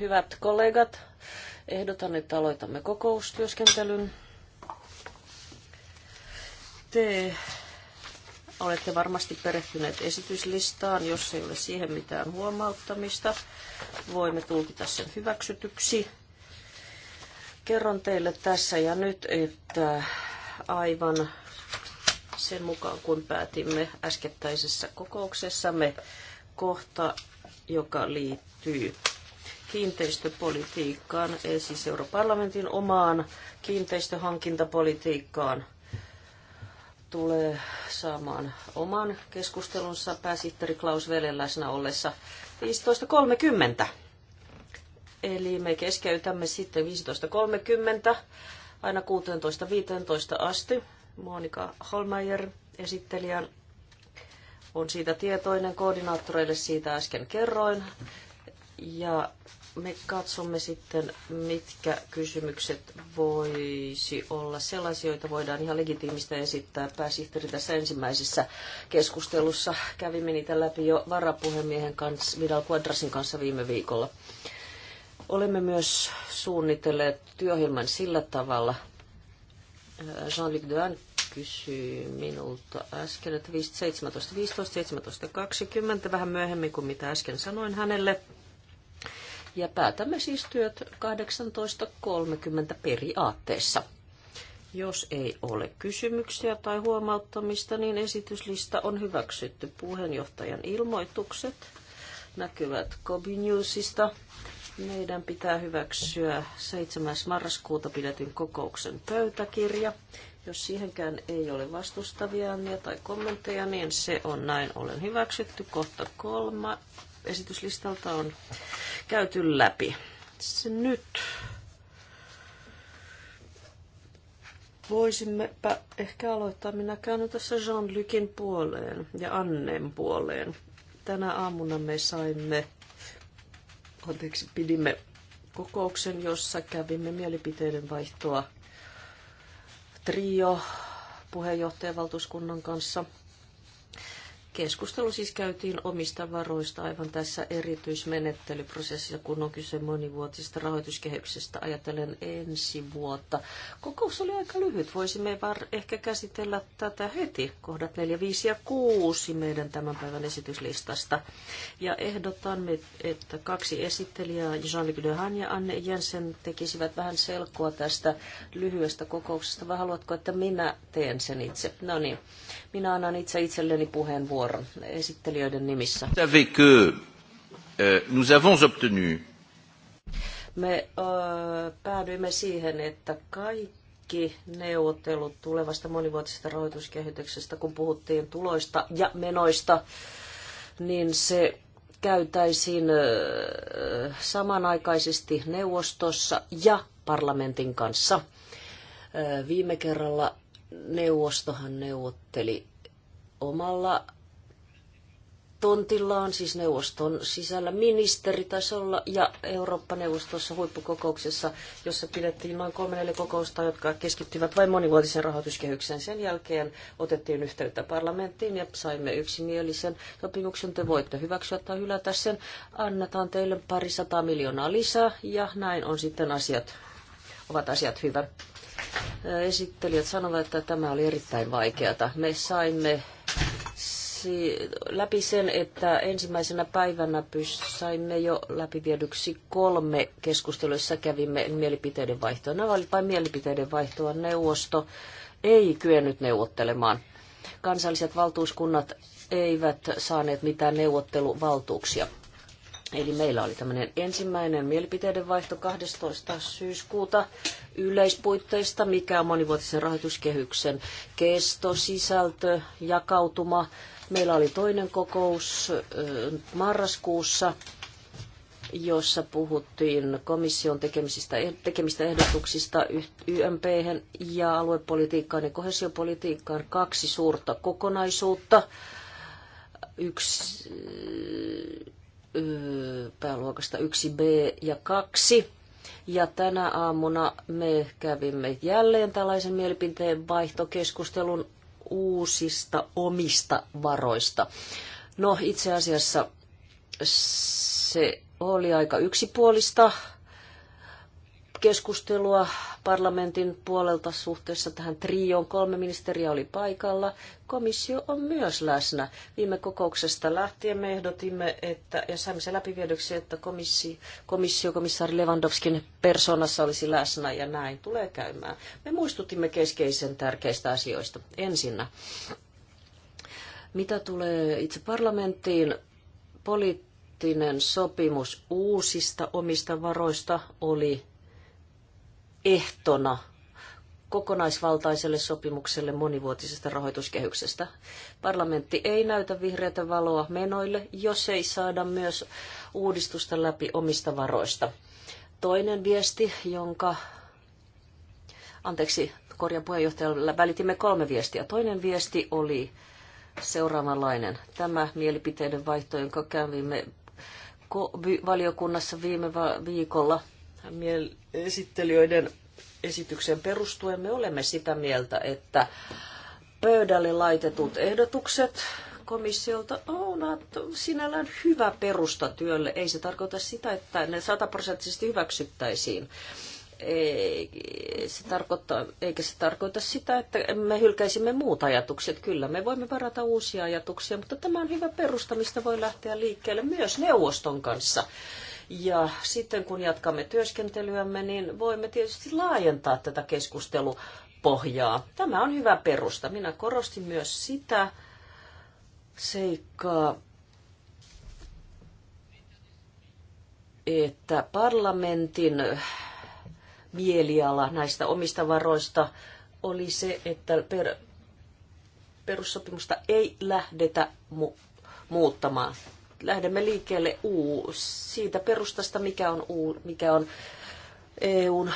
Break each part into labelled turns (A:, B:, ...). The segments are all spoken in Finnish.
A: Hyvät kollegat, ehdotan, että aloitamme kokoustyöskentelyn. Te olette varmasti perehtyneet esityslistaan. Jos ei ole siihen mitään huomauttamista, voimme tulkita sen hyväksytyksi. Kerron teille tässä ja nyt, että aivan sen mukaan kun päätimme äskettäisessä kokouksessamme kohta joka liittyy kiinteistöpolitiikkaan, siis europarlamentin omaan kiinteistöhankintapolitiikkaan tulee saamaan oman keskustelunsa pääsihteeri Klaus Velen läsnä ollessa 15.30. Eli me keskeytämme sitten 15.30 aina 16.15 asti. Monika Holmeier esittelijän on siitä tietoinen. Koordinaattoreille siitä äsken kerroin. Ja me katsomme sitten, mitkä kysymykset voisi olla sellaisia, joita voidaan ihan legitiimistä esittää. Pääsihteeri tässä ensimmäisessä keskustelussa kävimme niitä läpi jo varapuhemiehen kanssa, Vidal Quadrasin kanssa viime viikolla. Olemme myös suunnitelleet työohjelman sillä tavalla, Jean-Luc Duan kysyi minulta äsken, että 17, 15, 17, 20, vähän myöhemmin kuin mitä äsken sanoin hänelle. Ja päätämme siis työt 18.30 periaatteessa. Jos ei ole kysymyksiä tai huomauttamista, niin esityslista on hyväksytty. Puheenjohtajan ilmoitukset näkyvät Newsista. Meidän pitää hyväksyä 7. marraskuuta pidetyn kokouksen pöytäkirja. Jos siihenkään ei ole vastustavia tai kommentteja, niin se on näin olen hyväksytty. Kohta kolma esityslistalta on käyty läpi. Se nyt voisimmepä ehkä aloittaa. Minä käyn tässä Jean-Lucin puoleen ja Annen puoleen. Tänä aamuna me saimme, anteeksi, pidimme kokouksen, jossa kävimme mielipiteiden vaihtoa trio puheenjohtajavaltuuskunnan kanssa – Keskustelu siis käytiin omista varoista aivan tässä erityismenettelyprosessissa, kun on kyse monivuotisesta rahoituskehyksestä. Ajatellen ensi vuotta. Kokous oli aika lyhyt. Voisimme var- ehkä käsitellä tätä heti, kohdat 4, 5 ja 6 meidän tämän päivän esityslistasta. Ja ehdotamme, että kaksi esittelijää, Jean-Luc Dehan ja Anne Jensen, tekisivät vähän selkoa tästä lyhyestä kokouksesta. Vai haluatko, että minä teen sen itse? No niin, minä annan itse itselleni puheenvuoron puheenvuoron esittelijöiden nimissä.
B: Euh,
A: Me ö, äh, päädyimme siihen, että kaikki neuvottelut tulevasta monivuotisesta rahoituskehityksestä, kun puhuttiin tuloista ja menoista, niin se käytäisiin äh, samanaikaisesti neuvostossa ja parlamentin kanssa. Äh, viime kerralla neuvostohan neuvotteli omalla tontillaan, siis neuvoston sisällä ministeritasolla ja Eurooppa-neuvostossa huippukokouksessa, jossa pidettiin noin kolme neljä kokousta, jotka keskittyivät vain monivuotisen rahoituskehykseen. Sen jälkeen otettiin yhteyttä parlamenttiin ja saimme yksimielisen sopimuksen. Te voitte hyväksyä tai hylätä sen. Annetaan teille pari sata miljoonaa lisää ja näin on sitten asiat, ovat asiat hyvä. Esittelijät sanovat, että tämä oli erittäin vaikeata. Me saimme läpi sen, että ensimmäisenä päivänä saimme jo läpiviedyksi kolme keskustelua, kävimme mielipiteiden vaihtoa. Nämä olivat vain mielipiteiden vaihtoa. Neuvosto ei kyennyt neuvottelemaan. Kansalliset valtuuskunnat eivät saaneet mitään neuvotteluvaltuuksia. Eli meillä oli tämmöinen ensimmäinen mielipiteiden vaihto 12. syyskuuta yleispuitteista, mikä on monivuotisen rahoituskehyksen kesto, sisältö, jakautuma, Meillä oli toinen kokous marraskuussa, jossa puhuttiin komission tekemistä, eh, tekemistä ehdotuksista YMP ja aluepolitiikkaan ja kohesiopolitiikkaan kaksi suurta kokonaisuutta. Yksi pääluokasta 1B ja 2. Ja tänä aamuna me kävimme jälleen tällaisen mielipiteen vaihtokeskustelun uusista omista varoista. No itse asiassa se oli aika yksipuolista keskustelua parlamentin puolelta suhteessa tähän trioon. Kolme ministeriä oli paikalla. Komissio on myös läsnä. Viime kokouksesta lähtien me ehdotimme, että, ja saimme se läpiviedyksi, että komissi, komissio, komissaari Lewandowskin persoonassa olisi läsnä, ja näin tulee käymään. Me muistutimme keskeisen tärkeistä asioista. Ensinnä, mitä tulee itse parlamenttiin, poliittinen sopimus uusista omista varoista oli ehtona kokonaisvaltaiselle sopimukselle monivuotisesta rahoituskehyksestä. Parlamentti ei näytä vihreätä valoa menoille, jos ei saada myös uudistusta läpi omista varoista. Toinen viesti, jonka, anteeksi, korjan puheenjohtajalle välitimme kolme viestiä. Toinen viesti oli seuraavanlainen. Tämä mielipiteiden vaihto, jonka kävimme valiokunnassa viime viikolla – esittelijöiden esityksen perustuen me olemme sitä mieltä, että pöydälle laitetut ehdotukset komissiolta ovat sinällään hyvä perusta työlle. Ei se tarkoita sitä, että ne sataprosenttisesti hyväksyttäisiin. Ei, se tarkoittaa, eikä se tarkoita sitä, että me hylkäisimme muut ajatukset. Kyllä, me voimme varata uusia ajatuksia, mutta tämä on hyvä perusta, mistä voi lähteä liikkeelle myös neuvoston kanssa. Ja sitten kun jatkamme työskentelyämme, niin voimme tietysti laajentaa tätä keskustelupohjaa. Tämä on hyvä perusta. Minä korostin myös sitä seikkaa, että parlamentin mieliala näistä omista varoista oli se, että per, perussopimusta ei lähdetä mu- muuttamaan lähdemme liikkeelle uu, siitä perustasta, mikä on, uu, mikä on EUn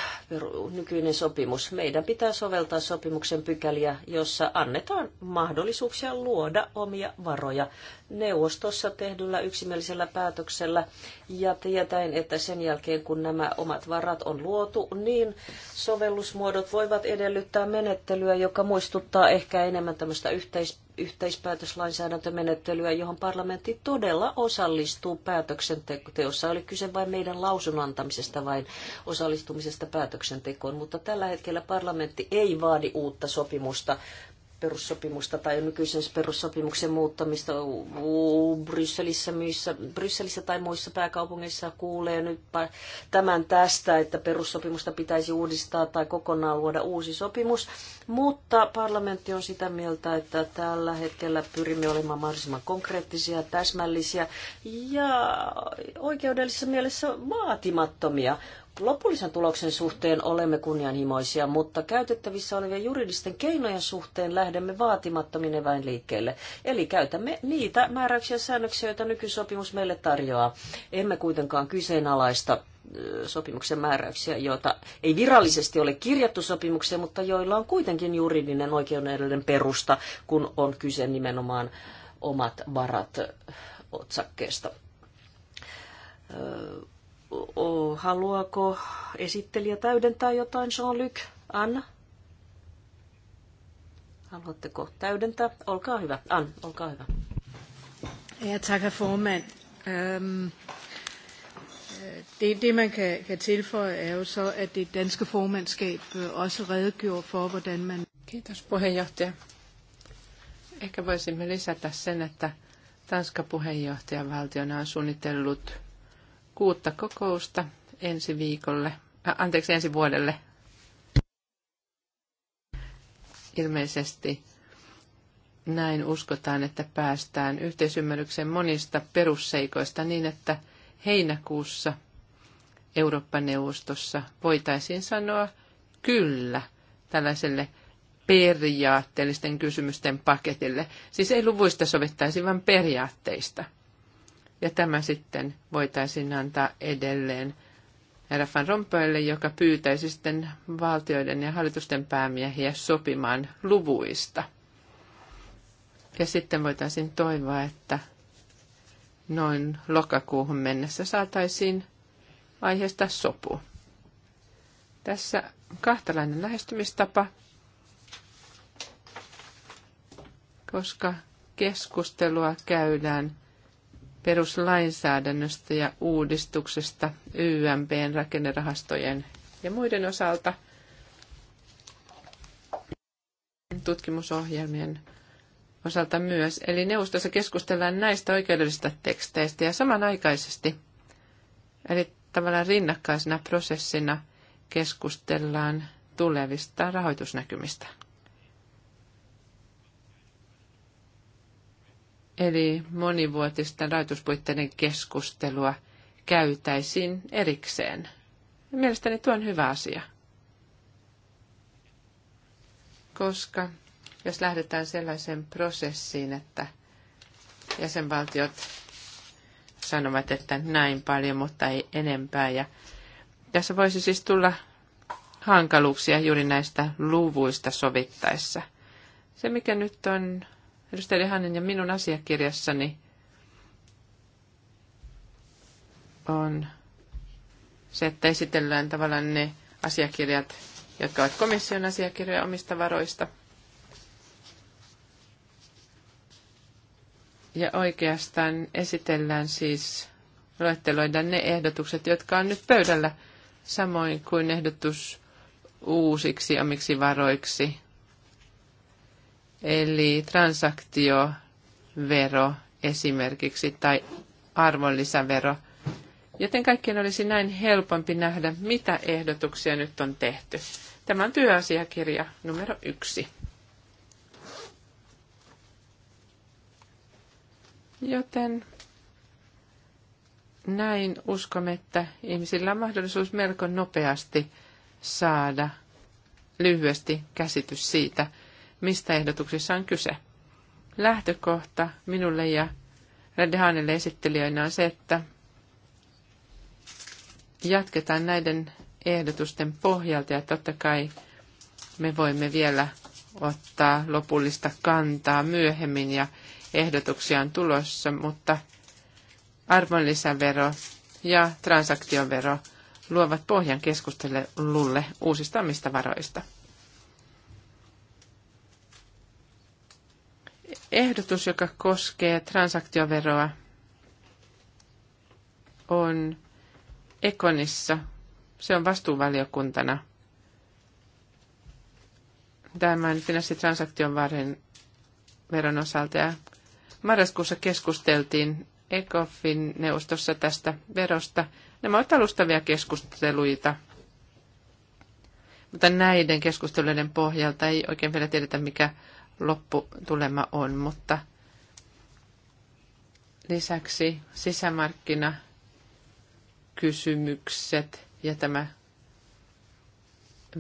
A: nykyinen sopimus. Meidän pitää soveltaa sopimuksen pykäliä, jossa annetaan mahdollisuuksia luoda omia varoja neuvostossa tehdyllä yksimielisellä päätöksellä ja tietäen, että sen jälkeen kun nämä omat varat on luotu, niin sovellusmuodot voivat edellyttää menettelyä, joka muistuttaa ehkä enemmän tämmöistä yhteis- yhteispäätöslainsäädäntömenettelyä, johon parlamentti todella osallistuu päätöksenteossa. Oli kyse vain meidän lausunantamisesta vain osallistumisesta päätöksentekoon, mutta tällä hetkellä parlamentti ei vaadi uutta sopimusta perussopimusta tai nykyisen perussopimuksen muuttamista Brysselissä, missä, Brysselissä tai muissa pääkaupungeissa kuulee nyt tämän tästä, että perussopimusta pitäisi uudistaa tai kokonaan luoda uusi sopimus. Mutta parlamentti on sitä mieltä, että tällä hetkellä pyrimme olemaan mahdollisimman konkreettisia, täsmällisiä ja oikeudellisessa mielessä vaatimattomia. Lopullisen tuloksen suhteen olemme kunnianhimoisia, mutta käytettävissä olevien juridisten keinojen suhteen lähdemme vaatimattomin eväin liikkeelle. Eli käytämme niitä määräyksiä ja säännöksiä, joita nykysopimus meille tarjoaa. Emme kuitenkaan kyseenalaista sopimuksen määräyksiä, joita ei virallisesti ole kirjattu sopimukseen, mutta joilla on kuitenkin juridinen oikeudellinen perusta, kun on kyse nimenomaan omat varat otsakkeesta O haluaako esittelijä täydentää jotain, Jean-Luc? Anna? Haluatteko täydentää? Olkaa hyvä. Anna. olkaa hyvä. Ja, tack, herr formand. Um,
B: det, det, man kan, kan tilføje, er jo så, at det danske formandskab øh, også redegjorde for, hvordan man... Kiitos, puheenjohtaja. Ehkä voisimme lisätä sen, että Tanska puheenjohtajavaltiona on suunnitellut kuutta kokousta ensi viikolle, äh, anteeksi ensi vuodelle. Ilmeisesti näin uskotaan, että päästään yhteisymmärrykseen monista perusseikoista niin, että heinäkuussa Eurooppa-neuvostossa voitaisiin sanoa kyllä tällaiselle periaatteellisten kysymysten paketille. Siis ei luvuista sovittaisi, vaan periaatteista – ja tämä sitten voitaisiin antaa edelleen herra Van joka pyytäisi sitten valtioiden ja hallitusten päämiehiä sopimaan luvuista. Ja sitten voitaisiin toivoa, että noin lokakuuhun mennessä saataisiin aiheesta sopu. Tässä kahtalainen lähestymistapa, koska keskustelua käydään peruslainsäädännöstä ja uudistuksesta YMPn rakennerahastojen ja muiden osalta tutkimusohjelmien osalta myös. Eli neuvostossa keskustellaan näistä oikeudellisista teksteistä ja samanaikaisesti, eli tavallaan rinnakkaisena prosessina keskustellaan tulevista rahoitusnäkymistä. Eli monivuotisten rajoituspuitteiden keskustelua käytäisiin erikseen. Mielestäni tuo on hyvä asia. Koska jos lähdetään sellaiseen prosessiin, että jäsenvaltiot sanovat, että näin paljon, mutta ei enempää. Ja tässä voisi siis tulla hankaluuksia juuri näistä luvuista sovittaessa. Se, mikä nyt on edustaja hänen ja minun asiakirjassani on se, että esitellään tavallaan ne asiakirjat, jotka ovat komission asiakirjoja omista varoista. Ja oikeastaan esitellään siis, luetteloidaan ne ehdotukset, jotka on nyt pöydällä, samoin kuin ehdotus uusiksi omiksi varoiksi Eli transaktiovero esimerkiksi tai arvonlisävero. Joten kaikkien olisi näin helpompi nähdä, mitä ehdotuksia nyt on tehty. Tämä on työasiakirja numero yksi. Joten näin uskomme, että ihmisillä on mahdollisuus melko nopeasti saada lyhyesti käsitys siitä, mistä ehdotuksissa on kyse. Lähtökohta minulle ja Reddehanille esittelijöinä on se, että jatketaan näiden ehdotusten pohjalta ja totta kai me voimme vielä ottaa lopullista kantaa myöhemmin ja ehdotuksia on tulossa, mutta arvonlisävero ja transaktiovero luovat pohjan keskustelulle uusista omista varoista. ehdotus, joka koskee transaktioveroa, on Ekonissa. Se on vastuuvaliokuntana tämän finanssitransaktion veron osalta. Ja marraskuussa keskusteltiin ECOFin neuvostossa tästä verosta. Nämä ovat alustavia keskusteluita, mutta näiden keskusteluiden pohjalta ei oikein vielä tiedetä, mikä lopputulema on, mutta lisäksi sisämarkkinakysymykset ja tämä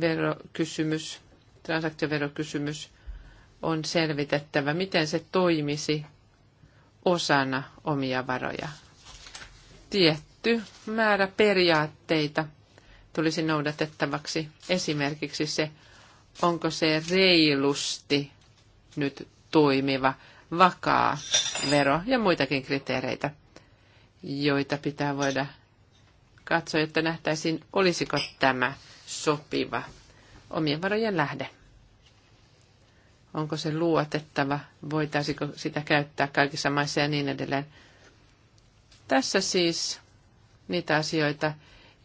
B: verokysymys, transaktioverokysymys on selvitettävä, miten se toimisi osana omia varoja. Tietty määrä periaatteita tulisi noudatettavaksi. Esimerkiksi se, onko se reilusti nyt toimiva, vakaa vero ja muitakin kriteereitä, joita pitää voida katsoa, jotta nähtäisiin, olisiko tämä sopiva omien varojen lähde. Onko se luotettava, voitaisiko sitä käyttää kaikissa maissa ja niin edelleen. Tässä siis niitä asioita,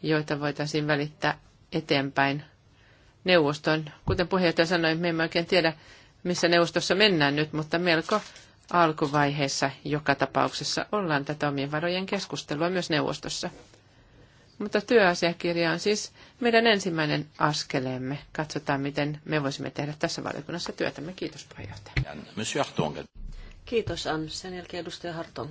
B: joita voitaisiin välittää eteenpäin neuvoston. Kuten puheenjohtaja sanoi, me emme oikein tiedä, missä neuvostossa mennään nyt, mutta melko alkuvaiheessa joka tapauksessa ollaan tätä omien varojen keskustelua myös neuvostossa. Mutta työasiakirja on siis meidän ensimmäinen askeleemme. Katsotaan, miten me voisimme tehdä tässä valiokunnassa työtämme. Kiitos puheenjohtaja. Kiitos
A: Ann. Sen jälkeen edustaja Harton.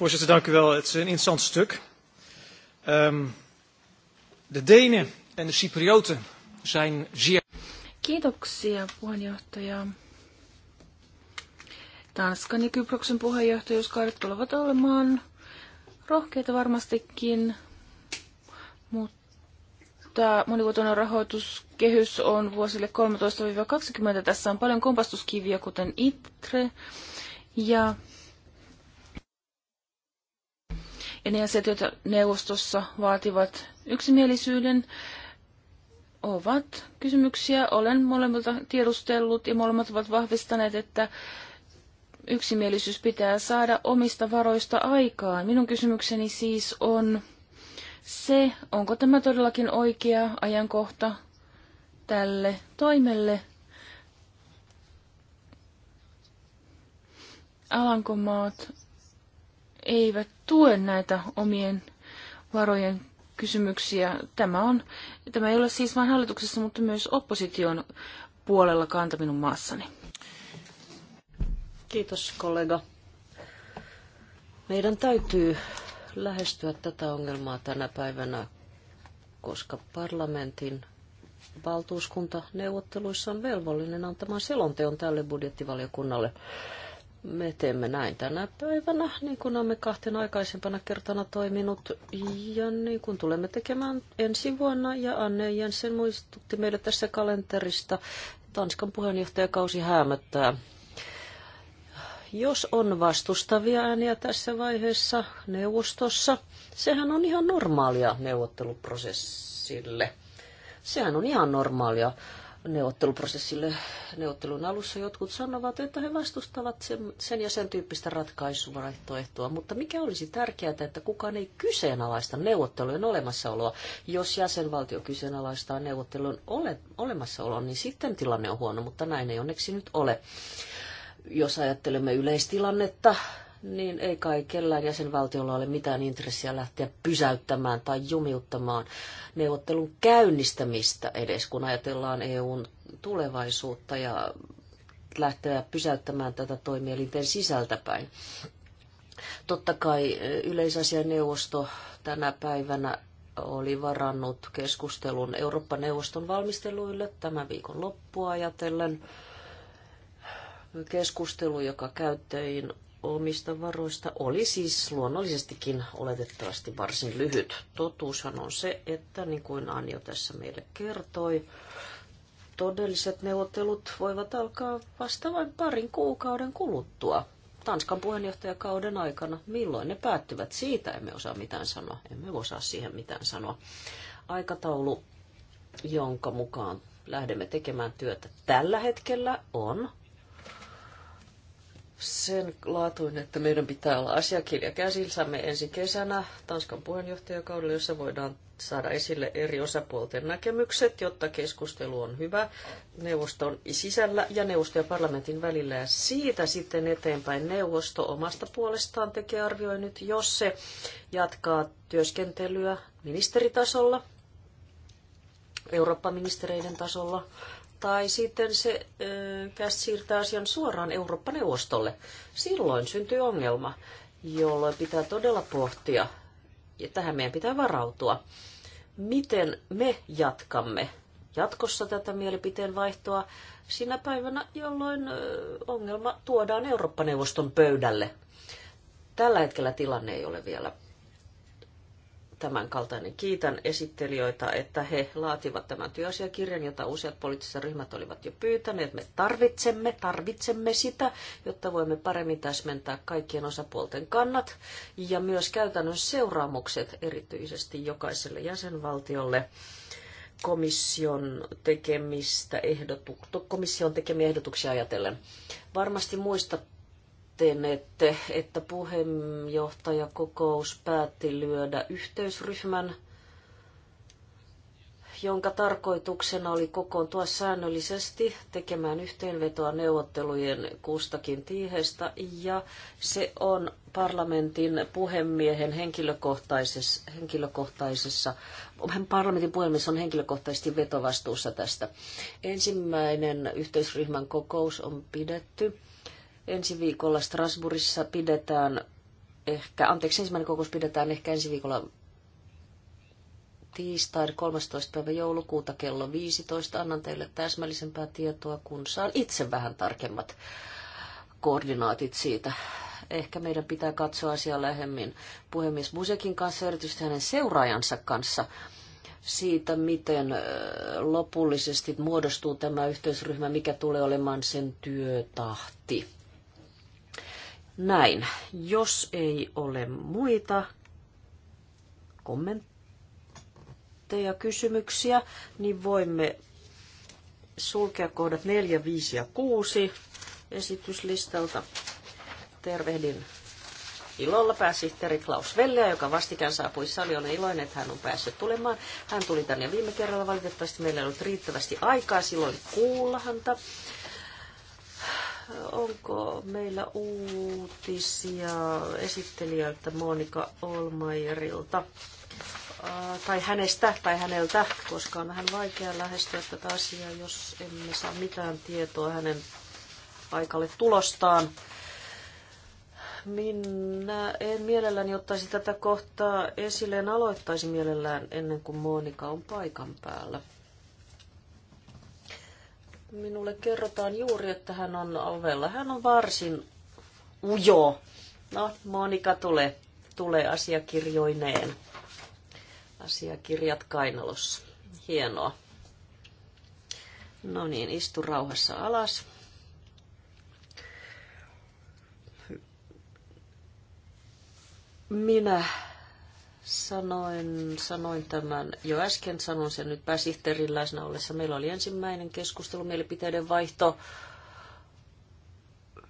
A: Voorzitter, dank u wel. Het is een interessant stuk. Um, de Denen en de Cyprioten zijn zeer...
C: Kiitoksia puheenjohtaja. Tanskan ja Kyproksen puheenjohtajuuskaudet tulevat olemaan rohkeita varmastikin, mutta monivuotoinen rahoituskehys on vuosille 13-20. Tässä on paljon kompastuskiviä, kuten ITRE ja, ja ne asiat, joita neuvostossa vaativat yksimielisyyden ovat kysymyksiä. Olen molemmilta tiedustellut ja molemmat ovat vahvistaneet, että yksimielisyys pitää saada omista varoista aikaan. Minun kysymykseni siis on se, onko tämä todellakin oikea ajankohta tälle toimelle. Alankomaat eivät tue näitä omien varojen kysymyksiä. Tämä, on, tämä ei ole siis vain hallituksessa, mutta myös opposition puolella kanta minun maassani. Kiitos kollega.
A: Meidän täytyy lähestyä tätä ongelmaa tänä päivänä, koska parlamentin valtuuskunta neuvotteluissa on velvollinen antamaan selonteon tälle budjettivaliokunnalle. Me teemme näin tänä päivänä, niin kuin olemme kahten aikaisempana kertana toiminut, ja niin kuin tulemme tekemään ensi vuonna, ja Anne Jensen muistutti meille tässä kalenterista, Tanskan puheenjohtajakausi häämöttää. Jos on vastustavia ääniä tässä vaiheessa neuvostossa, sehän on ihan normaalia neuvotteluprosessille. Sehän on ihan normaalia neuvotteluprosessille neuvottelun alussa jotkut sanovat, että he vastustavat sen, sen ja sen tyyppistä ratkaisuvaihtoehtoa. Mutta mikä olisi tärkeää, että kukaan ei kyseenalaista neuvottelujen olemassaoloa? Jos jäsenvaltio kyseenalaistaa neuvottelun ole, olemassaoloa, niin sitten tilanne on huono, mutta näin ei onneksi nyt ole. Jos ajattelemme yleistilannetta, niin ei kai kellään jäsenvaltiolla ole mitään intressiä lähteä pysäyttämään tai jumiuttamaan neuvottelun käynnistämistä edes, kun ajatellaan EUn tulevaisuutta ja lähteä pysäyttämään tätä toimielinten sisältäpäin. Totta kai eh, yleisasianneuvosto tänä päivänä oli varannut keskustelun Eurooppa-neuvoston valmisteluille tämän viikon loppua ajatellen. Keskustelu, joka käyttöön omista varoista oli siis luonnollisestikin oletettavasti varsin lyhyt. Totuushan on se, että niin kuin Anjo tässä meille kertoi, todelliset neuvottelut voivat alkaa vasta vain parin kuukauden kuluttua. Tanskan puheenjohtajakauden aikana, milloin ne päättyvät, siitä emme osaa mitään sanoa. Emme osaa siihen mitään sanoa. Aikataulu, jonka mukaan lähdemme tekemään työtä tällä hetkellä, on sen laatuin, että meidän pitää olla asiakirja käsillämme ensi kesänä Tanskan puheenjohtajakaudella, jossa voidaan saada esille eri osapuolten näkemykset, jotta keskustelu on hyvä neuvoston sisällä ja neuvoston ja parlamentin välillä. Ja siitä sitten eteenpäin neuvosto omasta puolestaan tekee arvioinnit, jos se jatkaa työskentelyä ministeritasolla, Eurooppa-ministereiden tasolla, tai sitten se ö, siirtää asian suoraan Eurooppa-neuvostolle. Silloin syntyy ongelma, jolloin pitää todella pohtia, ja tähän meidän pitää varautua, miten me jatkamme jatkossa tätä mielipiteen vaihtoa sinä päivänä, jolloin ongelma tuodaan Eurooppa-neuvoston pöydälle. Tällä hetkellä tilanne ei ole vielä tämän kaltainen. Kiitän esittelijöitä, että he laativat tämän työasiakirjan, jota useat poliittiset ryhmät olivat jo pyytäneet. Me tarvitsemme, tarvitsemme sitä, jotta voimme paremmin täsmentää kaikkien osapuolten kannat ja myös käytännön seuraamukset erityisesti jokaiselle jäsenvaltiolle komission, tekemistä ehdotu- komission tekemiä ehdotuksia ajatellen. Varmasti muista tenette, että puheenjohtajakokous päätti lyödä yhteysryhmän, jonka tarkoituksena oli kokoontua säännöllisesti tekemään yhteenvetoa neuvottelujen kustakin tiiheestä, ja se on parlamentin puhemiehen henkilökohtaisessa, henkilökohtaisessa parlamentin puhemies on henkilökohtaisesti vetovastuussa tästä. Ensimmäinen yhteisryhmän kokous on pidetty Ensi viikolla Strasbourgissa pidetään ehkä, anteeksi, ensimmäinen kokous pidetään ehkä ensi viikolla tiistai 13. päivä joulukuuta kello 15. Annan teille täsmällisempää tietoa, kun saan itse vähän tarkemmat koordinaatit siitä. Ehkä meidän pitää katsoa asiaa lähemmin puhemies Musekin kanssa, erityisesti hänen seuraajansa kanssa, siitä, miten lopullisesti muodostuu tämä yhteisryhmä, mikä tulee olemaan sen työtahti. Näin. Jos ei ole muita kommentteja, kysymyksiä, niin voimme sulkea kohdat 4, 5 ja 6 esityslistalta. Tervehdin ilolla pääsihteeri Klaus Velleä, joka vastikään saapui sali. Olen iloinen, että hän on päässyt tulemaan. Hän tuli tänne viime kerralla. Valitettavasti meillä ei ollut riittävästi aikaa silloin kuulla häntä onko meillä uutisia esittelijältä Monika Olmajerilta? tai hänestä tai häneltä, koska on vähän vaikea lähestyä tätä asiaa, jos emme saa mitään tietoa hänen paikalle tulostaan. Minä en mielelläni ottaisi tätä kohtaa esille, en aloittaisi mielellään ennen kuin Monika on paikan päällä. Minulle kerrotaan juuri, että hän on ovella. Hän on varsin ujo. No, Monika tulee, tulee asiakirjoineen. Asiakirjat kainalossa. Hienoa. No niin, istu rauhassa alas. Minä Sanoin, sanoin tämän jo äsken, sanon sen nyt pääsihteerin läsnä ollessa. Meillä oli ensimmäinen keskustelu, mielipiteiden vaihto äh,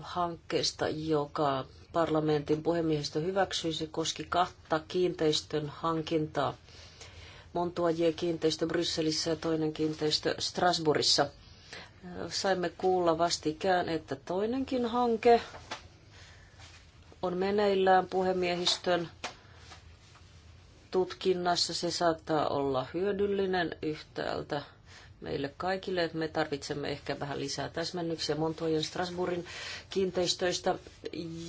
A: hankkeesta, joka parlamentin puhemiehistö hyväksyi. Se koski kahta kiinteistön hankintaa. Montuajien kiinteistö Brysselissä ja toinen kiinteistö Strasbourgissa. Äh, saimme kuulla vastikään, että toinenkin hanke on meneillään puhemiehistön tutkinnassa se saattaa olla hyödyllinen yhtäältä meille kaikille, että me tarvitsemme ehkä vähän lisää täsmennyksiä Montojen Strasbourgin kiinteistöistä.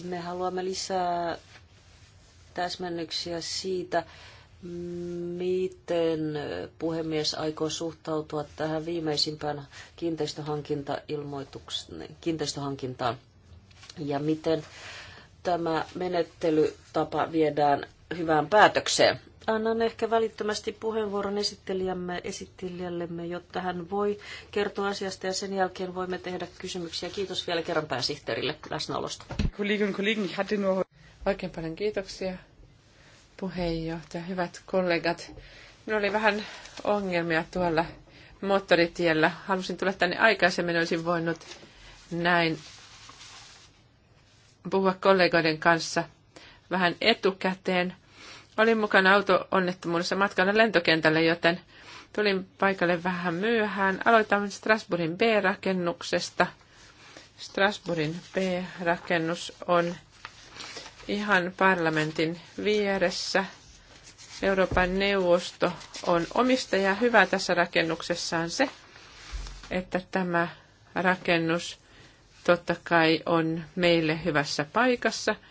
A: Me haluamme lisää täsmennyksiä siitä, miten puhemies aikoo suhtautua tähän viimeisimpään kiinteistöhankintaan ja miten tämä menettelytapa viedään hyvään päätökseen annan ehkä välittömästi puheenvuoron esittelijämme, esittelijällemme, jotta hän voi kertoa asiasta ja sen jälkeen voimme tehdä kysymyksiä. Kiitos vielä kerran pääsihteerille läsnäolosta.
B: Kollegan, kollegan, hatte nur... Oikein paljon kiitoksia puheenjohtaja, hyvät kollegat. Minulla oli vähän ongelmia tuolla moottoritiellä. Halusin tulla tänne aikaisemmin, olisin voinut näin puhua kollegoiden kanssa vähän etukäteen – Olin mukana auto-onnettomuudessa matkana lentokentälle, joten tulin paikalle vähän myöhään. Aloitamme Strasbourgin B-rakennuksesta. Strasbourgin B-rakennus on ihan parlamentin vieressä. Euroopan neuvosto on omistaja. Hyvä tässä rakennuksessa on se, että tämä rakennus totta kai on meille hyvässä paikassa –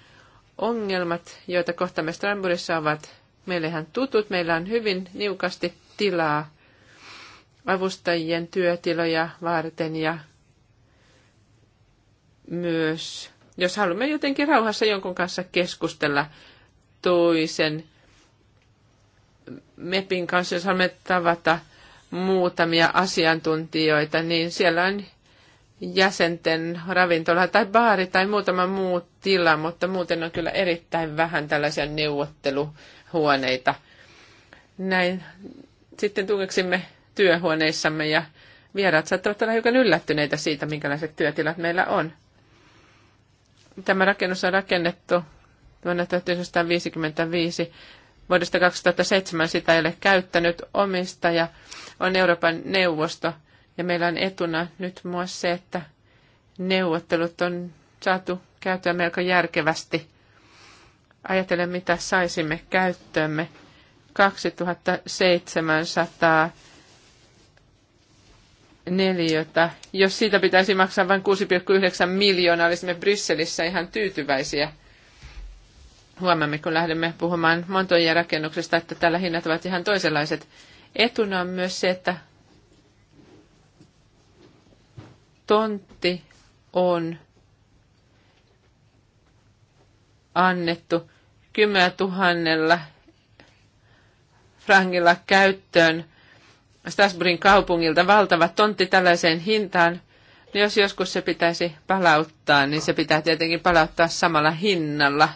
B: ongelmat, joita kohtamme Stramburissa, ovat meillehän tutut. Meillä on hyvin niukasti tilaa avustajien työtiloja varten ja myös, jos haluamme jotenkin rauhassa jonkun kanssa keskustella toisen MEPin kanssa, jos haluamme tavata muutamia asiantuntijoita, niin siellä on jäsenten ravintola tai baari tai muutama muu tila, mutta muuten on kyllä erittäin vähän tällaisia neuvotteluhuoneita. Näin sitten tukeksimme työhuoneissamme ja vieraat saattavat olla hiukan yllättyneitä siitä, minkälaiset työtilat meillä on. Tämä rakennus on rakennettu vuonna 1955. Vuodesta 2007 sitä ei ole käyttänyt omistaja, on Euroopan neuvosto – ja meillä on etuna nyt myös se, että neuvottelut on saatu käytyä melko järkevästi. Ajatellen, mitä saisimme käyttöömme. 2700 neliötä. Jos siitä pitäisi maksaa vain 6,9 miljoonaa, olisimme Brysselissä ihan tyytyväisiä. Huomaamme, kun lähdemme puhumaan montojen rakennuksesta, että tällä hinnat ovat ihan toisenlaiset. Etuna on myös se, että tontti on annettu 10 000 frangilla käyttöön Strasbourgin kaupungilta valtava tontti tällaiseen hintaan, niin jos joskus se pitäisi palauttaa, niin se pitää tietenkin palauttaa samalla hinnalla.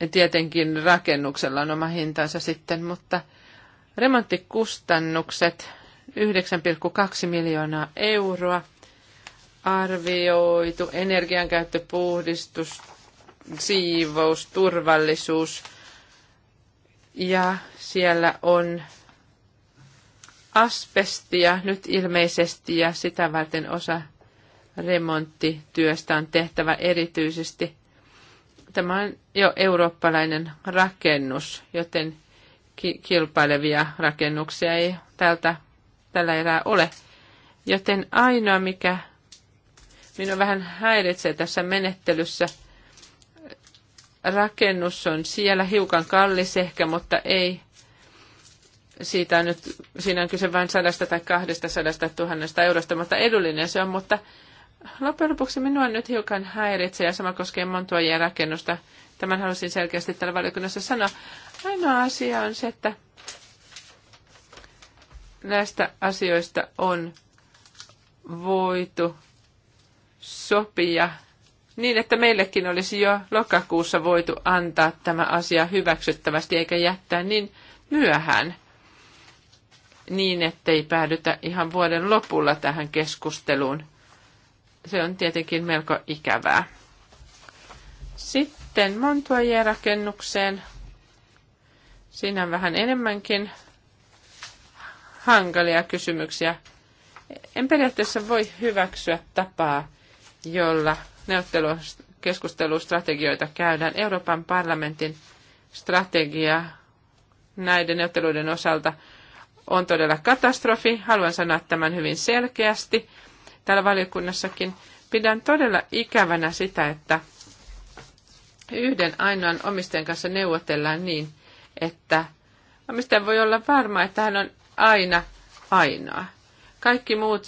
B: Ja tietenkin rakennuksella on oma hintansa sitten, mutta remonttikustannukset 9,2 miljoonaa euroa arvioitu energiankäyttö, puhdistus, siivous, turvallisuus. Ja siellä on asbestia nyt ilmeisesti ja sitä varten osa remonttityöstä on tehtävä erityisesti. Tämä on jo eurooppalainen rakennus, joten kilpailevia rakennuksia ei tältä tällä erää ole. Joten ainoa, mikä minua vähän häiritsee tässä menettelyssä, rakennus on siellä hiukan kallis ehkä, mutta ei siitä on nyt, siinä on kyse vain sadasta tai kahdesta sadasta tuhannesta eurosta, mutta edullinen se on, mutta loppujen lopuksi minua nyt hiukan häiritsee ja sama koskee Montuajien rakennusta. Tämän halusin selkeästi täällä valiokunnassa sanoa. Ainoa asia on se, että näistä asioista on voitu sopia niin, että meillekin olisi jo lokakuussa voitu antaa tämä asia hyväksyttävästi eikä jättää niin myöhään niin, ettei päädytä ihan vuoden lopulla tähän keskusteluun. Se on tietenkin melko ikävää. Sitten Montoyer-rakennukseen. Siinä on vähän enemmänkin hankalia kysymyksiä. En periaatteessa voi hyväksyä tapaa, jolla neuvottelukeskustelustrategioita käydään. Euroopan parlamentin strategia näiden neuvotteluiden osalta on todella katastrofi. Haluan sanoa tämän hyvin selkeästi. Täällä valiokunnassakin pidän todella ikävänä sitä, että yhden ainoan omistajan kanssa neuvotellaan niin, että omistaja voi olla varma, että hän on aina ainoa. Kaikki muut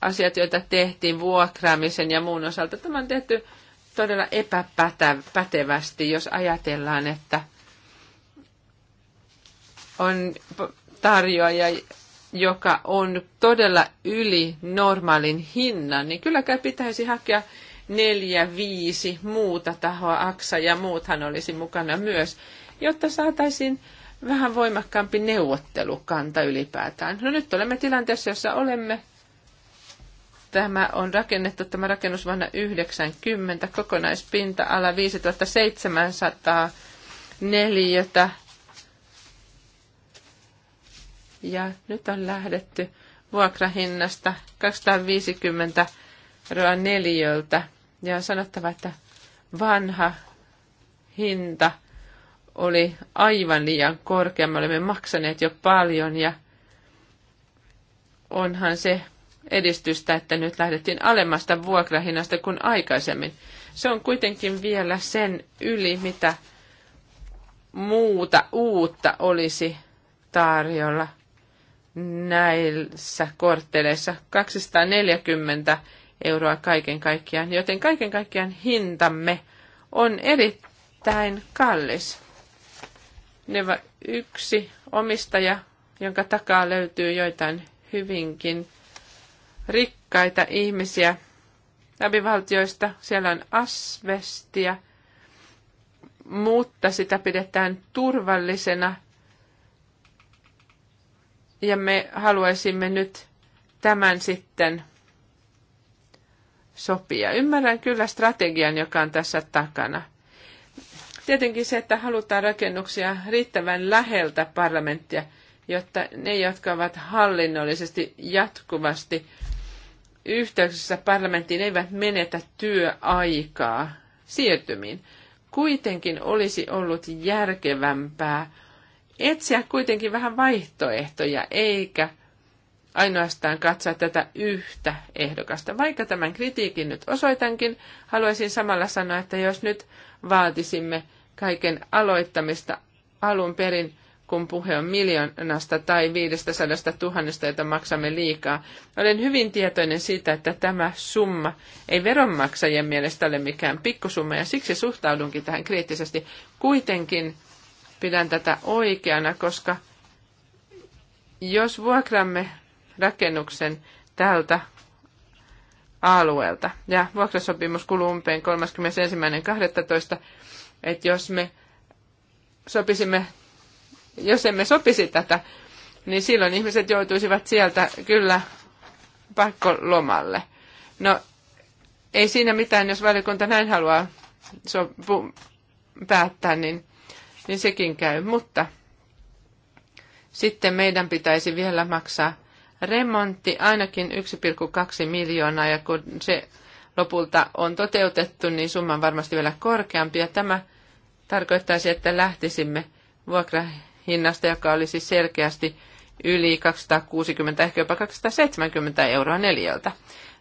B: asiat, joita tehtiin vuokraamisen ja muun osalta, tämä on tehty todella epäpätevästi, jos ajatellaan, että on tarjoaja, joka on todella yli normaalin hinnan, niin kylläkään pitäisi hakea neljä, viisi muuta tahoa, Aksa ja muuthan olisi mukana myös, jotta saataisiin vähän voimakkaampi neuvottelukanta ylipäätään. No nyt olemme tilanteessa, jossa olemme. Tämä on rakennettu, tämä rakennus vuonna 90, kokonaispinta-ala 5700 neliötä. Ja nyt on lähdetty vuokrahinnasta 250 euroa neliöltä. Ja on sanottava, että vanha hinta – oli aivan liian korkea. Me olemme maksaneet jo paljon ja onhan se edistystä, että nyt lähdettiin alemmasta vuokrahinnasta kuin aikaisemmin. Se on kuitenkin vielä sen yli, mitä muuta uutta olisi tarjolla näissä kortteleissa. 240 euroa kaiken kaikkiaan, joten kaiken kaikkiaan hintamme on erittäin kallis. Neva yksi omistaja, jonka takaa löytyy joitain hyvinkin rikkaita ihmisiä läpivaltioista. Siellä on asvestia mutta sitä pidetään turvallisena. Ja me haluaisimme nyt tämän sitten sopia. Ymmärrän kyllä strategian, joka on tässä takana. Tietenkin se, että halutaan rakennuksia riittävän läheltä parlamenttia, jotta ne, jotka ovat hallinnollisesti jatkuvasti yhteyksissä parlamenttiin, eivät menetä työaikaa siirtymiin. Kuitenkin olisi ollut järkevämpää etsiä kuitenkin vähän vaihtoehtoja, eikä ainoastaan katsoa tätä yhtä ehdokasta. Vaikka tämän kritiikin nyt osoitankin, haluaisin samalla sanoa, että jos nyt vaatisimme kaiken aloittamista alun perin, kun puhe on miljoonasta tai 500 000, jota maksamme liikaa. Olen hyvin tietoinen siitä, että tämä summa ei veronmaksajien mielestä ole mikään pikkusumma, ja siksi suhtaudunkin tähän kriittisesti. Kuitenkin pidän tätä oikeana, koska jos vuokramme rakennuksen tältä alueelta. Ja vuokrasopimus kuluu umpeen 31.12 että jos me sopisimme, jos emme sopisi tätä, niin silloin ihmiset joutuisivat sieltä kyllä pakkolomalle. No, ei siinä mitään, jos valiokunta näin haluaa sopu, päättää, niin, niin sekin käy. Mutta sitten meidän pitäisi vielä maksaa remontti ainakin 1,2 miljoonaa, ja kun se lopulta on toteutettu, niin summa on varmasti vielä korkeampi. Ja tämä tarkoittaisi, että lähtisimme vuokrahinnasta, joka olisi selkeästi yli 260, ehkä jopa 270 euroa neljältä.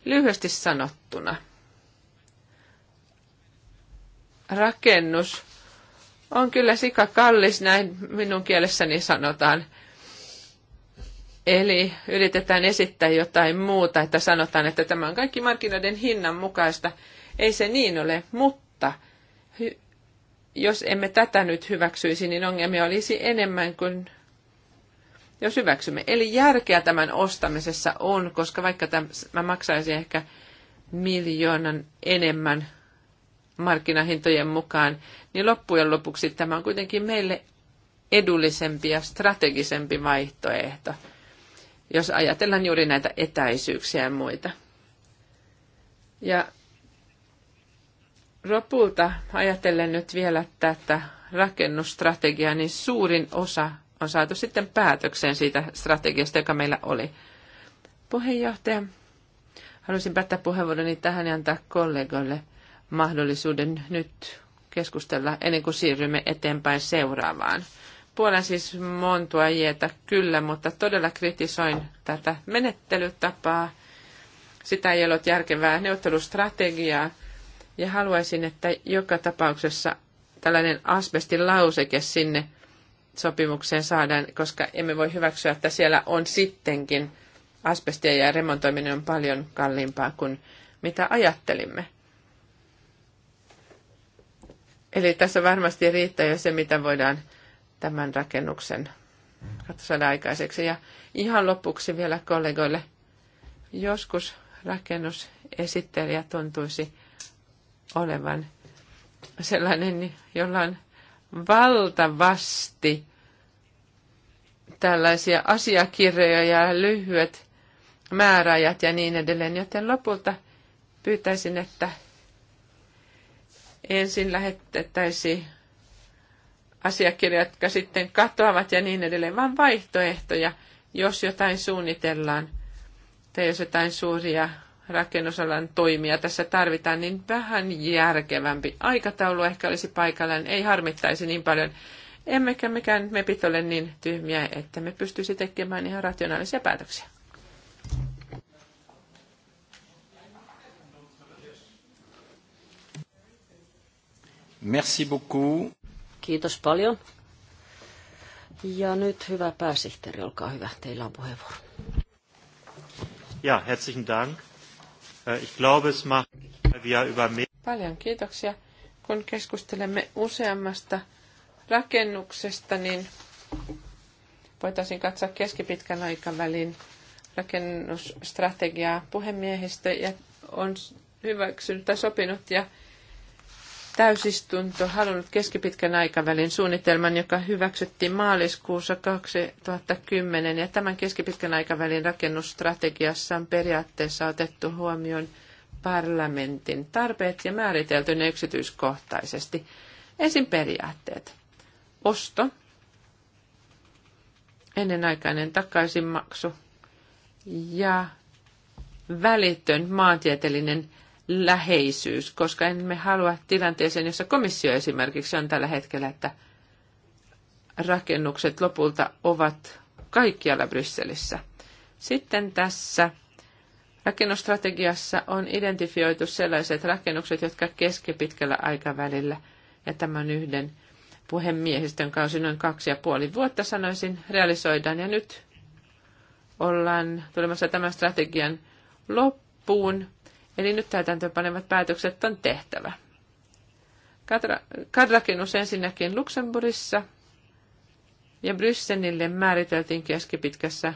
B: Lyhyesti sanottuna. Rakennus on kyllä sika kallis, näin minun kielessäni sanotaan – Eli yritetään esittää jotain muuta, että sanotaan, että tämä on kaikki markkinoiden hinnan mukaista. Ei se niin ole, mutta jos emme tätä nyt hyväksyisi, niin ongelmia olisi enemmän kuin jos hyväksymme. Eli järkeä tämän ostamisessa on, koska vaikka tämä maksaisi ehkä miljoonan enemmän markkinahintojen mukaan, niin loppujen lopuksi tämä on kuitenkin meille edullisempi ja strategisempi vaihtoehto jos ajatellaan juuri näitä etäisyyksiä ja muita. Ja lopulta ajatellen nyt vielä tätä rakennusstrategiaa, niin suurin osa on saatu sitten päätökseen siitä strategiasta, joka meillä oli. Puheenjohtaja, haluaisin päättää puheenvuoroni tähän ja antaa kollegoille mahdollisuuden nyt keskustella ennen kuin siirrymme eteenpäin seuraavaan Puolen siis montua jietä kyllä, mutta todella kritisoin tätä menettelytapaa. Sitä ei ollut järkevää neuvottelustrategiaa. Ja haluaisin, että joka tapauksessa tällainen asbestilauseke sinne sopimukseen saadaan, koska emme voi hyväksyä, että siellä on sittenkin asbestia ja remontoiminen on paljon kalliimpaa kuin mitä ajattelimme. Eli tässä varmasti riittää jo se, mitä voidaan tämän rakennuksen saada aikaiseksi. Ja ihan lopuksi vielä kollegoille. Joskus rakennusesittelijä tuntuisi olevan sellainen, jolla on valtavasti tällaisia asiakirjoja ja lyhyet määräajat ja niin edelleen, joten lopulta pyytäisin, että ensin lähetettäisiin asiakirjat, jotka sitten katoavat ja niin edelleen, vaan vaihtoehtoja, jos jotain suunnitellaan tai jos jotain suuria rakennusalan toimia tässä tarvitaan, niin vähän järkevämpi aikataulu ehkä olisi paikallaan, ei harmittaisi niin paljon. Emmekä mekään me ole niin tyhmiä, että me pystyisi tekemään ihan rationaalisia päätöksiä. Merci beaucoup.
A: Kiitos paljon. Ja nyt hyvä pääsihteeri, olkaa hyvä, teillä on puheenvuoro. Ja, herzlichen Dank. Äh, ich glaube, es macht Paljon
B: kiitoksia. Kun keskustelemme useammasta rakennuksesta, niin voitaisiin katsoa keskipitkän aikavälin rakennusstrategiaa puhemiehistö ja on hyväksynyt tai sopinut ja täysistunto halunnut keskipitkän aikavälin suunnitelman, joka hyväksyttiin maaliskuussa 2010. Ja tämän keskipitkän aikavälin rakennusstrategiassa on periaatteessa otettu huomioon parlamentin tarpeet ja määritelty ne yksityiskohtaisesti. Ensin periaatteet. Osto, ennenaikainen takaisinmaksu ja välitön maantieteellinen läheisyys, koska emme halua tilanteeseen, jossa komissio esimerkiksi on tällä hetkellä, että rakennukset lopulta ovat kaikkialla Brysselissä. Sitten tässä rakennustrategiassa on identifioitu sellaiset rakennukset, jotka keskipitkällä aikavälillä, ja tämän yhden puhemiehistön kausi noin kaksi ja puoli vuotta sanoisin, realisoidaan, ja nyt ollaan tulemassa tämän strategian loppuun. Eli nyt täytäntöönpanevat päätökset on tehtävä. Kadrakennus ensinnäkin Luxemburissa ja Brysselille määriteltiin keskipitkässä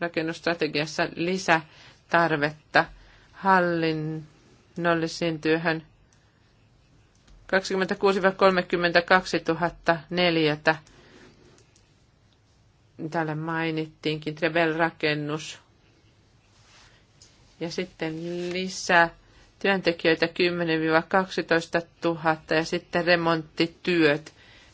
B: rakennusstrategiassa lisätarvetta hallinnollisiin työhön 26-32 000 neljätä. Täällä mainittiinkin trevel rakennus ja sitten lisää työntekijöitä 10-12 000 ja sitten remonttityöt,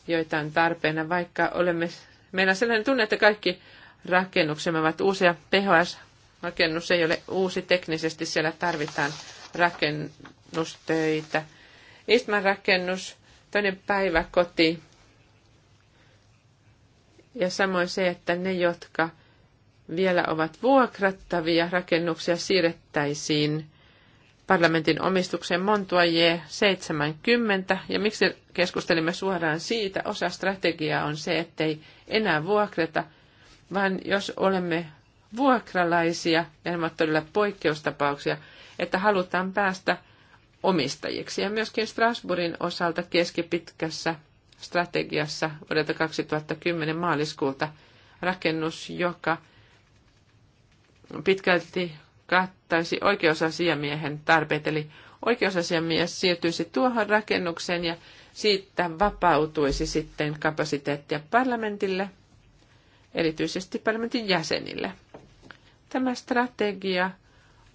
B: joita on tarpeena, vaikka olemme, meillä on sellainen tunne, että kaikki rakennuksemme ovat uusia. PHS-rakennus ei ole uusi teknisesti, siellä tarvitaan rakennustöitä. Istman rakennus, toinen päiväkoti ja samoin se, että ne, jotka – vielä ovat vuokrattavia rakennuksia siirrettäisiin parlamentin omistukseen Montoyer 70. Ja miksi keskustelimme suoraan siitä? Osa strategiaa on se, ettei enää vuokrata, vaan jos olemme vuokralaisia, ja nämä ovat todella poikkeustapauksia, että halutaan päästä omistajiksi. Ja myöskin Strasbourgin osalta keskipitkässä strategiassa vuodelta 2010 maaliskuulta rakennus, joka – pitkälti kattaisi oikeusasiamiehen tarpeet, eli oikeusasiamies siirtyisi tuohon rakennukseen ja siitä vapautuisi sitten kapasiteettia parlamentille, erityisesti parlamentin jäsenille. Tämä strategia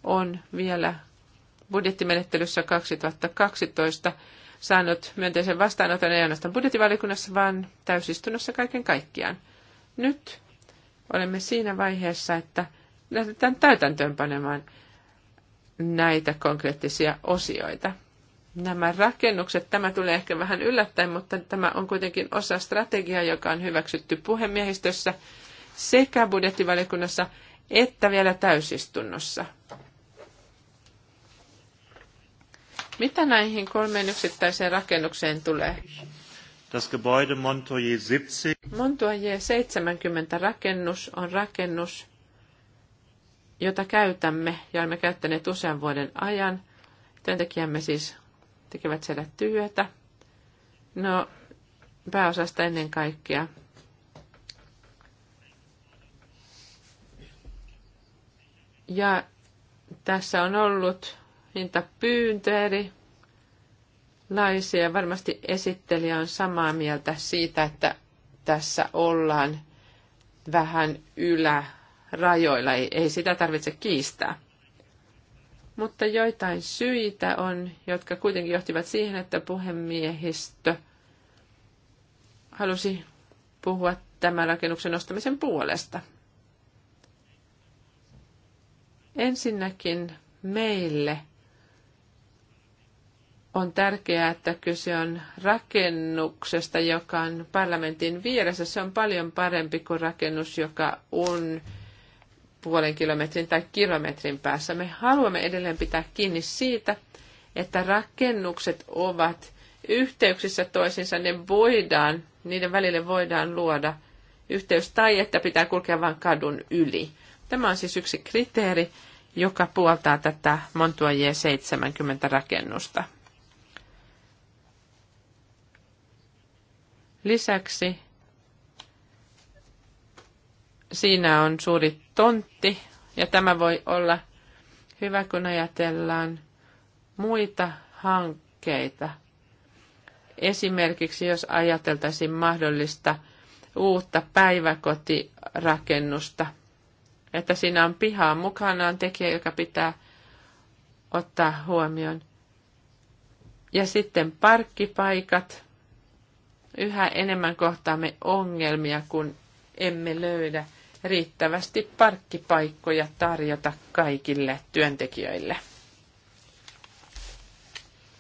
B: on vielä budjettimenettelyssä 2012 saanut myönteisen vastaanoton ei ainoastaan budjettivaliokunnassa, vaan täysistunnossa kaiken kaikkiaan. Nyt olemme siinä vaiheessa, että lähdetään täytäntöönpanemaan näitä konkreettisia osioita. Nämä rakennukset, tämä tulee ehkä vähän yllättäen, mutta tämä on kuitenkin osa strategiaa, joka on hyväksytty puhemiehistössä sekä budjettivaliokunnassa että vielä täysistunnossa. Mitä näihin kolmeen yksittäiseen rakennukseen tulee? Das Gebäude Montoyer 70. Montoyer 70 rakennus on rakennus, jota käytämme ja olemme käyttäneet usean vuoden ajan. Työntekijämme siis tekevät siellä työtä. No, pääosasta ennen kaikkea. Ja tässä on ollut hinta eri laisia. Varmasti esittelijä on samaa mieltä siitä, että tässä ollaan vähän ylä rajoilla, ei, ei sitä tarvitse kiistää. Mutta joitain syitä on, jotka kuitenkin johtivat siihen, että puhemiehistö halusi puhua tämän rakennuksen nostamisen puolesta. Ensinnäkin meille on tärkeää, että kyse on rakennuksesta, joka on parlamentin vieressä. Se on paljon parempi kuin rakennus, joka on puolen kilometrin tai kilometrin päässä. Me haluamme edelleen pitää kiinni siitä, että rakennukset ovat yhteyksissä toisiinsa, ne voidaan, niiden välille voidaan luoda yhteys tai että pitää kulkea vain kadun yli. Tämä on siis yksi kriteeri, joka puoltaa tätä j 70 rakennusta. Lisäksi Siinä on suuri tontti ja tämä voi olla hyvä, kun ajatellaan muita hankkeita. Esimerkiksi jos ajateltaisiin mahdollista uutta päiväkotirakennusta, että siinä on pihaa mukanaan tekijä, joka pitää ottaa huomioon. Ja sitten parkkipaikat. Yhä enemmän kohtaamme ongelmia, kun emme löydä riittävästi parkkipaikkoja tarjota kaikille työntekijöille.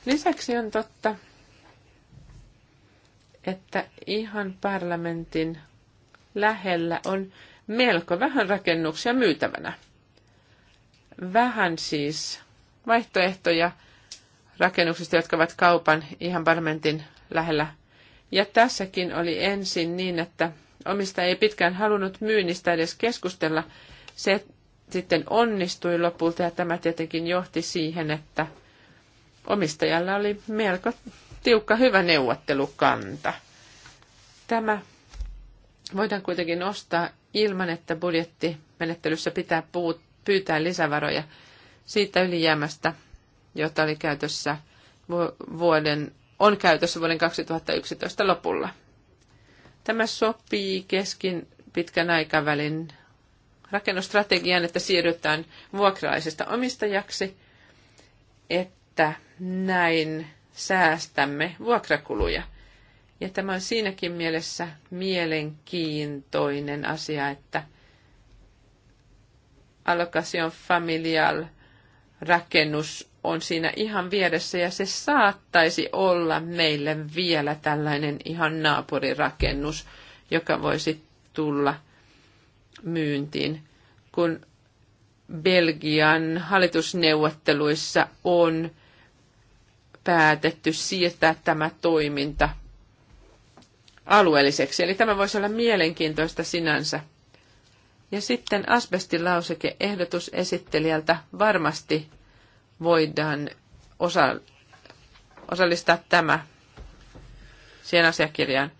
B: Lisäksi on totta, että ihan parlamentin lähellä on melko vähän rakennuksia myytävänä. Vähän siis vaihtoehtoja rakennuksista, jotka ovat kaupan ihan parlamentin lähellä. Ja tässäkin oli ensin niin, että omistaja ei pitkään halunnut myynnistä edes keskustella. Se sitten onnistui lopulta ja tämä tietenkin johti siihen, että omistajalla oli melko tiukka hyvä neuvottelukanta. Tämä voidaan kuitenkin ostaa ilman, että budjettimenettelyssä pitää puut, pyytää lisävaroja siitä ylijäämästä, jota oli käytössä vuoden, on käytössä vuoden 2011 lopulla. Tämä sopii keskin pitkän aikavälin rakennustrategiaan, että siirrytään vuokraisesta omistajaksi, että näin säästämme vuokrakuluja. Ja tämä on siinäkin mielessä mielenkiintoinen asia, että allocation familial rakennus on siinä ihan vieressä ja se saattaisi olla meille vielä tällainen ihan naapurirakennus, joka voisi tulla myyntiin, kun Belgian hallitusneuvotteluissa on päätetty siirtää tämä toiminta alueelliseksi. Eli tämä voisi olla mielenkiintoista sinänsä. Ja sitten asbestilauseke ehdotus esittelijältä varmasti voidaan osa, osallistaa tämä siihen asiakirjaan.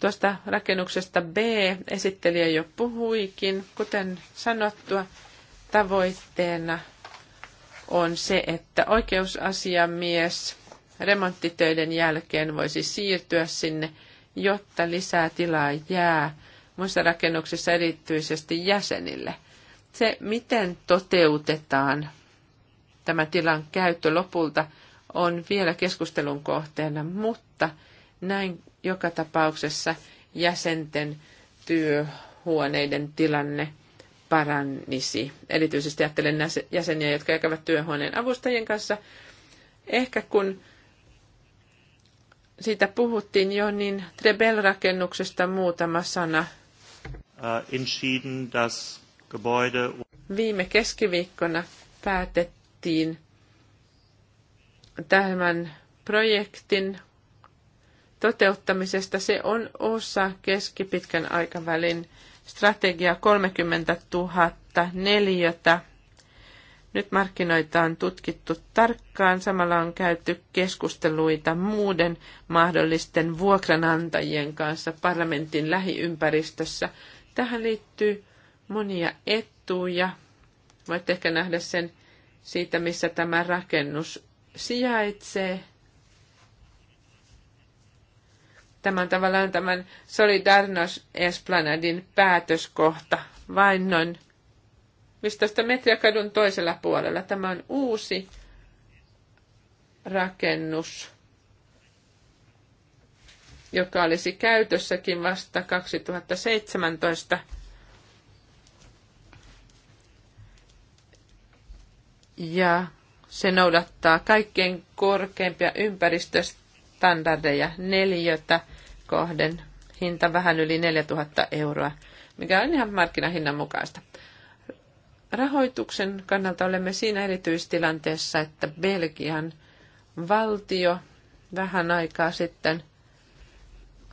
B: Tuosta rakennuksesta B esittelijä jo puhuikin. Kuten sanottua, tavoitteena on se, että oikeusasiamies remonttitöiden jälkeen voisi siirtyä sinne, jotta lisää tilaa jää muissa rakennuksissa erityisesti jäsenille. Se, miten toteutetaan tämä tilan käyttö lopulta on vielä keskustelun kohteena, mutta näin joka tapauksessa jäsenten työhuoneiden tilanne parannisi. Erityisesti ajattelen jäseniä, jotka käyvät työhuoneen avustajien kanssa. Ehkä kun siitä puhuttiin jo, niin Trebel-rakennuksesta muutama sana.
A: Äh,
B: Viime keskiviikkona päätettiin, valittiin tämän projektin toteuttamisesta. Se on osa keskipitkän aikavälin strategia 30 000 neliötä. Nyt markkinoita on tutkittu tarkkaan, samalla on käyty keskusteluita muuden mahdollisten vuokranantajien kanssa parlamentin lähiympäristössä. Tähän liittyy monia etuja. Voitte ehkä nähdä sen siitä, missä tämä rakennus sijaitsee. tämän tavallaan tämän Solidarnos Esplanadin päätöskohta, vain noin 15 metriä kadun toisella puolella. Tämä on uusi rakennus, joka olisi käytössäkin vasta 2017 ja se noudattaa kaikkein korkeimpia ympäristöstandardeja neljötä kohden. Hinta vähän yli 4000 euroa, mikä on ihan markkinahinnan mukaista. Rahoituksen kannalta olemme siinä erityistilanteessa, että Belgian valtio vähän aikaa sitten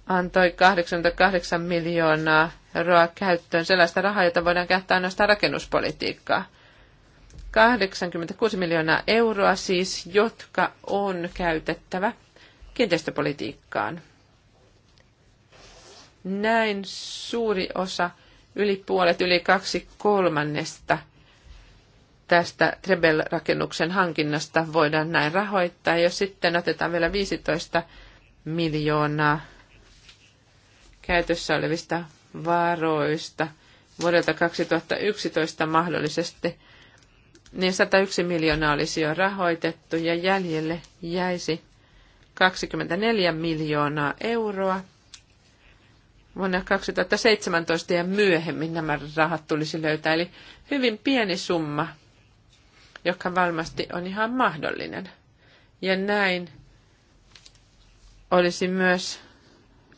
B: antoi 88 miljoonaa euroa käyttöön sellaista rahaa, jota voidaan käyttää ainoastaan rakennuspolitiikkaa – 86 miljoonaa euroa siis, jotka on käytettävä kiinteistöpolitiikkaan. Näin suuri osa, yli puolet, yli kaksi kolmannesta tästä Trebel-rakennuksen hankinnasta voidaan näin rahoittaa. ja sitten otetaan vielä 15 miljoonaa käytössä olevista varoista vuodelta 2011 mahdollisesti – niin 101 miljoonaa olisi jo rahoitettu ja jäljelle jäisi 24 miljoonaa euroa. Vuonna 2017 ja myöhemmin nämä rahat tulisi löytää, eli hyvin pieni summa, joka varmasti on ihan mahdollinen. Ja näin olisi myös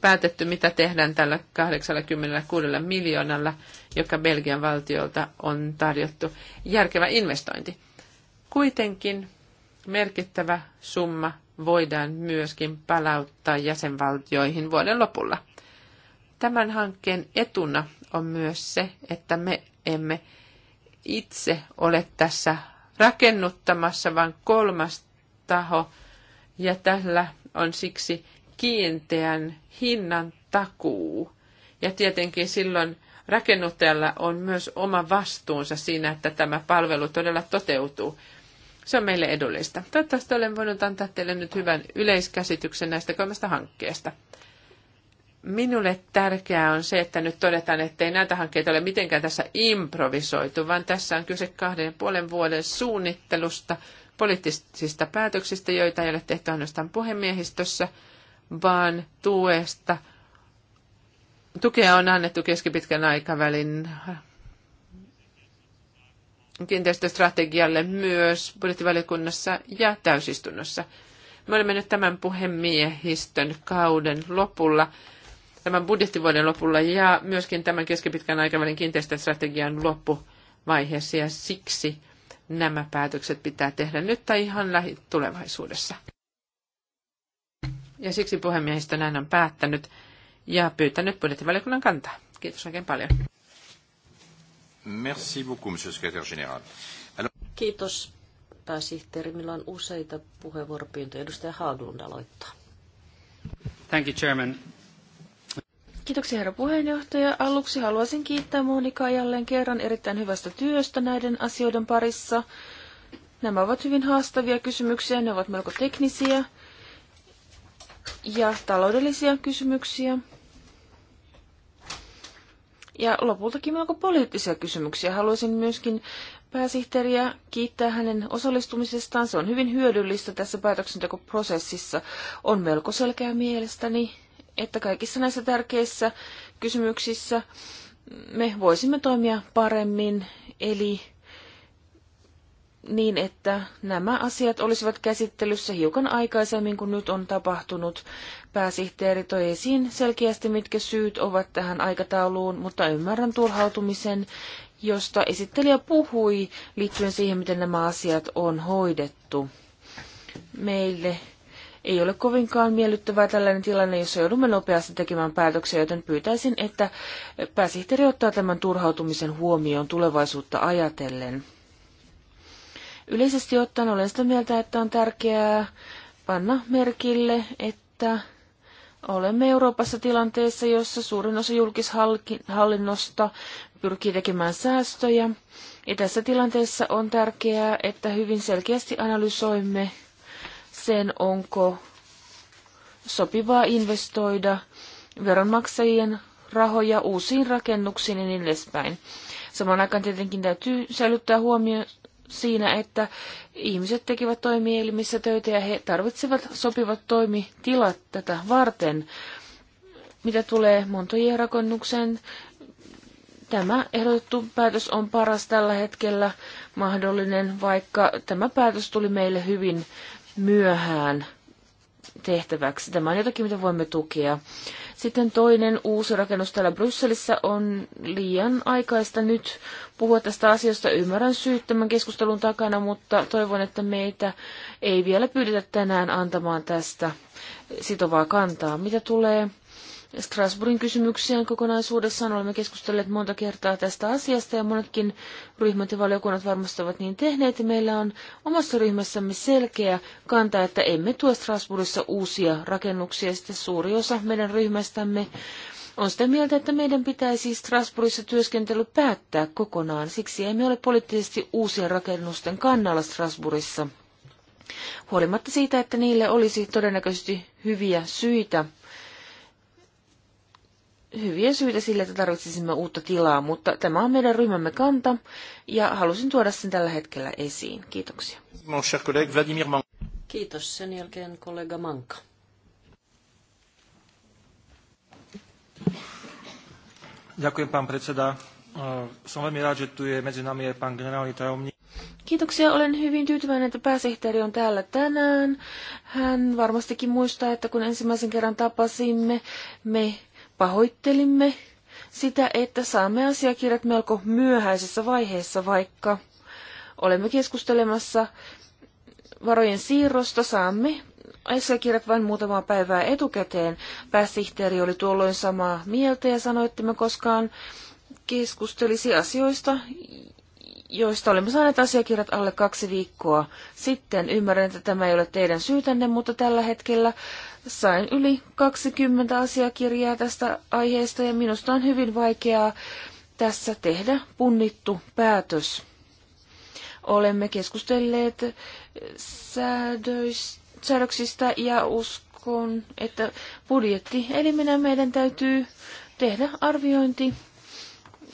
B: päätetty, mitä tehdään tällä 86 miljoonalla, joka Belgian valtiolta on tarjottu. Järkevä investointi. Kuitenkin merkittävä summa voidaan myöskin palauttaa jäsenvaltioihin vuoden lopulla. Tämän hankkeen etuna on myös se, että me emme itse ole tässä rakennuttamassa, vaan kolmas taho, ja tällä on siksi kiinteän hinnan takuu. Ja tietenkin silloin rakennuttajalla on myös oma vastuunsa siinä, että tämä palvelu todella toteutuu. Se on meille edullista. Toivottavasti olen voinut antaa teille nyt hyvän yleiskäsityksen näistä kolmesta hankkeesta. Minulle tärkeää on se, että nyt todetaan, että ei näitä hankkeita ole mitenkään tässä improvisoitu, vaan tässä on kyse kahden ja puolen vuoden suunnittelusta, poliittisista päätöksistä, joita ei ole tehty ainoastaan puhemiehistössä, vaan tuesta. Tukea on annettu keskipitkän aikavälin kiinteistöstrategialle myös budjettivaliokunnassa ja täysistunnossa. Me olemme nyt tämän puhemiehistön kauden lopulla, tämän budjettivuoden lopulla ja myöskin tämän keskipitkän aikavälin kiinteistöstrategian loppuvaiheessa ja siksi nämä päätökset pitää tehdä nyt tai ihan lähitulevaisuudessa. Ja siksi puhemiehistö näin on päättänyt ja pyytänyt budjettivaliokunnan kantaa. Kiitos oikein paljon. Merci beaucoup, monsieur secrétaire général. Alors...
A: Kiitos pääsihteeri. Meillä on useita puheenvuoropyyntöjä. Edustaja Haaglund aloittaa.
B: Thank you, Chairman.
C: Kiitoksia herra puheenjohtaja. Aluksi haluaisin kiittää Monika jälleen kerran erittäin hyvästä työstä näiden asioiden parissa. Nämä ovat hyvin haastavia kysymyksiä, ne ovat melko teknisiä ja taloudellisia kysymyksiä. Ja lopultakin melko poliittisia kysymyksiä. Haluaisin myöskin pääsihteeriä kiittää hänen osallistumisestaan. Se on hyvin hyödyllistä tässä päätöksentekoprosessissa. On melko selkeä mielestäni, että kaikissa näissä tärkeissä kysymyksissä me voisimme toimia paremmin, eli niin, että nämä asiat olisivat käsittelyssä hiukan aikaisemmin kuin nyt on tapahtunut. Pääsihteeri toi esiin selkeästi, mitkä syyt ovat tähän aikatauluun, mutta ymmärrän turhautumisen, josta esittelijä puhui liittyen siihen, miten nämä asiat on hoidettu. Meille ei ole kovinkaan miellyttävää tällainen tilanne, jossa joudumme nopeasti tekemään päätöksiä, joten pyytäisin, että pääsihteeri ottaa tämän turhautumisen huomioon tulevaisuutta ajatellen. Yleisesti ottaen olen sitä mieltä, että on tärkeää panna merkille, että olemme Euroopassa tilanteessa, jossa suurin osa julkishallinnosta pyrkii tekemään säästöjä. Ja tässä tilanteessa on tärkeää, että hyvin selkeästi analysoimme sen, onko sopivaa investoida veronmaksajien rahoja uusiin rakennuksiin ja niin edespäin. Samaan aikaan tietenkin täytyy säilyttää huomio siinä, että ihmiset tekivät toimielimissä töitä ja he tarvitsevat sopivat toimitilat tätä varten. Mitä tulee Montojen rakennukseen, tämä ehdotettu päätös on paras tällä hetkellä mahdollinen, vaikka tämä päätös tuli meille hyvin myöhään tehtäväksi. Tämä on jotakin, mitä voimme tukea. Sitten toinen uusi rakennus täällä Brysselissä on liian aikaista nyt puhua tästä asiasta. Ymmärrän syyt tämän keskustelun takana, mutta toivon, että meitä ei vielä pyydetä tänään antamaan tästä sitovaa kantaa. Mitä tulee Strasbourgin kysymykseen kokonaisuudessaan. Olemme keskustelleet monta kertaa tästä asiasta ja monetkin ryhmät ja valiokunnat varmasti ovat niin tehneet. Meillä on omassa ryhmässämme selkeä kanta, että emme tue Strasbourgissa uusia rakennuksia. Sitten suuri osa meidän ryhmästämme on sitä mieltä, että meidän pitäisi Strasbourgissa työskentely päättää kokonaan. Siksi emme ole poliittisesti uusien rakennusten kannalla Strasbourgissa. Huolimatta siitä, että niille olisi todennäköisesti hyviä syitä – hyviä syitä sille, että tarvitsisimme uutta tilaa, mutta tämä on meidän ryhmämme kanta ja halusin tuoda sen tällä hetkellä esiin. Kiitoksia.
B: Mon cher collègue Vladimir Manka.
A: Kiitos. Sen jälkeen kollega Manka. Ďakujem, pán predseda. E, som veľmi rád, že tu je medzi nami aj pán generálny tajomník.
C: Kiitoksia. Olen hyvin tyytyväinen, että pääsihteeri on täällä tänään. Hän varmastikin muistaa, että kun ensimmäisen kerran tapasimme, me pahoittelimme sitä, että saamme asiakirjat melko myöhäisessä vaiheessa, vaikka olemme keskustelemassa varojen siirrosta, saamme asiakirjat vain muutamaa päivää etukäteen. Pääsihteeri oli tuolloin samaa mieltä ja sanoi, että me koskaan keskustelisi asioista, joista olemme saaneet asiakirjat alle kaksi viikkoa sitten. Ymmärrän, että tämä ei ole teidän syytänne, mutta tällä hetkellä sain yli 20 asiakirjaa tästä aiheesta ja minusta on hyvin vaikeaa tässä tehdä punnittu päätös. Olemme keskustelleet säädöistä, säädöksistä ja uskon, että budjetti, eli minä meidän täytyy tehdä arviointi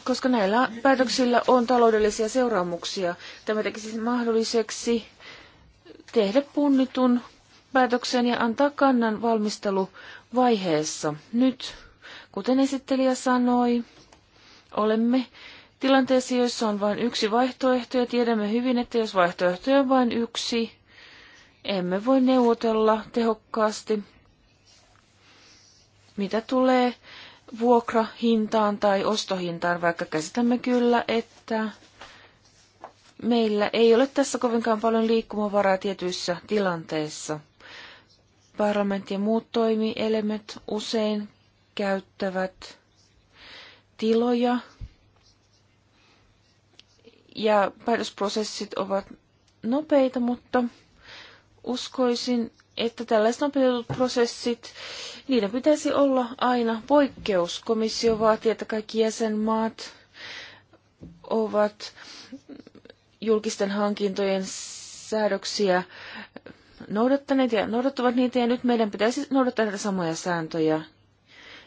C: koska näillä päätöksillä on taloudellisia seuraamuksia. Tämä tekisi mahdolliseksi tehdä punnitun päätöksen ja antaa kannan valmisteluvaiheessa. Nyt, kuten esittelijä sanoi, olemme tilanteessa, jossa on vain yksi vaihtoehto ja tiedämme hyvin, että jos vaihtoehtoja on vain yksi, emme voi neuvotella tehokkaasti. Mitä tulee vuokrahintaan tai ostohintaan, vaikka käsitämme kyllä, että meillä ei ole tässä kovinkaan paljon liikkumavaraa tietyissä tilanteissa. Parlamentti ja muut toimielimet usein käyttävät tiloja ja päätösprosessit ovat nopeita, mutta uskoisin, että tällaiset nopeutetut prosessit, niiden pitäisi olla aina poikkeus. Komissio vaatii, että kaikki jäsenmaat ovat julkisten hankintojen säädöksiä noudattaneet ja noudattavat niitä, ja nyt meidän pitäisi noudattaa näitä samoja sääntöjä,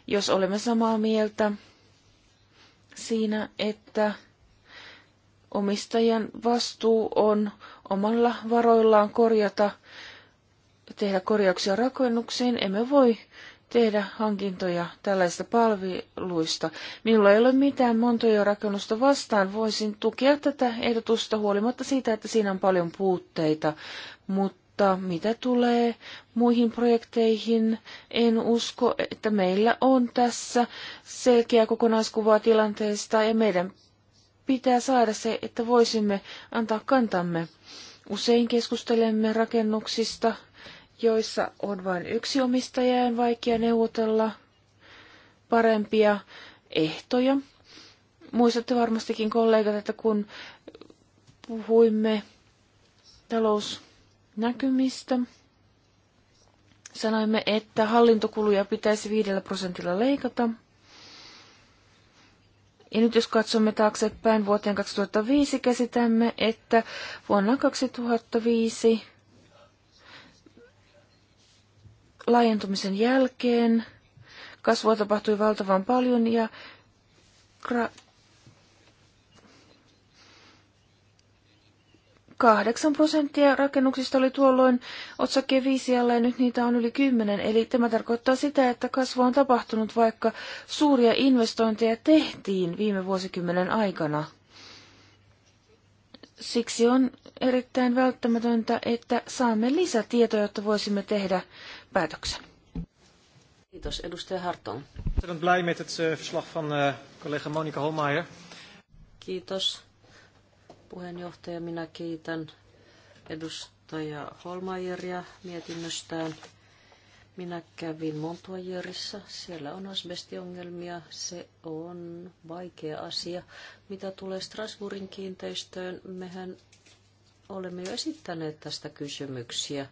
C: jos olemme samaa mieltä siinä, että omistajan vastuu on omalla varoillaan korjata tehdä korjauksia rakennuksiin, emme voi tehdä hankintoja tällaisista palveluista. Minulla ei ole mitään montoja rakennusta vastaan. Voisin tukea tätä ehdotusta huolimatta siitä, että siinä on paljon puutteita. Mutta mitä tulee muihin projekteihin, en usko, että meillä on tässä selkeä kokonaiskuva tilanteesta ja meidän pitää saada se, että voisimme antaa kantamme. Usein keskustelemme rakennuksista, joissa on vain yksi omistaja ja on vaikea neuvotella parempia ehtoja. Muistatte varmastikin kollegat, että kun puhuimme talousnäkymistä, sanoimme, että hallintokuluja pitäisi viidellä prosentilla leikata. Ja nyt jos katsomme taaksepäin vuoteen 2005, käsitämme, että vuonna 2005 laajentumisen jälkeen kasvua tapahtui valtavan paljon ja gra- Kahdeksan prosenttia rakennuksista oli tuolloin otsakkeen viisi alla ja nyt niitä on yli kymmenen. Eli tämä tarkoittaa sitä, että kasvua on tapahtunut, vaikka suuria investointeja tehtiin viime vuosikymmenen aikana. Siksi on erittäin välttämätöntä, että saamme lisätietoja, jotta voisimme tehdä päätöksen.
A: Kiitos, edustaja Harton. Olen blij met het eh, verslag van eh, collega Monika Holmeijer. Kiitos, puheenjohtaja. Minä kiitän edustaja Holmeijeria mietinnöstään. Minä kävin Montoyerissa. Siellä on asbestiongelmia. Se on vaikea asia. Mitä tulee Strasbourgin kiinteistöön, mehän olemme jo esittäneet tästä kysymyksiä.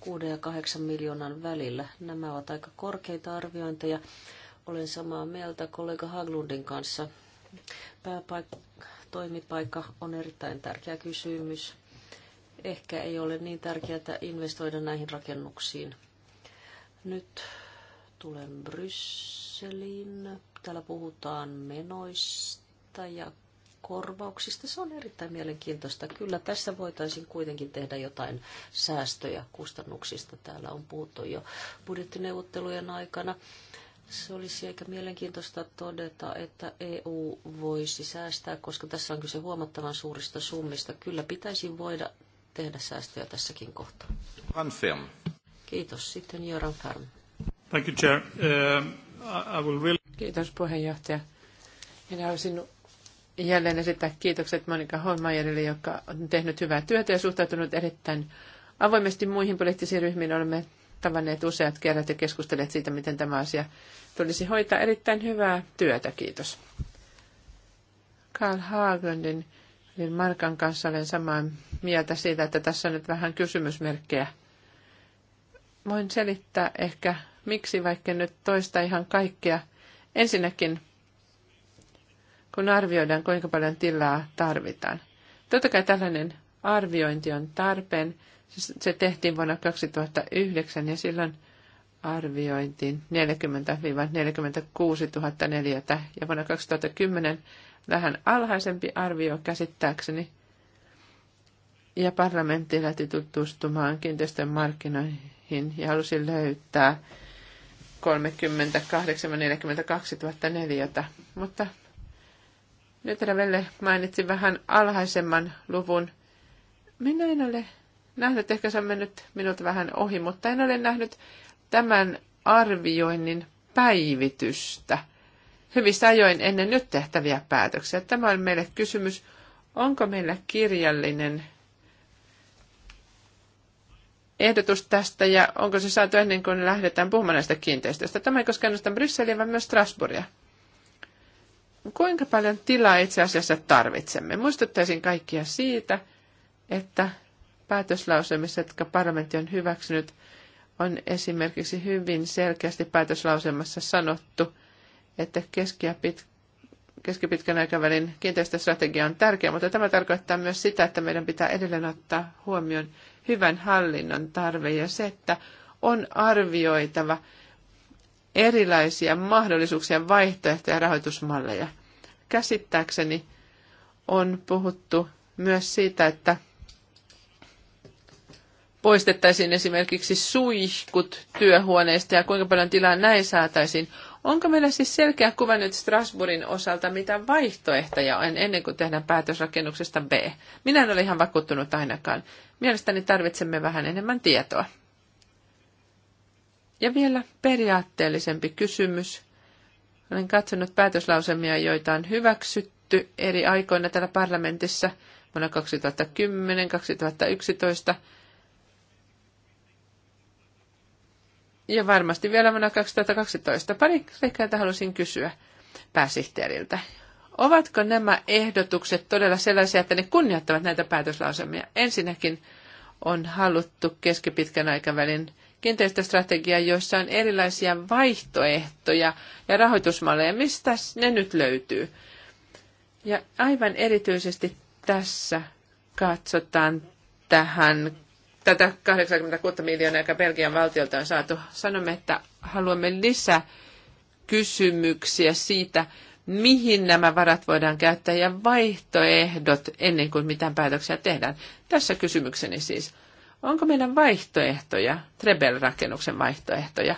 A: 6 ja 8 miljoonan välillä. Nämä ovat aika korkeita arviointeja. Olen samaa mieltä kollega Haglundin kanssa. Pääpaik- toimipaikka on erittäin tärkeä kysymys. Ehkä ei ole niin tärkeää investoida näihin rakennuksiin nyt tulen Brysseliin. Täällä puhutaan menoista ja korvauksista. Se on erittäin mielenkiintoista. Kyllä tässä voitaisiin kuitenkin tehdä jotain säästöjä kustannuksista. Täällä on puhuttu jo budjettineuvottelujen aikana. Se olisi aika mielenkiintoista todeta, että EU voisi säästää, koska tässä on kyse huomattavan suurista summista. Kyllä pitäisi voida tehdä säästöjä tässäkin kohtaa. Confirm. Kiitos.
B: Sitten Joran Färm. Thank you, Chair. Um, I will Kiitos puheenjohtaja. Minä haluaisin jälleen esittää kiitokset Monika Holmajerille, joka on tehnyt hyvää työtä ja suhtautunut erittäin avoimesti muihin poliittisiin ryhmiin. Olemme tavanneet useat kerrat ja keskustelleet siitä, miten tämä asia tulisi hoitaa. Erittäin hyvää työtä, kiitos. Karl Haaglundin Markan kanssa olen samaa mieltä siitä, että tässä on nyt vähän kysymysmerkkejä – Voin selittää ehkä, miksi vaikka nyt toista ihan kaikkea. Ensinnäkin, kun arvioidaan, kuinka paljon tilaa tarvitaan. Totta kai tällainen arviointi on tarpeen. Se tehtiin vuonna 2009 ja silloin arviointiin 40-46 000 neliötä ja vuonna 2010 vähän alhaisempi arvio käsittääkseni. Ja parlamentti lähti tutustumaan kiinteistön markkinoihin töihin ja halusin löytää 38 42 neliötä, mutta nyt Ravelle mainitsin vähän alhaisemman luvun. Minä en ole nähnyt, ehkä se on mennyt minulta vähän ohi, mutta en ole nähnyt tämän arvioinnin päivitystä. Hyvissä ajoin ennen nyt tehtäviä päätöksiä. Tämä on meille kysymys, onko meillä kirjallinen ehdotus tästä ja onko se saatu ennen kuin lähdetään puhumaan näistä kiinteistöistä? Tämä ei koske ainoastaan Brysseliä, vaan myös Strasbourgia. Kuinka paljon tilaa itse asiassa tarvitsemme? Muistuttaisin kaikkia siitä, että päätöslausemissa, jotka parlamentti on hyväksynyt, on esimerkiksi hyvin selkeästi päätöslauselmassa sanottu, että keski- ja pit- keskipitkän aikavälin kiinteistöstrategia on tärkeä, mutta tämä tarkoittaa myös sitä, että meidän pitää edelleen ottaa huomioon hyvän hallinnon tarve ja se, että on arvioitava erilaisia mahdollisuuksia, vaihtoehtoja ja rahoitusmalleja. Käsittääkseni on puhuttu myös siitä, että poistettaisiin esimerkiksi suihkut työhuoneista ja kuinka paljon tilaa näin saataisiin Onko meillä siis selkeä kuva nyt Strasbourgin osalta, mitä vaihtoehtoja on ennen kuin tehdään päätösrakennuksesta B? Minä en ole ihan vakuuttunut ainakaan. Mielestäni tarvitsemme vähän enemmän tietoa. Ja vielä periaatteellisempi kysymys. Olen katsonut päätöslausemia, joita on hyväksytty eri aikoina täällä parlamentissa vuonna 2010, 2011 ja varmasti vielä vuonna 2012. Pari seikkaa halusin kysyä pääsihteeriltä. Ovatko nämä ehdotukset todella sellaisia, että ne kunnioittavat näitä päätöslausemia? Ensinnäkin on haluttu keskipitkän aikavälin kiinteistöstrategia, jossa on erilaisia vaihtoehtoja ja rahoitusmalleja. Mistä ne nyt löytyy? Ja aivan erityisesti tässä katsotaan tähän tätä 86 miljoonaa, joka Belgian valtiolta on saatu. Sanomme, että haluamme lisää kysymyksiä siitä, mihin nämä varat voidaan käyttää ja vaihtoehdot ennen kuin mitään päätöksiä tehdään. Tässä kysymykseni siis. Onko meidän vaihtoehtoja, Trebel-rakennuksen vaihtoehtoja?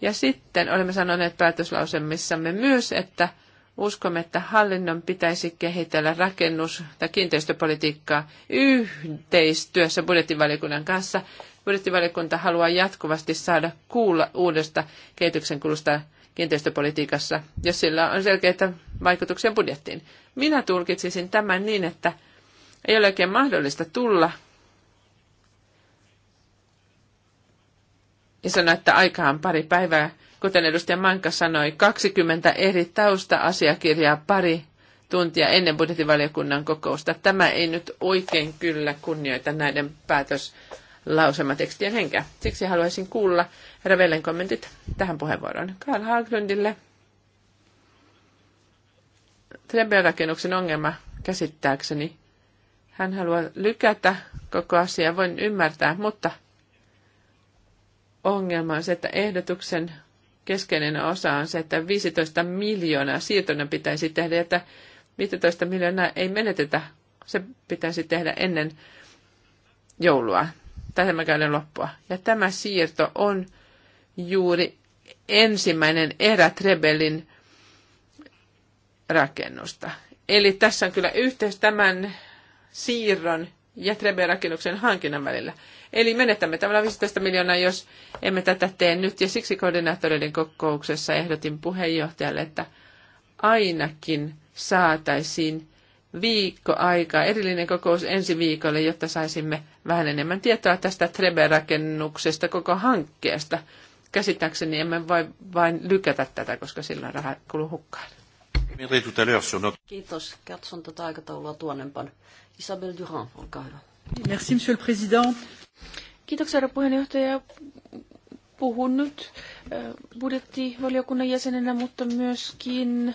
B: Ja sitten olemme sanoneet päätöslausemissamme myös, että – Uskomme, että hallinnon pitäisi kehitellä rakennus- tai kiinteistöpolitiikkaa yhteistyössä budjettivaliokunnan kanssa. Budjettivaliokunta haluaa jatkuvasti saada kuulla uudesta kehityksen kulusta kiinteistöpolitiikassa, jos sillä on selkeitä vaikutuksia budjettiin. Minä tulkitsisin tämän niin, että ei ole oikein mahdollista tulla ja sanoa, että aikaan pari päivää kuten edustaja Manka sanoi, 20 eri tausta-asiakirjaa pari tuntia ennen budjettivaliokunnan kokousta. Tämä ei nyt oikein kyllä kunnioita näiden päätöslausematekstien henkeä. Siksi haluaisin kuulla herra Vellen kommentit tähän puheenvuoroon. Karl Haglundille. Trebian rakennuksen ongelma käsittääkseni. Hän haluaa lykätä koko asiaa, voin ymmärtää, mutta ongelma on se, että ehdotuksen keskeinen osa on se, että 15 miljoonaa siirtona pitäisi tehdä, että 15 miljoonaa ei menetetä. Se pitäisi tehdä ennen joulua tai tämän loppua. Ja tämä siirto on juuri ensimmäinen erä Trebelin rakennusta. Eli tässä on kyllä yhteys tämän siirron ja Trebelin rakennuksen hankinnan välillä. Eli menetämme tämän 15 miljoonaa, jos emme tätä tee nyt. Ja siksi koordinaattoreiden kokouksessa ehdotin puheenjohtajalle, että ainakin saataisiin viikko aikaa, erillinen kokous ensi viikolle, jotta saisimme vähän enemmän tietoa tästä Trebe-rakennuksesta, koko hankkeesta. Käsittääkseni emme voi vain lykätä tätä, koska silloin raha kuluu hukkaan.
A: Kiitos. Katson tätä aikataulua tuonnempana. Isabel Durand,
B: olkaa hyvä. Merci, monsieur le président.
C: Kiitoksia, herra puheenjohtaja. Puhun nyt budjettivaliokunnan jäsenenä, mutta myöskin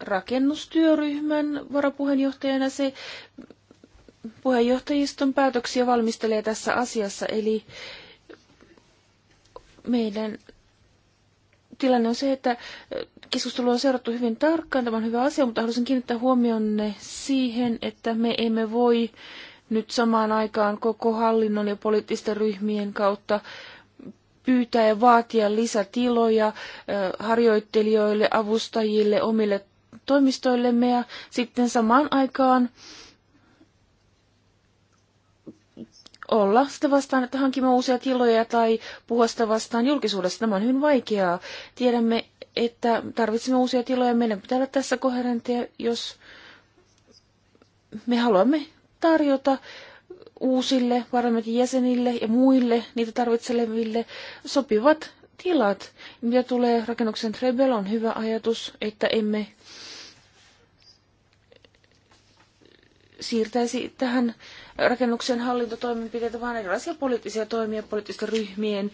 C: rakennustyöryhmän varapuheenjohtajana. Se puheenjohtajiston päätöksiä valmistelee tässä asiassa, eli meidän tilanne on se, että keskustelu on seurattu hyvin tarkkaan, tämä on hyvä asia, mutta haluaisin kiinnittää huomionne siihen, että me emme voi nyt samaan aikaan koko hallinnon ja poliittisten ryhmien kautta pyytää ja vaatia lisätiloja harjoittelijoille, avustajille, omille toimistoillemme ja sitten samaan aikaan olla sitä vastaan, että hankimme uusia tiloja tai puhua sitä vastaan julkisuudessa. Tämä on hyvin vaikeaa. Tiedämme, että tarvitsemme uusia tiloja. Meidän pitää olla tässä koherentteja, jos me haluamme tarjota uusille parlamentin jäsenille ja muille niitä tarvitseleville sopivat tilat. Mitä tulee rakennuksen Trebel, on hyvä ajatus, että emme siirtäisi tähän rakennuksen hallintotoimenpiteitä, vaan erilaisia poliittisia toimia, poliittisten ryhmien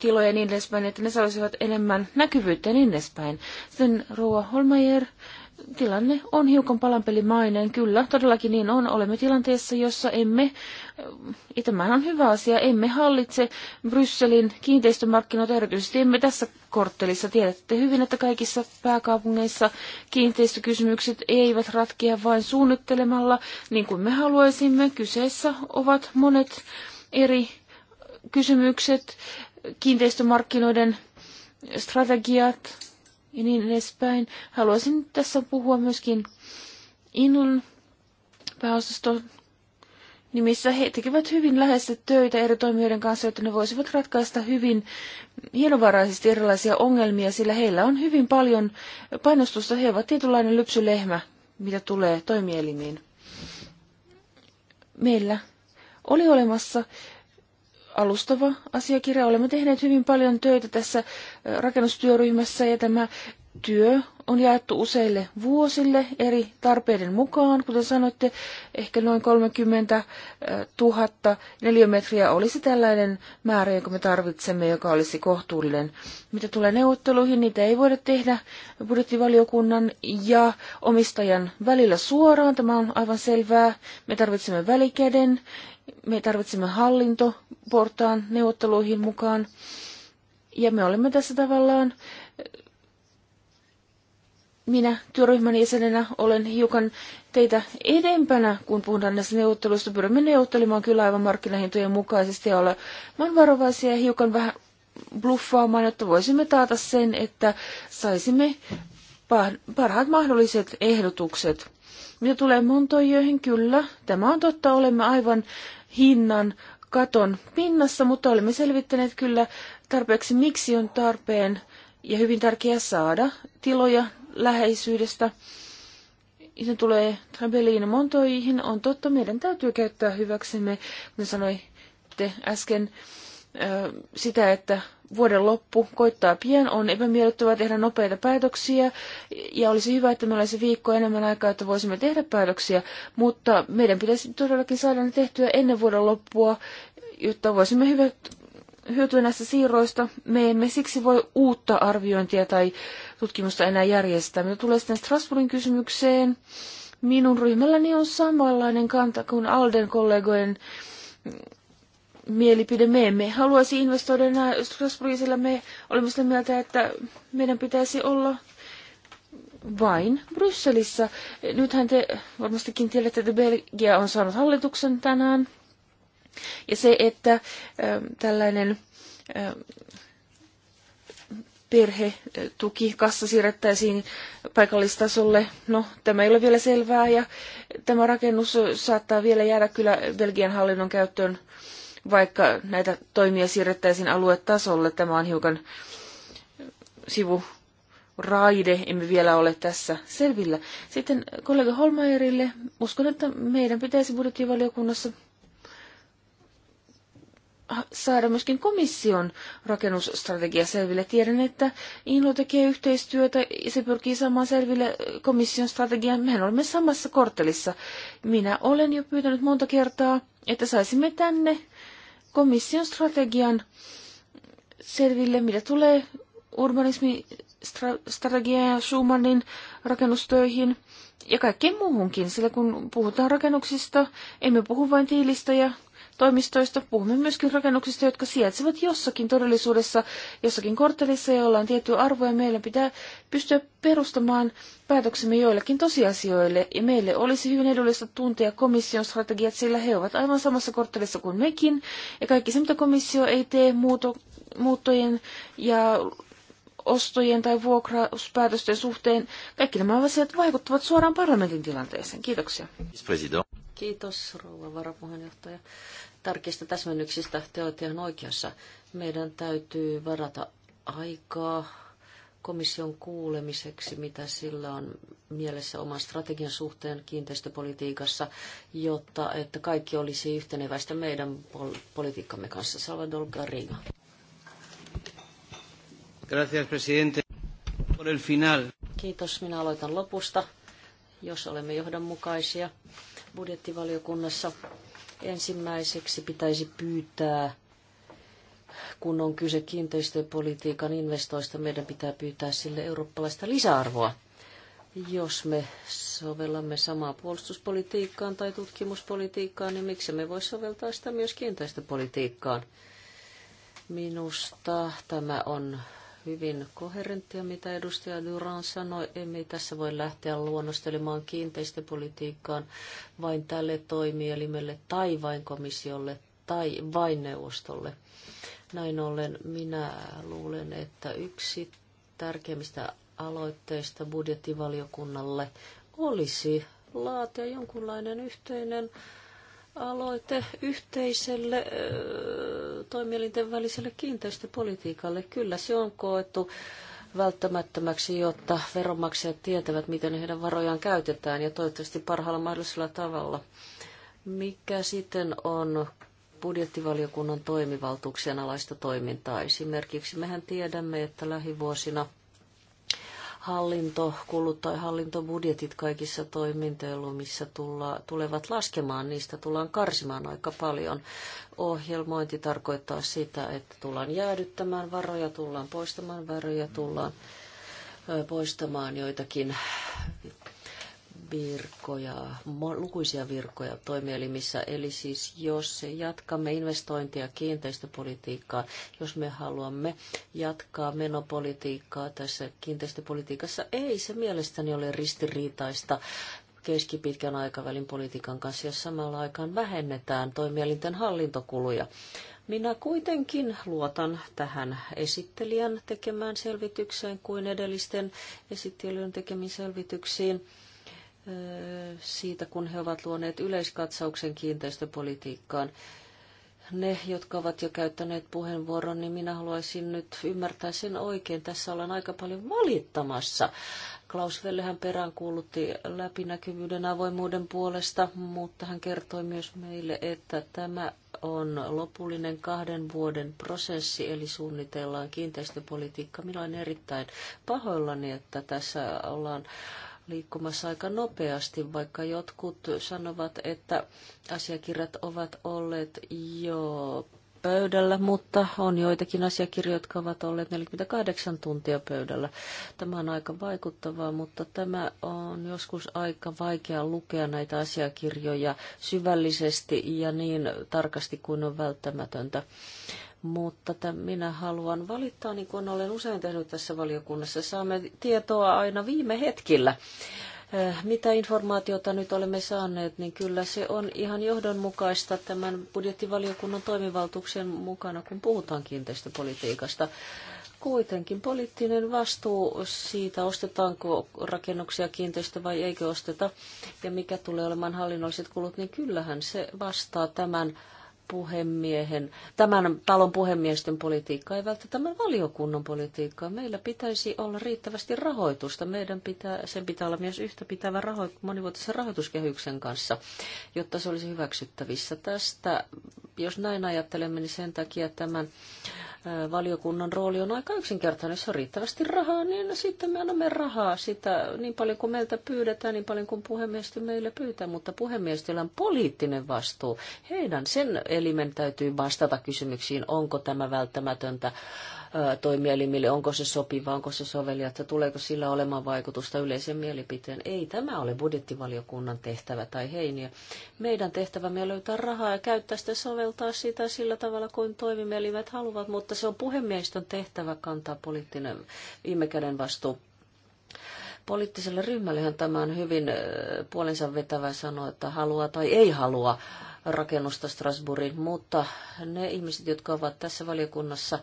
C: tiloja ja niin edespäin, että ne saisivat enemmän näkyvyyttä ja niin edespäin. Sitten Roa Holmeyer tilanne on hiukan palanpelimainen. Kyllä, todellakin niin on. Olemme tilanteessa, jossa emme, ja tämähän on hyvä asia, emme hallitse Brysselin kiinteistömarkkinoita, erityisesti emme tässä korttelissa. Tiedätte hyvin, että kaikissa pääkaupungeissa kiinteistökysymykset eivät ratkea vain suunnittelemalla, niin kuin me haluaisimme. Kyseessä ovat monet eri kysymykset, kiinteistömarkkinoiden strategiat, ja niin edespäin. Haluaisin tässä puhua myöskin Innun pääosaston nimissä. He tekevät hyvin läheistä töitä eri toimijoiden kanssa, jotta ne voisivat ratkaista hyvin hienovaraisesti erilaisia ongelmia, sillä heillä on hyvin paljon painostusta. He ovat tietynlainen lypsylehmä, mitä tulee toimielimiin. Meillä oli olemassa alustava asiakirja. Olemme tehneet hyvin paljon töitä tässä rakennustyöryhmässä ja tämä työ on jaettu useille vuosille eri tarpeiden mukaan. Kuten sanoitte, ehkä noin 30 000 neliömetriä olisi tällainen määrä, jonka me tarvitsemme, joka olisi kohtuullinen. Mitä tulee neuvotteluihin, niitä ei voida tehdä budjettivaliokunnan ja omistajan välillä suoraan. Tämä on aivan selvää. Me tarvitsemme välikäden me tarvitsemme hallintoportaan neuvotteluihin mukaan. Ja me olemme tässä tavallaan, minä työryhmän jäsenenä olen hiukan teitä edempänä, kun puhutaan näistä neuvotteluista. Pyrimme neuvottelemaan kyllä aivan markkinahintojen mukaisesti ja olemaan varovaisia ja hiukan vähän bluffaamaan, jotta voisimme taata sen, että saisimme parhaat mahdolliset ehdotukset. Mitä tulee Montoijoihin, kyllä, tämä on totta, olemme aivan hinnan katon pinnassa, mutta olemme selvittäneet kyllä tarpeeksi, miksi on tarpeen ja hyvin tärkeää saada tiloja läheisyydestä. Se tulee Trebelliin Montoihin, on totta, meidän täytyy käyttää hyväksemme, kuten sanoitte äsken, sitä, että vuoden loppu koittaa pian, on epämiellyttävää tehdä nopeita päätöksiä ja olisi hyvä, että meillä olisi viikko enemmän aikaa, että voisimme tehdä päätöksiä, mutta meidän pitäisi todellakin saada ne tehtyä ennen vuoden loppua, jotta voisimme hyvät hyötyä näistä siirroista. Me emme siksi voi uutta arviointia tai tutkimusta enää järjestää. Mitä tulee sitten Strasbourgin kysymykseen, minun ryhmälläni on samanlainen kanta kuin Alden kollegojen mielipide. Me emme haluaisi investoida enää Strasbourgiin, sillä me olemme sitä mieltä, että meidän pitäisi olla vain Brysselissä. Nythän te varmastikin tiedätte, että Belgia on saanut hallituksen tänään. Ja se, että tällainen äh, kassa siirrettäisiin paikallistasolle. No, tämä ei ole vielä selvää ja tämä rakennus saattaa vielä jäädä kyllä Belgian hallinnon käyttöön vaikka näitä toimia siirrettäisiin aluetasolle. Tämä on hiukan sivu raide, emme vielä ole tässä selvillä. Sitten kollega Holmaerille, uskon, että meidän pitäisi budjettivaliokunnassa saada myöskin komission rakennusstrategia selville. Tiedän, että Inlo tekee yhteistyötä, se pyrkii saamaan selville komission strategian. Mehän olemme samassa korttelissa. Minä olen jo pyytänyt monta kertaa, että saisimme tänne komission strategian selville, mitä tulee urbanismistrategiaan ja Schumannin rakennustöihin ja kaikkeen muuhunkin, sillä kun puhutaan rakennuksista, emme puhu vain tiilistä ja toimistoista. Puhumme myöskin rakennuksista, jotka sijaitsevat jossakin todellisuudessa, jossakin korttelissa, joilla on tiettyjä arvoja. Meillä pitää pystyä perustamaan päätöksemme joillekin tosiasioille, ja meille olisi hyvin edullista tuntea komission strategiat, sillä he ovat aivan samassa korttelissa kuin mekin, ja kaikki se, mitä komissio ei tee muuto, muuttojen ja ostojen tai vuokrauspäätösten suhteen. Kaikki nämä asiat vaikuttavat suoraan parlamentin tilanteeseen. Kiitoksia.
A: Kiitos, rouva varapuheenjohtaja. Tarkista täsmennyksistä te olette ihan oikeassa. Meidän täytyy varata aikaa komission kuulemiseksi, mitä sillä on mielessä oman strategian suhteen kiinteistöpolitiikassa, jotta että kaikki olisi yhteneväistä meidän pol- politiikkamme kanssa. Salvador Garriga.
B: Gracias, presidente. Por el final.
A: Kiitos, minä aloitan lopusta, jos olemme johdonmukaisia budjettivaliokunnassa. Ensimmäiseksi pitäisi pyytää, kun on kyse kiinteistöpolitiikan investoista, meidän pitää pyytää sille eurooppalaista lisäarvoa. Jos me sovellamme samaa puolustuspolitiikkaan tai tutkimuspolitiikkaan, niin miksi me voisi soveltaa sitä myös kiinteistöpolitiikkaan? Minusta tämä on hyvin koherenttia, mitä edustaja Duran sanoi. Emme tässä voi lähteä luonnostelemaan kiinteistöpolitiikkaan vain tälle toimielimelle tai vain komissiolle tai vain neuvostolle. Näin ollen minä luulen, että yksi tärkeimmistä aloitteista budjettivaliokunnalle olisi laatia jonkunlainen yhteinen äh, aloite yhteiselle toimielinten väliselle kiinteistöpolitiikalle. Kyllä se on koettu välttämättömäksi, jotta veronmaksajat tietävät, miten heidän varojaan käytetään ja toivottavasti parhaalla mahdollisella tavalla. Mikä sitten on budjettivaliokunnan toimivaltuuksien alaista toimintaa? Esimerkiksi mehän tiedämme, että lähivuosina – hallintokulut tai hallintobudjetit kaikissa tulla, tulevat laskemaan, niistä tullaan karsimaan aika paljon. Ohjelmointi tarkoittaa sitä, että tullaan jäädyttämään varoja, tullaan poistamaan varoja, tullaan poistamaan joitakin virkoja, lukuisia virkoja toimielimissä. Eli siis jos jatkamme investointia kiinteistöpolitiikkaa, jos me haluamme jatkaa menopolitiikkaa tässä kiinteistöpolitiikassa, ei se mielestäni ole ristiriitaista keskipitkän aikavälin politiikan kanssa, jos samalla aikaan vähennetään toimielinten hallintokuluja. Minä kuitenkin luotan tähän esittelijän tekemään selvitykseen kuin edellisten esittelijän tekemiin selvityksiin siitä, kun he ovat luoneet yleiskatsauksen kiinteistöpolitiikkaan. Ne, jotka ovat jo käyttäneet puheenvuoron, niin minä haluaisin nyt ymmärtää sen oikein. Tässä ollaan aika paljon valittamassa. Klaus Vellehän peräänkuulutti läpinäkyvyyden avoimuuden puolesta, mutta hän kertoi myös meille, että tämä on lopullinen kahden vuoden prosessi, eli suunnitellaan kiinteistöpolitiikka. Minä olen erittäin pahoillani, että tässä ollaan liikkumassa aika nopeasti, vaikka jotkut sanovat, että asiakirjat ovat olleet jo pöydällä, mutta on joitakin asiakirjoja, jotka ovat olleet 48 tuntia pöydällä. Tämä on aika vaikuttavaa, mutta tämä on joskus aika vaikea lukea näitä asiakirjoja syvällisesti ja niin tarkasti kuin on välttämätöntä mutta tämän minä haluan valittaa, niin kuin olen usein tehnyt tässä valiokunnassa. Saamme tietoa aina viime hetkillä. Eh, mitä informaatiota nyt olemme saaneet, niin kyllä se on ihan johdonmukaista tämän budjettivaliokunnan toimivaltuuksien mukana, kun puhutaan kiinteistöpolitiikasta kuitenkin poliittinen vastuu siitä, ostetaanko rakennuksia kiinteistö vai eikö osteta ja mikä tulee olemaan hallinnolliset kulut, niin kyllähän se vastaa tämän puhemiehen, tämän talon puhemiesten politiikkaa, ei välttämättä tämän valiokunnan politiikkaa. Meillä pitäisi olla riittävästi rahoitusta. Meidän pitää, sen pitää olla myös yhtä pitävä raho, monivuotisen rahoituskehyksen kanssa, jotta se olisi hyväksyttävissä. Tästä, jos näin ajattelemme, niin sen takia tämän valiokunnan rooli on aika yksinkertainen. Jos on riittävästi rahaa, niin sitten me annamme rahaa sitä niin paljon kuin meiltä pyydetään, niin paljon kuin puhemiestö meille pyytää, mutta puhemiestöllä on poliittinen vastuu. Heidän sen elimen täytyy vastata kysymyksiin, onko tämä välttämätöntä toimielimille, onko se sopiva, onko se että tuleeko sillä olemaan vaikutusta yleisen mielipiteen. Ei tämä ole budjettivaliokunnan tehtävä tai heiniä. Meidän tehtävämme on löytää rahaa ja käyttää sitä soveltaa sitä sillä tavalla kuin toimielimet haluavat, mutta se on puhemiehistön tehtävä kantaa poliittinen viime käden vastuu poliittiselle ryhmällehän tämä on hyvin puolensa vetävä sanoa, että haluaa tai ei halua rakennusta Strasbourgin, mutta ne ihmiset, jotka ovat tässä valiokunnassa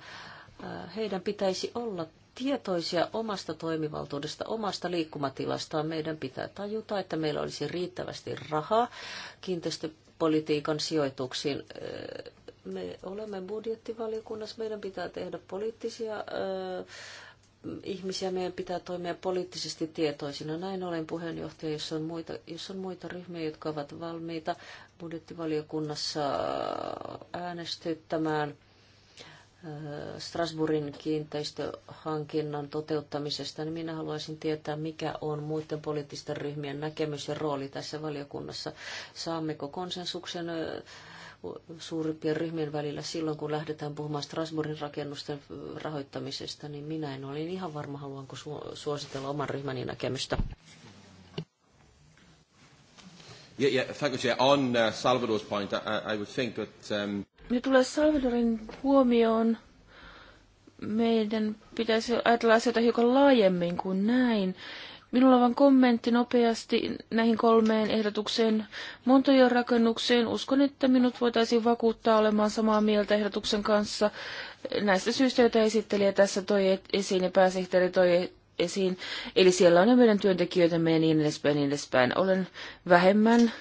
A: Äh, heidän pitäisi olla tietoisia omasta toimivaltuudesta, omasta liikkumatilastaan. Meidän pitää tajuta, että meillä olisi riittävästi rahaa kiinteistöpolitiikan sijoituksiin. Äh, me olemme budjettivaliokunnassa, meidän pitää tehdä poliittisia äh, ihmisiä, meidän pitää toimia poliittisesti tietoisina. Näin olen puheenjohtaja, jos on muita, jos on muita ryhmiä, jotka ovat valmiita budjettivaliokunnassa äänestyttämään – Strasbourgin kiinteistöhankinnan toteuttamisesta, niin minä haluaisin tietää, mikä on muiden poliittisten ryhmien näkemys ja rooli tässä valiokunnassa. Saammeko konsensuksen suurimpien ryhmien välillä silloin, kun lähdetään puhumaan Strasbourgin rakennusten rahoittamisesta, niin minä en ole ihan varma, haluanko suositella oman ryhmäni näkemystä.
B: Yeah, yeah, thank you, Chair. On uh, Salvador's point, I, I would think that um,
C: mitä tulee Salvadorin huomioon, meidän pitäisi ajatella asioita hiukan laajemmin kuin näin. Minulla on vain kommentti nopeasti näihin kolmeen ehdotukseen. Montojon rakennukseen uskon, että minut voitaisiin vakuuttaa olemaan samaa mieltä ehdotuksen kanssa näistä syistä, joita esittelijä tässä toi esiin ja pääsihteeri toi esiin. Eli siellä on jo meidän työntekijöitä, meidän niin edespäin, niin edespäin. Olen vähemmän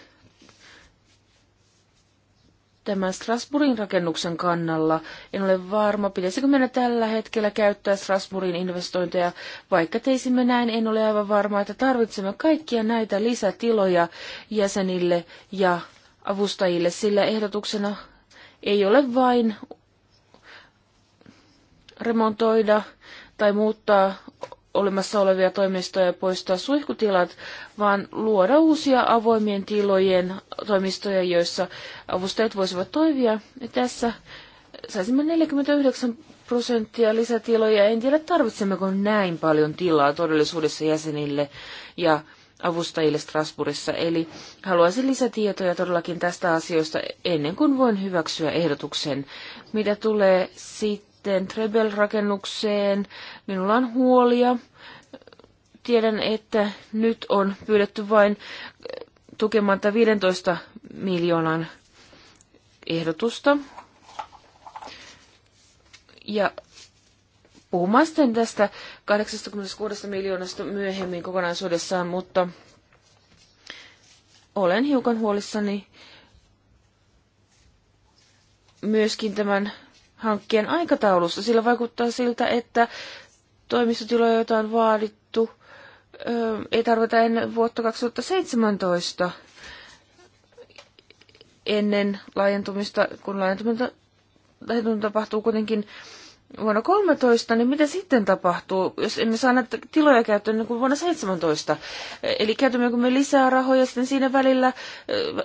C: tämän Strasbourgin rakennuksen kannalla. En ole varma, pitäisikö mennä tällä hetkellä käyttää Strasbourgin investointeja. Vaikka teisimme näin, en ole aivan varma, että tarvitsemme kaikkia näitä lisätiloja jäsenille ja avustajille, sillä ehdotuksena ei ole vain remontoida tai muuttaa olemassa olevia toimistoja poistaa suihkutilat, vaan luoda uusia avoimien tilojen toimistoja, joissa avustajat voisivat toimia. Ja tässä saisimme 49 prosenttia lisätiloja. En tiedä, tarvitsemmeko näin paljon tilaa todellisuudessa jäsenille ja avustajille Strasbourgissa. Eli haluaisin lisätietoja todellakin tästä asioista ennen kuin voin hyväksyä ehdotuksen. Mitä tulee sitten Trebel-rakennukseen, minulla on huolia. Tiedän, että nyt on pyydetty vain tukemaan 15 miljoonan ehdotusta. Ja puhumaan sitten tästä 86 miljoonasta myöhemmin kokonaisuudessaan, mutta olen hiukan huolissani myöskin tämän hankkeen aikataulusta, sillä vaikuttaa siltä, että toimistotiloja, joita on vaadittu – ei tarvita ennen vuotta 2017 ennen laajentumista, kun laajentuminen, laajentuminen tapahtuu kuitenkin vuonna 13, niin mitä sitten tapahtuu, jos emme saa näitä tiloja käyttöön niin kuin vuonna 17? Eli käytämmekö me lisää rahoja sitten siinä välillä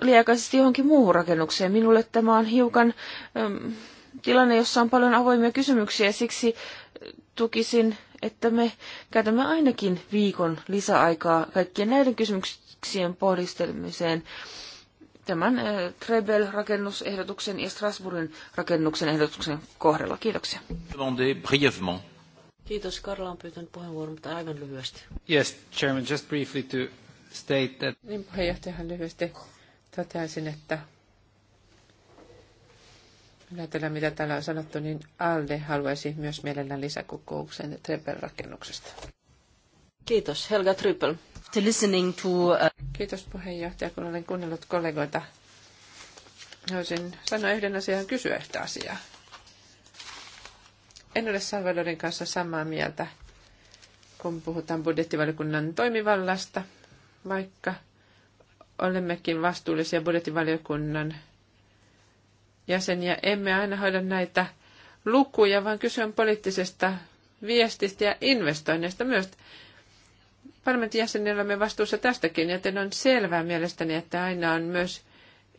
C: liiaikaisesti johonkin muuhun rakennukseen? Minulle tämä on hiukan äm, tilanne, jossa on paljon avoimia kysymyksiä, siksi tukisin että me käytämme ainakin viikon lisäaikaa kaikkien näiden kysymyksien pohdistelmiseen tämän eh, Trebel-rakennusehdotuksen ja Strasbourgin rakennuksen ehdotuksen kohdalla. Kiitoksia.
B: Kiitos. Karla on pyytänyt puheenvuoron, mutta aivan lyhyesti. Yes, Chairman, just briefly to state that... Niin puheenjohtajahan lyhyesti toteaisin, että ajatellaan, mitä täällä on sanottu, niin Alde haluaisi myös mielellään lisäkokouksen Trepen rakennuksesta. Kiitos, Helga Trypel. To listening to, uh... Kiitos puheenjohtaja, kun olen kuunnellut kollegoita. Haluaisin sanoa yhden asian kysyä yhtä asiaa. En ole Salvadorin kanssa samaa mieltä, kun puhutaan budjettivaliokunnan toimivallasta, vaikka olemmekin vastuullisia budjettivaliokunnan jäseniä. Emme aina hoida näitä lukuja, vaan kyse on poliittisesta viestistä ja investoinneista myös. Parlamentin jäsenillä me vastuussa tästäkin, joten on selvää mielestäni, että aina on myös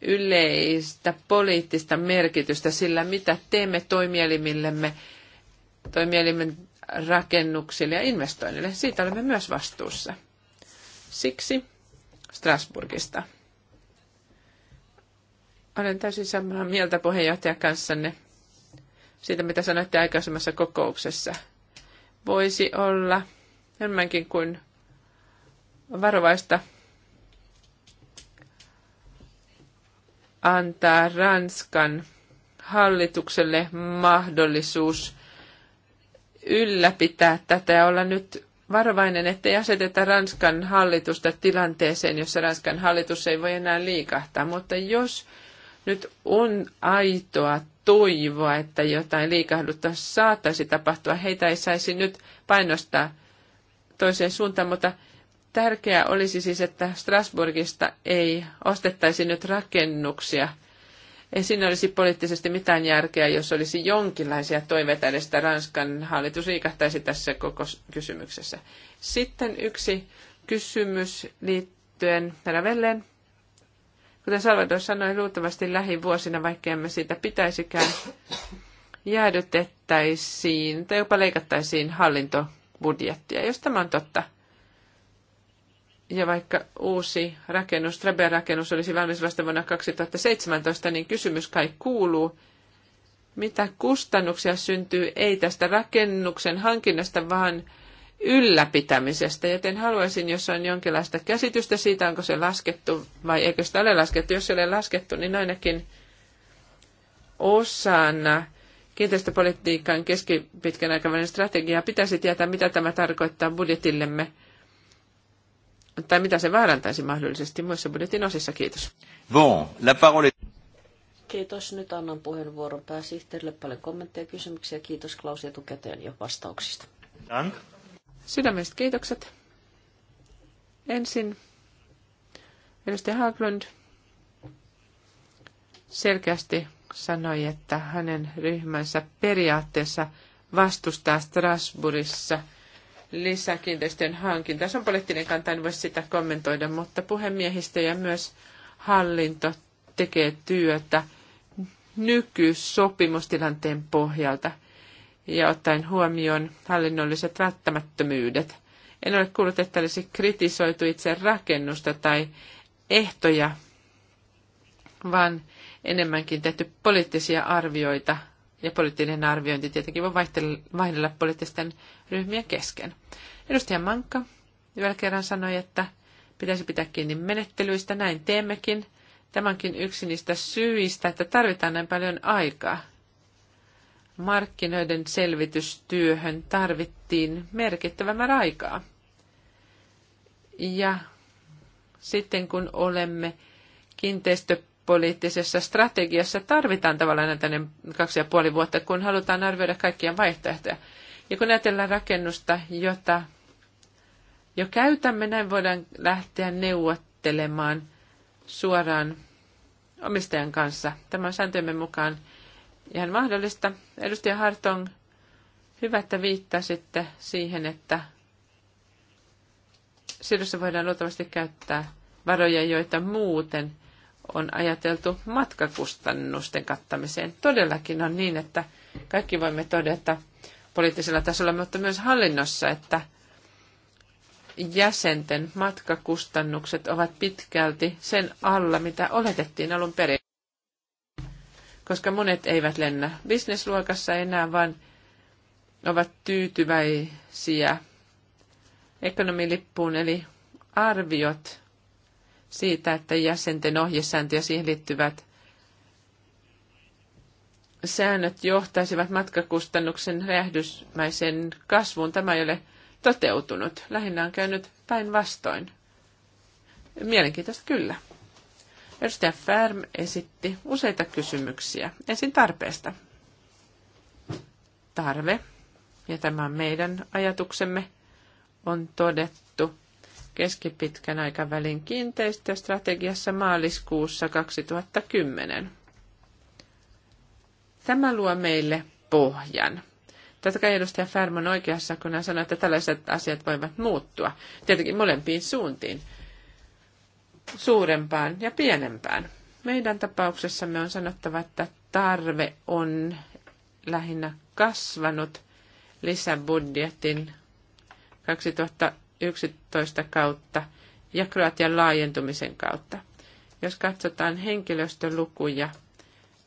B: yleistä poliittista merkitystä sillä, mitä teemme toimielimillemme, toimielimen rakennuksille ja investoinnille. Siitä olemme myös vastuussa. Siksi Strasburgista. Olen täysin samaa mieltä puheenjohtajan kanssanne siitä, mitä sanoitte aikaisemmassa kokouksessa. Voisi olla enemmänkin kuin varovaista antaa Ranskan hallitukselle mahdollisuus ylläpitää tätä ja olla nyt varovainen, ettei aseteta Ranskan hallitusta tilanteeseen, jossa Ranskan hallitus ei voi enää liikahtaa. Mutta jos nyt on aitoa toivoa, että jotain liikahdutta saattaisi tapahtua. Heitä ei saisi nyt painostaa toiseen suuntaan, mutta tärkeää olisi siis, että Strasbourgista ei ostettaisi nyt rakennuksia. Ei siinä olisi poliittisesti mitään järkeä, jos olisi jonkinlaisia toiveita että Ranskan hallitus liikahtaisi tässä koko kysymyksessä. Sitten yksi kysymys liittyen Ravelleen. Kuten Salvador sanoi, luultavasti lähivuosina, vaikka emme siitä pitäisikään, jäädytettäisiin tai jopa leikattaisiin hallintobudjettia, jos tämä on totta. Ja vaikka uusi rakennus, Treber rakennus olisi valmis vasta vuonna 2017, niin kysymys kai kuuluu, mitä kustannuksia syntyy ei tästä rakennuksen hankinnasta, vaan ylläpitämisestä, joten haluaisin, jos on jonkinlaista käsitystä siitä, onko se laskettu vai eikö sitä ole laskettu. Jos se ole laskettu, niin ainakin osana kiinteistöpolitiikan keskipitkän aikavälin strategiaa pitäisi tietää, mitä tämä tarkoittaa budjetillemme tai mitä se vaarantaisi mahdollisesti muissa budjetin osissa. Kiitos. Bon, la parole...
A: Kiitos. Nyt annan puheenvuoron pääsihteerille. Paljon kommentteja ja kysymyksiä.
B: Kiitos Klaus etukäteen jo
A: vastauksista.
B: Dank. Sydämestä kiitokset. Ensin edustaja Haglund selkeästi sanoi, että hänen ryhmänsä periaatteessa vastustaa Strasbourgissa lisäkiinteistön hankintaa. Se on poliittinen kanta, en voi sitä kommentoida, mutta puhemiehistö ja myös hallinto tekee työtä nykysopimustilanteen pohjalta – ja ottaen huomioon hallinnolliset välttämättömyydet. En ole kuullut, että olisi kritisoitu itse rakennusta tai ehtoja, vaan enemmänkin tehty poliittisia arvioita, ja poliittinen arviointi tietenkin voi vaihdella poliittisten ryhmien kesken. Edustaja Mankka vielä kerran sanoi, että pitäisi pitää kiinni menettelyistä, näin teemmekin. Tämänkin yksi niistä syistä, että tarvitaan näin paljon aikaa – markkinoiden selvitystyöhön tarvittiin merkittävä määrä aikaa. Ja sitten kun olemme kiinteistöpoliittisessa strategiassa, tarvitaan tavallaan tänne kaksi ja puoli vuotta, kun halutaan arvioida kaikkia vaihtoehtoja. Ja kun ajatellaan rakennusta, jota jo käytämme, näin voidaan lähteä neuvottelemaan suoraan omistajan kanssa. on sääntömme mukaan ihan mahdollista. Edustaja Hartong, hyvä, että viittasitte siihen, että Sirussa voidaan luultavasti käyttää varoja, joita muuten on ajateltu matkakustannusten kattamiseen. Todellakin on niin, että kaikki voimme todeta poliittisella tasolla, mutta myös hallinnossa, että jäsenten matkakustannukset ovat pitkälti sen alla, mitä oletettiin alun perin koska monet eivät lennä bisnesluokassa enää, vaan ovat tyytyväisiä ekonomilippuun, eli arviot siitä, että jäsenten ohjesääntö ja siihen liittyvät säännöt johtaisivat matkakustannuksen räjähdysmäisen kasvuun. Tämä ei ole toteutunut. Lähinnä on käynyt päinvastoin. Mielenkiintoista kyllä. Edustaja Färm esitti useita kysymyksiä. Ensin tarpeesta. Tarve, ja tämä on meidän ajatuksemme, on todettu keskipitkän aikavälin kiinteistöstrategiassa maaliskuussa 2010. Tämä luo meille pohjan. Tätä kai edustaja Färm on oikeassa, kun hän sanoi, että tällaiset asiat voivat muuttua, tietenkin molempiin suuntiin suurempaan ja pienempään. Meidän tapauksessamme on sanottava, että tarve on lähinnä kasvanut lisäbudjetin 2011 kautta ja Kroatian laajentumisen kautta. Jos katsotaan henkilöstölukuja,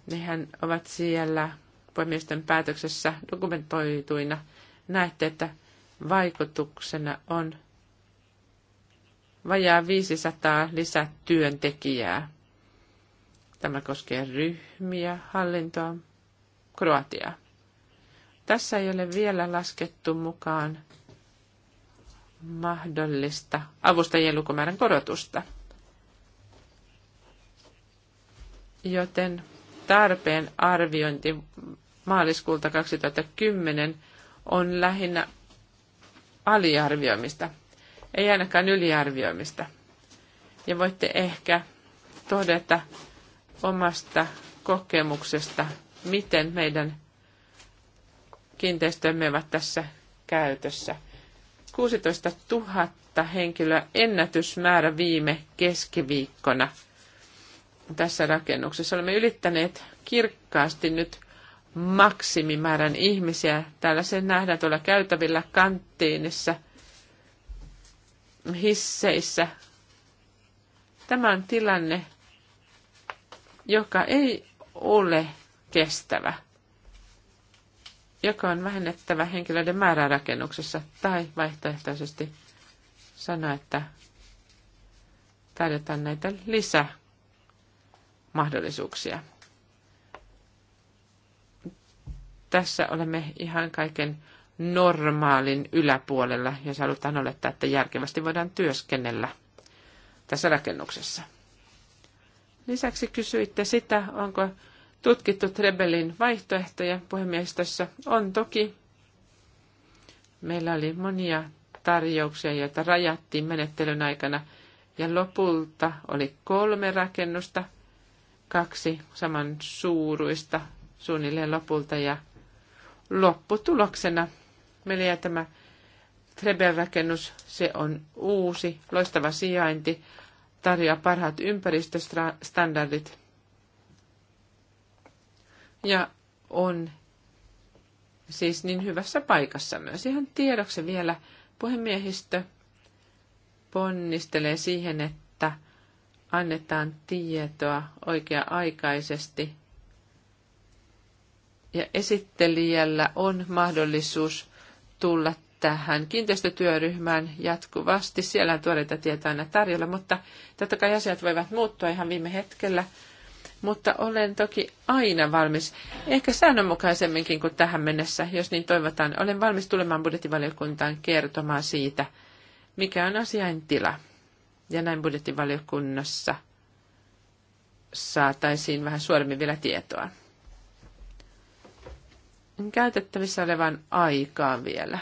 B: nehän ovat siellä puhemiesten päätöksessä dokumentoituina. Näette, että vaikutuksena on vajaa 500 lisätyöntekijää. Tämä koskee ryhmiä, hallintoa, Kroatiaa. Tässä ei ole vielä laskettu mukaan mahdollista avustajien lukumäärän korotusta. Joten tarpeen arviointi maaliskuulta 2010 on lähinnä aliarvioimista ei ainakaan yliarvioimista. Ja voitte ehkä todeta omasta kokemuksesta, miten meidän kiinteistömme ovat tässä käytössä. 16 000 henkilöä ennätysmäärä viime keskiviikkona tässä rakennuksessa. Olemme ylittäneet kirkkaasti nyt maksimimäärän ihmisiä. Täällä sen nähdään tuolla käytävillä kanttiinissa – hisseissä. Tämä on tilanne, joka ei ole kestävä, joka on vähennettävä henkilöiden määrää rakennuksessa tai vaihtoehtoisesti sanoa, että tarjotaan näitä lisämahdollisuuksia. Tässä olemme ihan kaiken normaalin yläpuolella, jos halutaan olettaa, että järkevästi voidaan työskennellä tässä rakennuksessa. Lisäksi kysyitte sitä, onko tutkittu Trebelin vaihtoehtoja puhemiehistössä. On toki. Meillä oli monia tarjouksia, joita rajattiin menettelyn aikana, ja lopulta oli kolme rakennusta, kaksi saman suuruista suunnilleen lopulta, ja lopputuloksena Meillä jää tämä Trebel-rakennus, se on uusi, loistava sijainti, tarjoaa parhaat ympäristöstandardit ja on siis niin hyvässä paikassa myös. Ihan tiedoksi vielä puhemiehistö ponnistelee siihen, että annetaan tietoa oikea-aikaisesti ja esittelijällä on mahdollisuus tulla tähän kiinteistötyöryhmään jatkuvasti. Siellä on tuoreita tietoa aina tarjolla, mutta totta kai asiat voivat muuttua ihan viime hetkellä. Mutta olen toki aina valmis, ehkä säännönmukaisemminkin kuin tähän mennessä, jos niin toivotaan. Olen valmis tulemaan budjettivaliokuntaan kertomaan siitä, mikä on asiain tila. Ja näin budjettivaliokunnassa saataisiin vähän suoremmin vielä tietoa käytettävissä olevan aikaa vielä.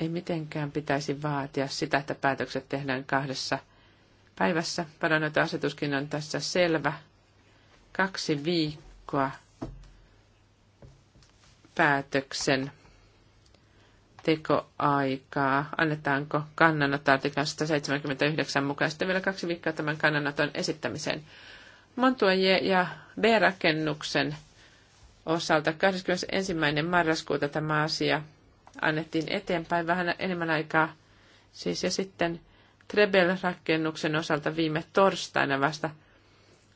B: Ei mitenkään pitäisi vaatia sitä, että päätökset tehdään kahdessa päivässä. Paranoita-asetuskin on tässä selvä. Kaksi viikkoa päätöksen tekoaikaa. Annetaanko kannanotto artiklan 179 mukaan sitten vielä kaksi viikkoa tämän kannanoton esittämiseen. Montoje ja B-rakennuksen osalta 21. marraskuuta tämä asia annettiin eteenpäin vähän enemmän aikaa. Siis ja sitten Trebel-rakennuksen osalta viime torstaina vasta,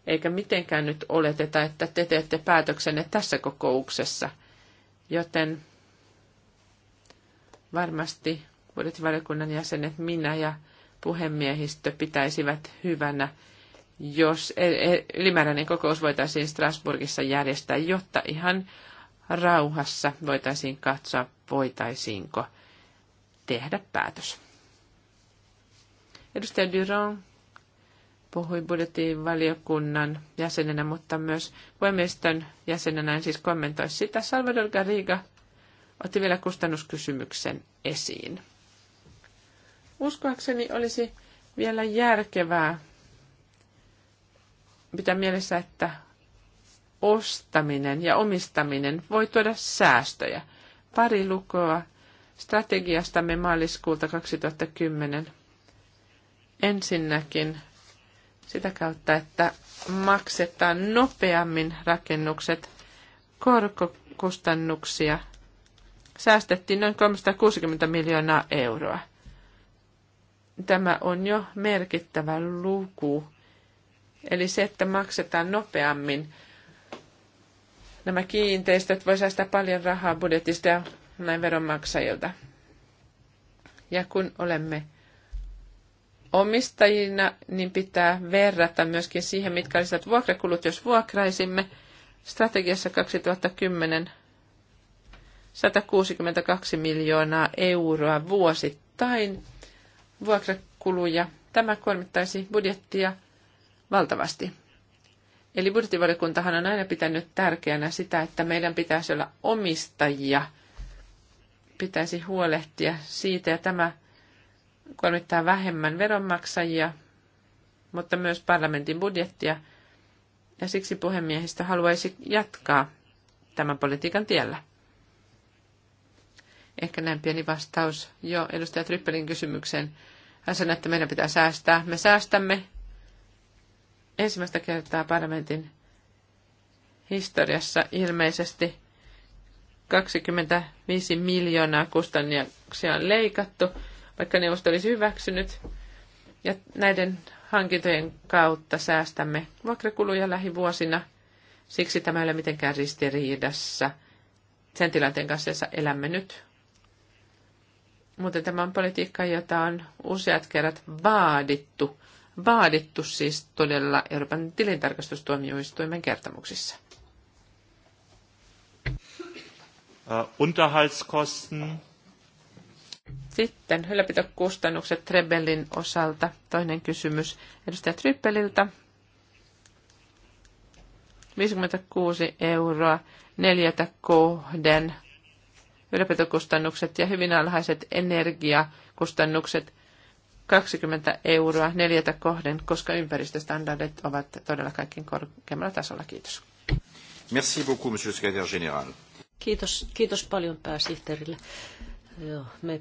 B: eikä mitenkään nyt oleteta, että te teette päätöksenne tässä kokouksessa. Joten varmasti budjettivaliokunnan jäsenet, minä ja puhemiehistö pitäisivät hyvänä jos e, e, ylimääräinen kokous voitaisiin Strasbourgissa järjestää, jotta ihan rauhassa voitaisiin katsoa, voitaisiinko tehdä päätös. Edustaja Duron puhui budjettivaliokunnan jäsenenä, mutta myös puhemiestön jäsenenä en siis kommentoi sitä. Salvador Garriga otti vielä kustannuskysymyksen esiin. Uskoakseni olisi vielä järkevää pitää mielessä, että ostaminen ja omistaminen voi tuoda säästöjä. Pari lukua strategiastamme maaliskuulta 2010. Ensinnäkin sitä kautta, että maksetaan nopeammin rakennukset korkokustannuksia. Säästettiin noin 360 miljoonaa euroa. Tämä on jo merkittävä luku Eli se, että maksetaan nopeammin nämä kiinteistöt, voi säästää paljon rahaa budjetista ja näin veronmaksajilta. Ja kun olemme omistajina, niin pitää verrata myöskin siihen, mitkä olisivat vuokrakulut, jos vuokraisimme. Strategiassa 2010 162 miljoonaa euroa vuosittain vuokrakuluja. Tämä kuormittaisi budjettia valtavasti. Eli budjettivaliokuntahan on aina pitänyt tärkeänä sitä, että meidän pitäisi olla omistajia, pitäisi huolehtia siitä, ja tämä kuormittaa vähemmän veronmaksajia, mutta myös parlamentin budjettia, ja siksi puhemiehistö haluaisi jatkaa tämän politiikan tiellä. Ehkä näin pieni vastaus jo edustaja Trippelin kysymykseen. Hän sanoi, että meidän pitää säästää. Me säästämme, ensimmäistä kertaa parlamentin historiassa ilmeisesti 25 miljoonaa kustannuksia on leikattu, vaikka neuvosto olisi hyväksynyt. Ja näiden hankintojen kautta säästämme vuokrakuluja lähivuosina. Siksi tämä ei ole mitenkään ristiriidassa sen tilanteen kanssa, jossa elämme nyt. Mutta tämä on politiikka, jota on useat kerrat vaadittu – vaadittu siis todella Euroopan tilintarkastustuomioistuimen kertomuksissa. Uh, unterhaltskosten. Sitten ylläpitokustannukset Trebellin osalta. Toinen kysymys edustaja Trippeliltä. 56 euroa neljätä kohden ylläpitokustannukset ja hyvin alhaiset energiakustannukset – 20 euroa neljätä kohden, koska ympäristöstandardit ovat todella kaikkein korkeammalla tasolla. Kiitos. Merci beaucoup, monsieur le secrétaire général. Kiitos, kiitos paljon pääsihteerille. Joo, me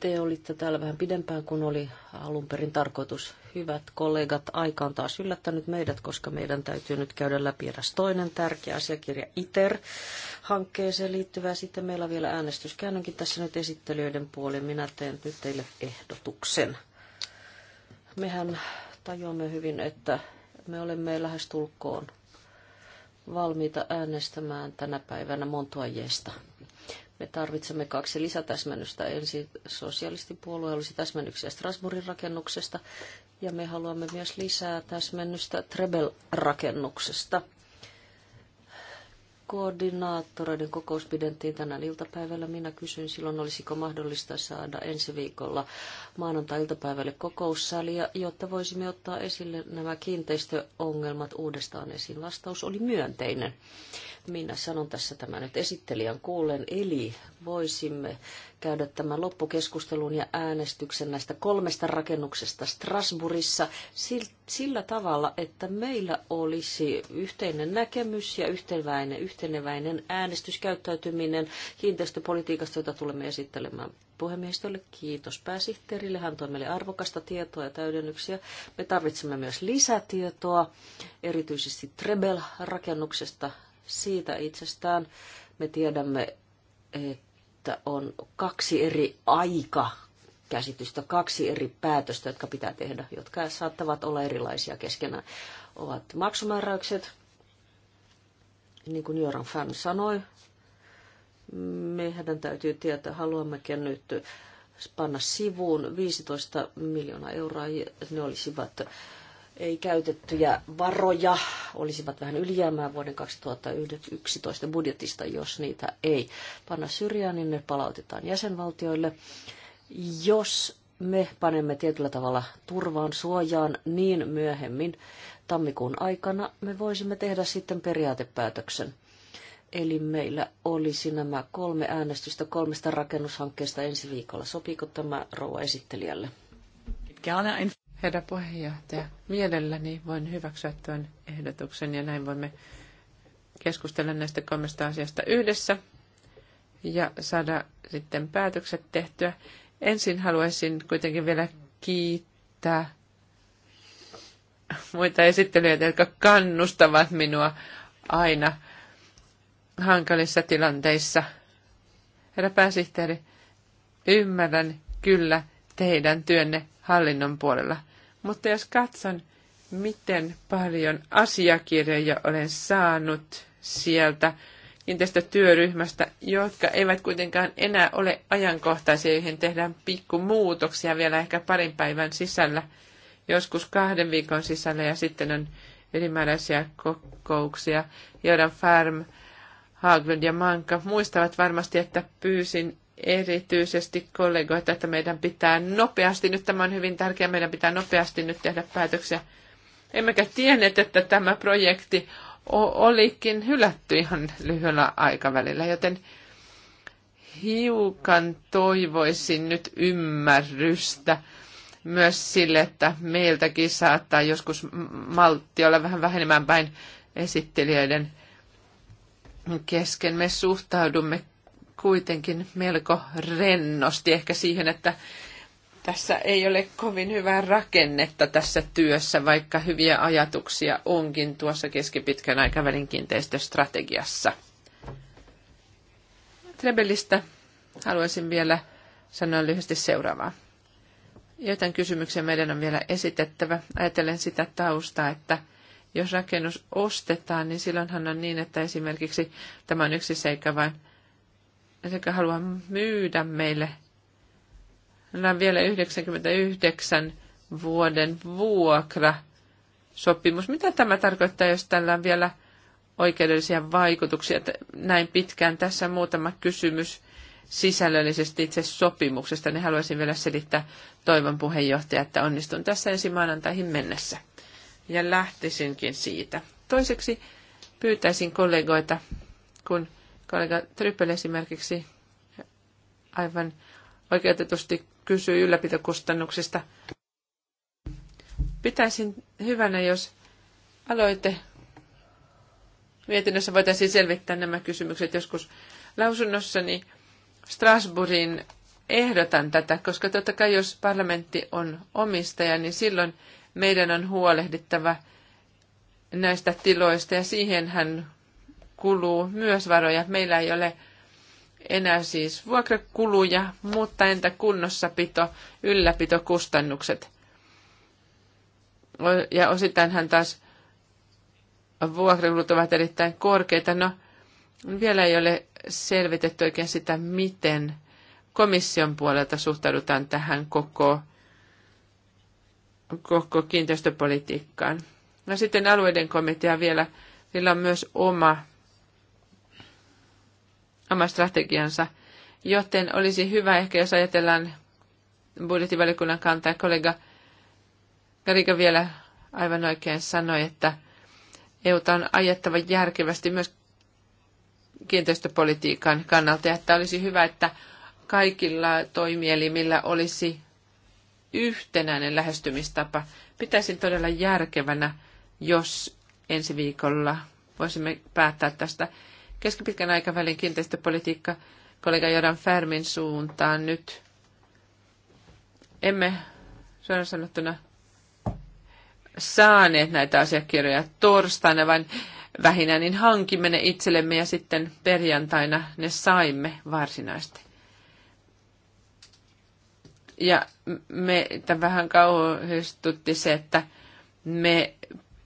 A: te olitte täällä vähän pidempään kuin oli alun perin tarkoitus. Hyvät kollegat, aika on taas yllättänyt meidät, koska meidän täytyy nyt käydä läpi edes toinen tärkeä asiakirja ITER-hankkeeseen liittyvää. Sitten meillä on vielä äänestyskäännönkin tässä nyt esittelijöiden puoli. Minä teen nyt teille ehdotuksen. Mehän tajuamme hyvin, että me olemme lähes tulkoon valmiita äänestämään tänä päivänä Montoajesta. Me tarvitsemme kaksi lisätäsmennystä. Ensin sosialistipuolue olisi täsmennyksiä Strasbourgin rakennuksesta ja me haluamme myös lisää täsmennystä Trebel-rakennuksesta – koordinaattoreiden kokous pidettiin tänään iltapäivällä. Minä kysyin silloin, olisiko mahdollista saada ensi viikolla maanantai-iltapäivälle kokoussalia, jotta voisimme ottaa esille nämä kiinteistöongelmat uudestaan esiin. Vastaus oli myönteinen. Minä sanon tässä tämän nyt esittelijän kuulen, eli voisimme käydä tämän loppukeskustelun ja äänestyksen näistä kolmesta rakennuksesta Strasbourgissa sillä tavalla, että meillä olisi yhteinen näkemys ja yhteneväinen, yhteneväinen äänestyskäyttäytyminen kiinteistöpolitiikasta, jota tulemme esittelemään puhemiehistölle. Kiitos pääsihteerille. Hän toi meille arvokasta tietoa ja täydennyksiä. Me tarvitsemme myös lisätietoa, erityisesti Trebel-rakennuksesta siitä itsestään. Me tiedämme, että että on kaksi eri aika käsitystä, kaksi eri päätöstä, jotka pitää tehdä, jotka saattavat olla erilaisia keskenään, ovat maksumääräykset, niin kuin Joran Fan sanoi, meidän täytyy tietää, haluammeko nyt panna sivuun 15 miljoonaa euroa, ne olisivat ei käytettyjä varoja olisivat vähän ylijäämää vuoden 2011 budjetista, jos niitä ei panna syrjään, niin ne palautetaan jäsenvaltioille. Jos me panemme tietyllä tavalla turvaan suojaan, niin myöhemmin tammikuun aikana me voisimme tehdä sitten periaatepäätöksen. Eli meillä olisi nämä kolme äänestystä kolmesta rakennushankkeesta ensi viikolla. Sopiiko tämä rouva esittelijälle?
B: Herra puheenjohtaja, mielelläni voin hyväksyä tuon ehdotuksen ja näin voimme keskustella näistä kolmesta asiasta yhdessä ja saada sitten päätökset tehtyä. Ensin haluaisin kuitenkin vielä kiittää muita esittelyjä, jotka kannustavat minua aina hankalissa tilanteissa. Herra pääsihteeri, ymmärrän kyllä teidän työnne hallinnon puolella. Mutta jos katson, miten paljon asiakirjoja olen saanut sieltä kiinteistötyöryhmästä, jotka eivät kuitenkaan enää ole ajankohtaisia, joihin tehdään pikku muutoksia vielä ehkä parin päivän sisällä, joskus kahden viikon sisällä ja sitten on ylimääräisiä kokouksia. Jordan Färm, Haglund ja Manka muistavat varmasti, että pyysin erityisesti kollegoita, että meidän pitää nopeasti, nyt tämä on hyvin tärkeää, meidän pitää nopeasti nyt tehdä päätöksiä. Emmekä tienneet, että tämä projekti olikin hylätty ihan lyhyellä aikavälillä, joten hiukan toivoisin nyt ymmärrystä myös sille, että meiltäkin saattaa joskus maltti olla vähän vähenemään päin esittelijöiden kesken. Me suhtaudumme kuitenkin melko rennosti ehkä siihen, että tässä ei ole kovin hyvää rakennetta tässä työssä, vaikka hyviä ajatuksia onkin tuossa keskipitkän aikavälin kiinteistöstrategiassa. Trebellistä haluaisin vielä sanoa lyhyesti seuraavaa. Joten kysymyksiä meidän on vielä esitettävä. Ajatellen sitä taustaa, että jos rakennus ostetaan, niin silloinhan on niin, että esimerkiksi tämä on yksi seikka, vain, joka haluaa myydä meille. Meillä on vielä 99 vuoden vuokra sopimus. Mitä tämä tarkoittaa, jos tällä on vielä oikeudellisia vaikutuksia näin pitkään? Tässä muutama kysymys sisällöllisesti itse sopimuksesta, niin haluaisin vielä selittää toivon puheenjohtaja, että onnistun tässä ensi maanantaihin mennessä. Ja lähtisinkin siitä. Toiseksi pyytäisin kollegoita, kun Kollega Tryppel esimerkiksi aivan oikeutetusti kysyy ylläpitokustannuksista. Pitäisin hyvänä, jos aloite mietinnössä voitaisiin selvittää nämä kysymykset joskus lausunnossani Strasbourgin ehdotan tätä, koska totta kai jos parlamentti on omistaja, niin silloin meidän on huolehdittava näistä tiloista ja siihenhän kuluu myös varoja. Meillä ei ole enää siis vuokrakuluja, mutta entä kunnossapito, ylläpitokustannukset? Ja osittainhan taas vuokrakulut ovat erittäin korkeita. No, vielä ei ole selvitetty oikein sitä, miten komission puolelta suhtaudutaan tähän koko, koko kiinteistöpolitiikkaan. No sitten alueiden komitea vielä, sillä on myös oma oma strategiansa. Joten olisi hyvä ehkä, jos ajatellaan budjettivaliokunnan kantaa. Kollega Garika vielä aivan oikein sanoi, että EU on ajattava järkevästi myös kiinteistöpolitiikan kannalta, että olisi hyvä, että kaikilla toimielimillä olisi yhtenäinen lähestymistapa. Pitäisin todella järkevänä, jos ensi viikolla voisimme päättää tästä keskipitkän aikavälin kiinteistöpolitiikka kollega Joran Färmin suuntaan nyt. Emme suoraan sanottuna saaneet näitä asiakirjoja torstaina, vaan vähinään niin hankimme ne itsellemme ja sitten perjantaina ne saimme varsinaisesti. Ja meitä vähän kauhistutti se, että me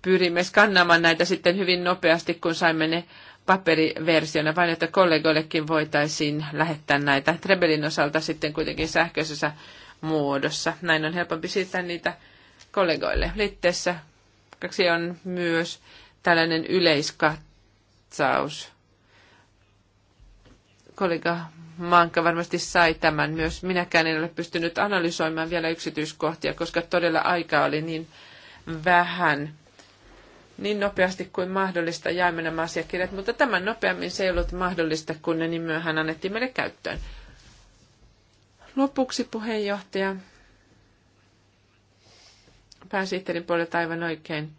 B: pyrimme skannaamaan näitä sitten hyvin nopeasti, kun saimme ne paperiversiona, vaan että kollegoillekin voitaisiin lähettää näitä Trebelin osalta sitten kuitenkin sähköisessä muodossa. Näin on helpompi siirtää niitä kollegoille. Litteessä kaksi on myös tällainen yleiskatsaus. Kollega Manka varmasti sai tämän myös. Minäkään en ole pystynyt analysoimaan vielä yksityiskohtia, koska todella aikaa oli niin vähän niin nopeasti kuin mahdollista jaimme nämä asiakirjat, mutta tämän nopeammin se ei ollut mahdollista, kun ne niin myöhään annettiin meille käyttöön. Lopuksi puheenjohtaja pääsihteerin puolelta aivan oikein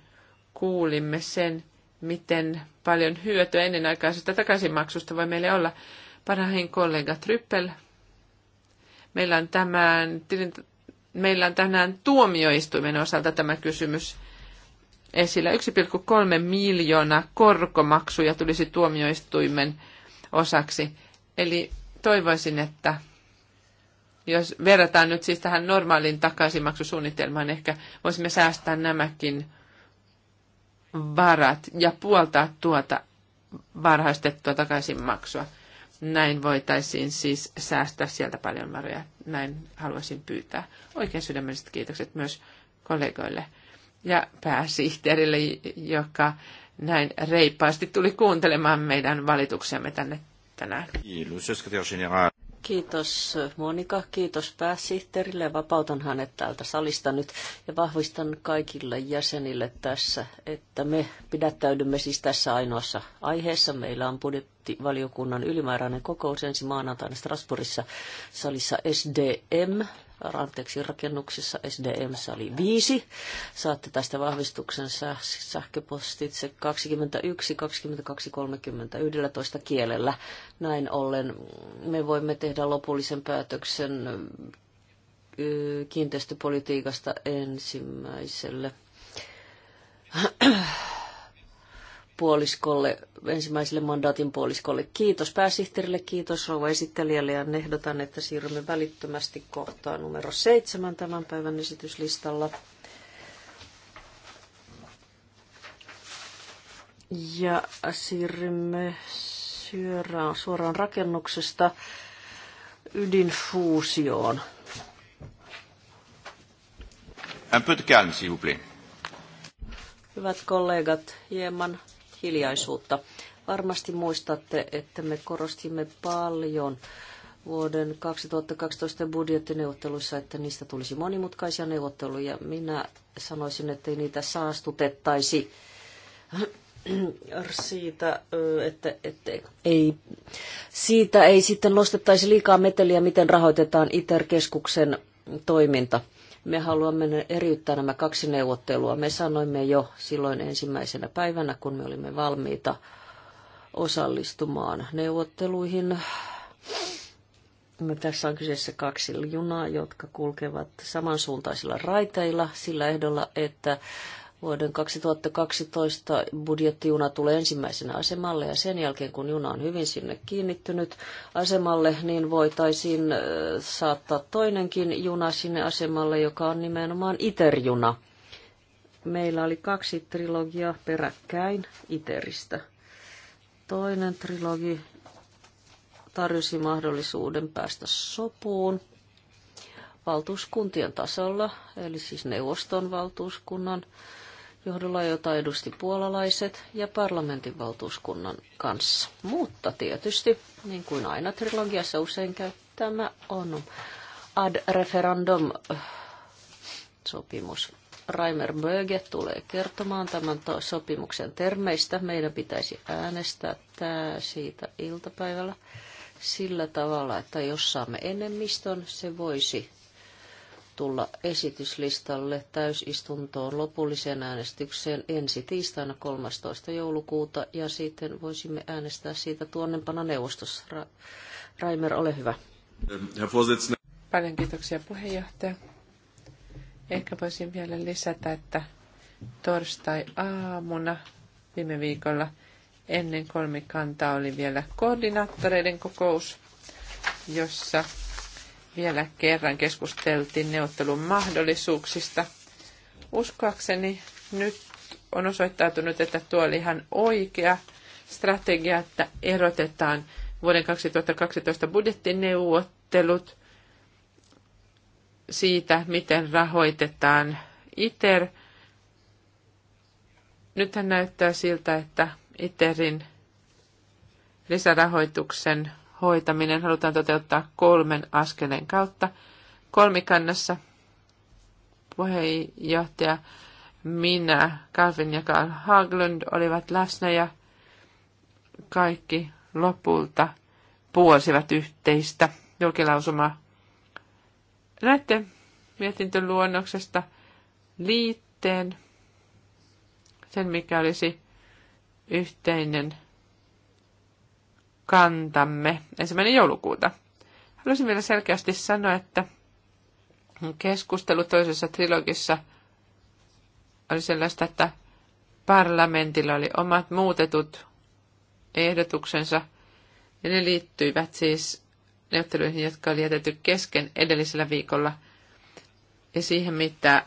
B: kuulimme sen, miten paljon hyötyä ennenaikaisesta takaisinmaksusta voi meille olla. Parhain kollega Tryppel. Meillä on, tämän, meillä on tänään tuomioistuimen osalta tämä kysymys esillä. 1,3 miljoonaa korkomaksuja tulisi tuomioistuimen osaksi. Eli toivoisin, että jos verrataan nyt siis tähän normaaliin takaisinmaksusuunnitelmaan, ehkä voisimme säästää nämäkin varat ja puoltaa tuota varhaistettua takaisinmaksua. Näin voitaisiin siis säästää sieltä paljon varoja. Näin haluaisin pyytää. Oikein sydämelliset kiitokset myös kollegoille ja pääsihteerille, joka näin reippaasti tuli kuuntelemaan meidän valituksiamme tänne tänään. Kiitos Monika,
A: kiitos pääsihteerille. Vapautan hänet täältä salista nyt ja vahvistan kaikille jäsenille tässä, että me pidättäydymme siis tässä ainoassa aiheessa. Meillä on budjettivaliokunnan ylimääräinen kokous ensi maanantaina Strasbourgissa salissa SDM Äh, anteeksi, rakennuksissa SDM oli viisi, Saatte tästä vahvistuksen sähköpostitse 21, 22, 30, 11 kielellä. Näin ollen me voimme tehdä lopullisen päätöksen äh, kiinteistöpolitiikasta ensimmäiselle puoliskolle, ensimmäiselle mandaatin puoliskolle. Kiitos pääsihteerille, kiitos rouva esittelijälle ja ehdotan, että siirrymme välittömästi kohtaan numero seitsemän tämän päivän esityslistalla. Ja siirrymme syörään, suoraan rakennuksesta ydinfuusioon.
B: Un peu de calme, s'il vous plaît.
A: Hyvät kollegat, hieman hiljaisuutta. Varmasti muistatte, että me korostimme paljon vuoden 2012 budjettineuvotteluissa, että niistä tulisi monimutkaisia neuvotteluja. Minä sanoisin, että ei niitä saastutettaisi siitä, että, että ei, siitä ei sitten nostettaisi liikaa meteliä, miten rahoitetaan ITER-keskuksen toiminta. Me haluamme eriyttää nämä kaksi neuvottelua. Me sanoimme jo silloin ensimmäisenä päivänä, kun me olimme valmiita osallistumaan neuvotteluihin. Tässä on kyseessä kaksi junaa, jotka kulkevat samansuuntaisilla raiteilla sillä ehdolla, että Vuoden 2012 budjettijuna tulee ensimmäisenä asemalle ja sen jälkeen kun juna on hyvin sinne kiinnittynyt asemalle, niin voitaisiin saattaa toinenkin juna sinne asemalle, joka on nimenomaan ITER-juna. Meillä oli kaksi trilogia peräkkäin ITERistä. Toinen trilogi tarjosi mahdollisuuden päästä sopuun valtuuskuntien tasolla, eli siis neuvoston valtuuskunnan johdolla, jota edusti puolalaiset ja parlamentin valtuuskunnan kanssa. Mutta tietysti, niin kuin aina trilogiassa usein käy, tämä on ad referendum äh, sopimus. Raimer Böge tulee kertomaan tämän sopimuksen termeistä. Meidän pitäisi äänestää tämä siitä iltapäivällä sillä tavalla, että jos saamme enemmistön, se voisi tulla esityslistalle täysistuntoon lopulliseen äänestykseen ensi tiistaina 13. joulukuuta ja sitten voisimme äänestää siitä
B: tuonnempana neuvostossa. Ra- Raimer, ole hyvä. Paljon kiitoksia puheenjohtaja. Ehkä voisin vielä lisätä, että torstai-aamuna viime viikolla ennen kolmikantaa oli vielä koordinaattoreiden kokous, jossa vielä kerran keskusteltiin neuvottelun mahdollisuuksista. Uskoakseni nyt on osoittautunut, että tuo oli ihan oikea strategia, että erotetaan vuoden 2012 budjettineuvottelut siitä, miten rahoitetaan ITER. Nythän näyttää siltä, että ITERin lisärahoituksen hoitaminen halutaan toteuttaa kolmen askeleen kautta. Kolmikannassa puheenjohtaja minä, Calvin ja Carl Haglund olivat läsnä ja kaikki lopulta puolsivat yhteistä julkilausumaa. Näette mietintöluonnoksesta liitteen, sen mikä olisi yhteinen kantamme ensimmäinen joulukuuta. Haluaisin vielä selkeästi sanoa, että keskustelu toisessa trilogissa oli sellaista, että parlamentilla oli omat muutetut ehdotuksensa, ja ne liittyivät siis neuvotteluihin, jotka oli jätetty kesken edellisellä viikolla, ja siihen, mitä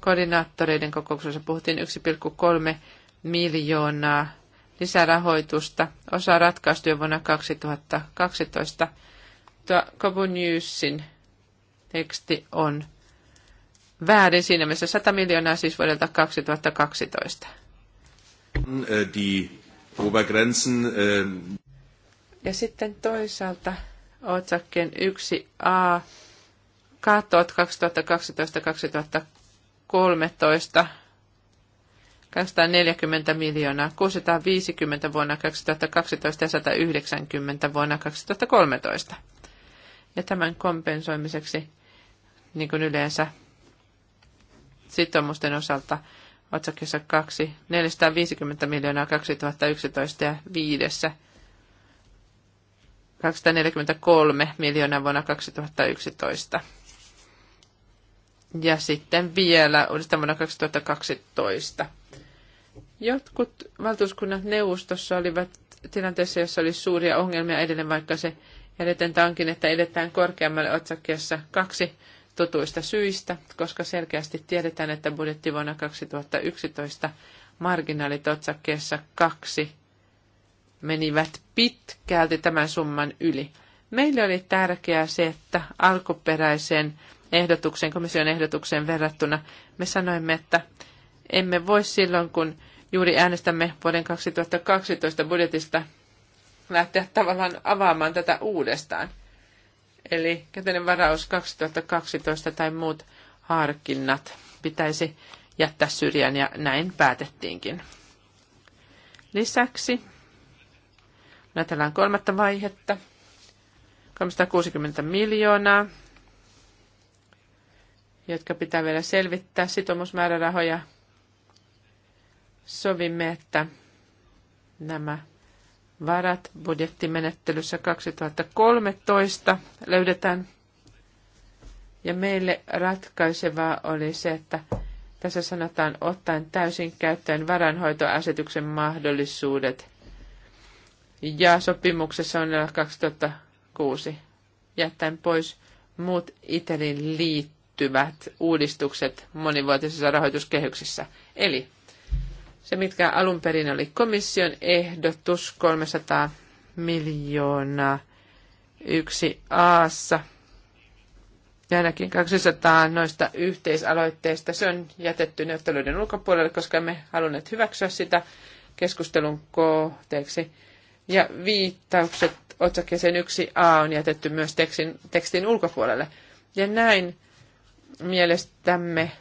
B: koordinaattoreiden kokouksessa puhuttiin 1,3 miljoonaa lisärahoitusta. Osa ratkaistui vuonna 2012. Tuo Kobu Newsin teksti on väärin siinä mielessä 100 miljoonaa siis vuodelta 2012.
C: Die Obergrenzen, äh...
B: Ja sitten toisaalta otsakkeen 1a katot 2012-2013 240 miljoonaa, 650 vuonna 2012 ja 190 vuonna 2013. Ja tämän kompensoimiseksi, niin kuin yleensä sitoumusten osalta, otsakkeessa 2, 450 miljoonaa 2011 ja 5, 243 miljoonaa vuonna 2011 ja sitten vielä uudestaan vuonna 2012. Jotkut valtuuskunnat neuvostossa olivat tilanteessa, jossa oli suuria ongelmia edelleen, vaikka se onkin, että edetään korkeammalle otsakkeessa kaksi totuista syistä, koska selkeästi tiedetään, että budjetti vuonna 2011 marginaalit otsakkeessa kaksi menivät pitkälti tämän summan yli. Meille oli tärkeää se, että alkuperäiseen ehdotuksen, komission ehdotuksen verrattuna. Me sanoimme, että emme voi silloin, kun juuri äänestämme vuoden 2012 budjetista, lähteä tavallaan avaamaan tätä uudestaan. Eli käteinen varaus 2012 tai muut harkinnat pitäisi jättää syrjään ja näin päätettiinkin. Lisäksi näytellään kolmatta vaihetta, 360 miljoonaa jotka pitää vielä selvittää, sitoumusmäärärahoja. Sovimme, että nämä varat budjettimenettelyssä 2013 löydetään. Ja meille ratkaisevaa oli se, että tässä sanotaan ottaen täysin käyttöön varanhoitoasetuksen mahdollisuudet. Ja sopimuksessa on 2006 jättäen pois muut Italin liittyvät liittyvät uudistukset monivuotisissa rahoituskehyksissä. Eli se, mitkä alun perin oli komission ehdotus, 300 miljoonaa yksi aassa, ja ainakin 200 noista yhteisaloitteista. Se on jätetty neuvotteluiden ulkopuolelle, koska me halunneet hyväksyä sitä keskustelun kohteeksi. Ja viittaukset otsakkeeseen 1a on jätetty myös tekstin, tekstin ulkopuolelle. Ja näin mielestämme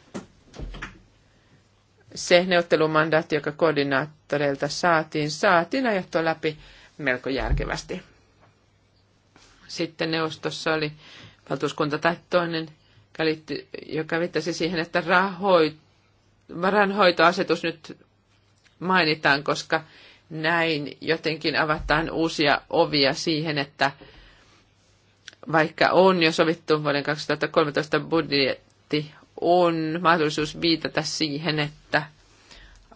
B: se neuvottelumandaatti, joka koordinaattoreilta saatiin, saatiin ajattua läpi melko järkevästi. Sitten neuvostossa oli valtuuskunta tai toinen, joka viittasi siihen, että varanhoitoasetus nyt mainitaan, koska näin jotenkin avataan uusia ovia siihen, että vaikka on jo sovittu vuoden 2013 budjetti, varmasti on mahdollisuus viitata siihen, että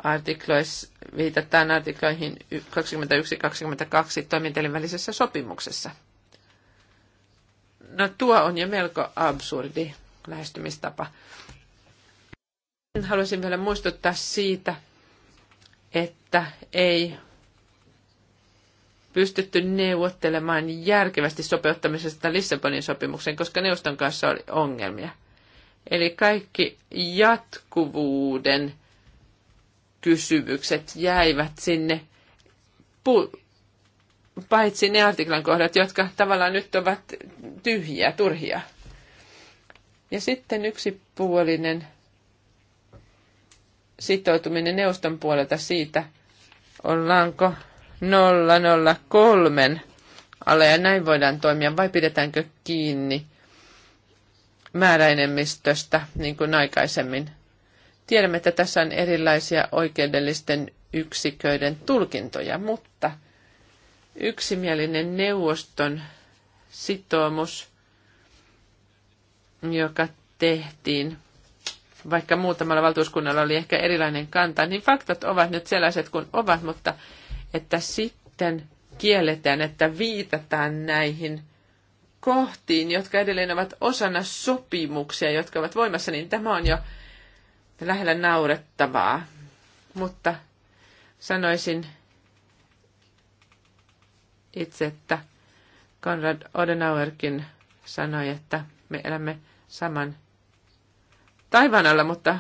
B: artiklois, viitataan artikloihin 21-22 toimintelin välisessä sopimuksessa. No tuo on jo melko absurdi lähestymistapa. Haluaisin vielä muistuttaa siitä, että ei pystytty neuvottelemaan järkevästi sopeuttamisesta Lissabonin sopimukseen, koska neuvoston kanssa oli ongelmia – Eli kaikki jatkuvuuden kysymykset jäivät sinne, paitsi ne artiklan kohdat, jotka tavallaan nyt ovat tyhjiä, turhia. Ja sitten yksipuolinen sitoutuminen neuvoston puolelta siitä, ollaanko 003 alle ja näin voidaan toimia vai pidetäänkö kiinni määräenemmistöstä, niin kuin aikaisemmin. Tiedämme, että tässä on erilaisia oikeudellisten yksiköiden tulkintoja, mutta yksimielinen neuvoston sitoumus, joka tehtiin, vaikka muutamalla valtuuskunnalla oli ehkä erilainen kanta, niin faktat ovat nyt sellaiset kuin ovat, mutta että sitten kielletään, että viitataan näihin – kohtiin, jotka edelleen ovat osana sopimuksia, jotka ovat voimassa, niin tämä on jo lähellä naurettavaa. Mutta sanoisin itse, että Konrad Adenauerkin sanoi, että me elämme saman taivaan alla, mutta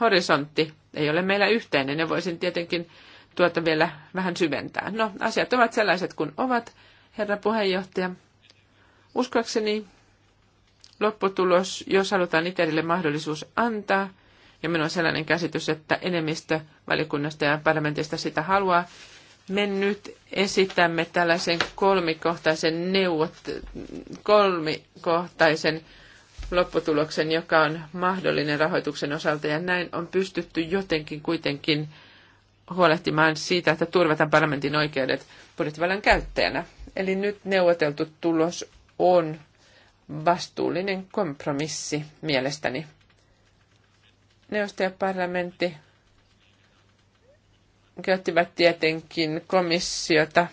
B: horisontti ei ole meillä yhteinen. Ja voisin tietenkin tuota vielä vähän syventää. No, asiat ovat sellaiset kuin ovat, herra puheenjohtaja. Uskoakseni lopputulos, jos halutaan Iterille mahdollisuus antaa, ja minulla on sellainen käsitys, että enemmistö valiokunnasta ja parlamentista sitä haluaa, me nyt esitämme tällaisen kolmikohtaisen, neuvot, kolmikohtaisen lopputuloksen, joka on mahdollinen rahoituksen osalta, ja näin on pystytty jotenkin kuitenkin huolehtimaan siitä, että turvataan parlamentin oikeudet budjettivallan käyttäjänä. Eli nyt neuvoteltu tulos on vastuullinen kompromissi mielestäni. Neuvosto ja parlamentti käyttivät tietenkin komissiota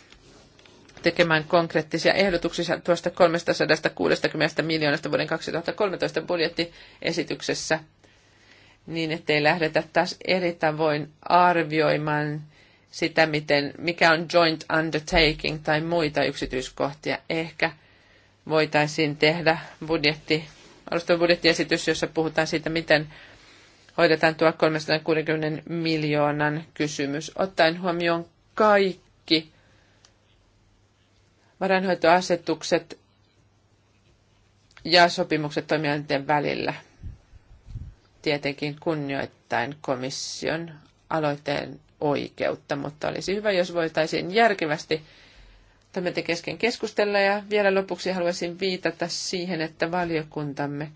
B: tekemään konkreettisia ehdotuksia tuosta 360 miljoonasta vuoden 2013 budjettiesityksessä, niin ettei lähdetä taas eri tavoin arvioimaan sitä, miten, mikä on joint undertaking tai muita yksityiskohtia. Ehkä – voitaisiin tehdä budjetti, alustava budjettiesitys, jossa puhutaan siitä, miten hoidetaan tuo 360 miljoonan kysymys, ottaen huomioon kaikki varainhoitoasetukset ja sopimukset toimijoiden välillä. Tietenkin kunnioittain komission aloitteen oikeutta, mutta olisi hyvä, jos voitaisiin järkevästi toimijoiden kesken keskustella. Ja vielä lopuksi haluaisin viitata siihen, että valiokuntamme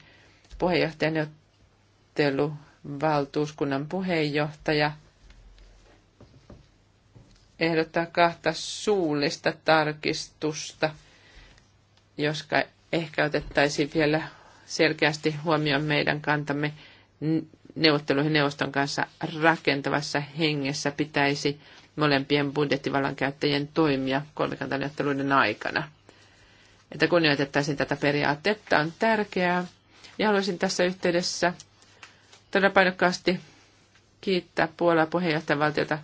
B: puheenjohtajan valtuuskunnan puheenjohtaja ehdottaa kahta suullista tarkistusta, joska ehkä otettaisiin vielä selkeästi huomioon meidän kantamme neuvotteluihin neuvoston kanssa rakentavassa hengessä pitäisi molempien budjettivallan käyttäjien toimia kolmikantaneuvotteluiden aikana. Että kunnioitettaisiin tätä periaatetta on tärkeää. Ja haluaisin tässä yhteydessä todella painokkaasti kiittää Puolaa puheenjohtajavaltiota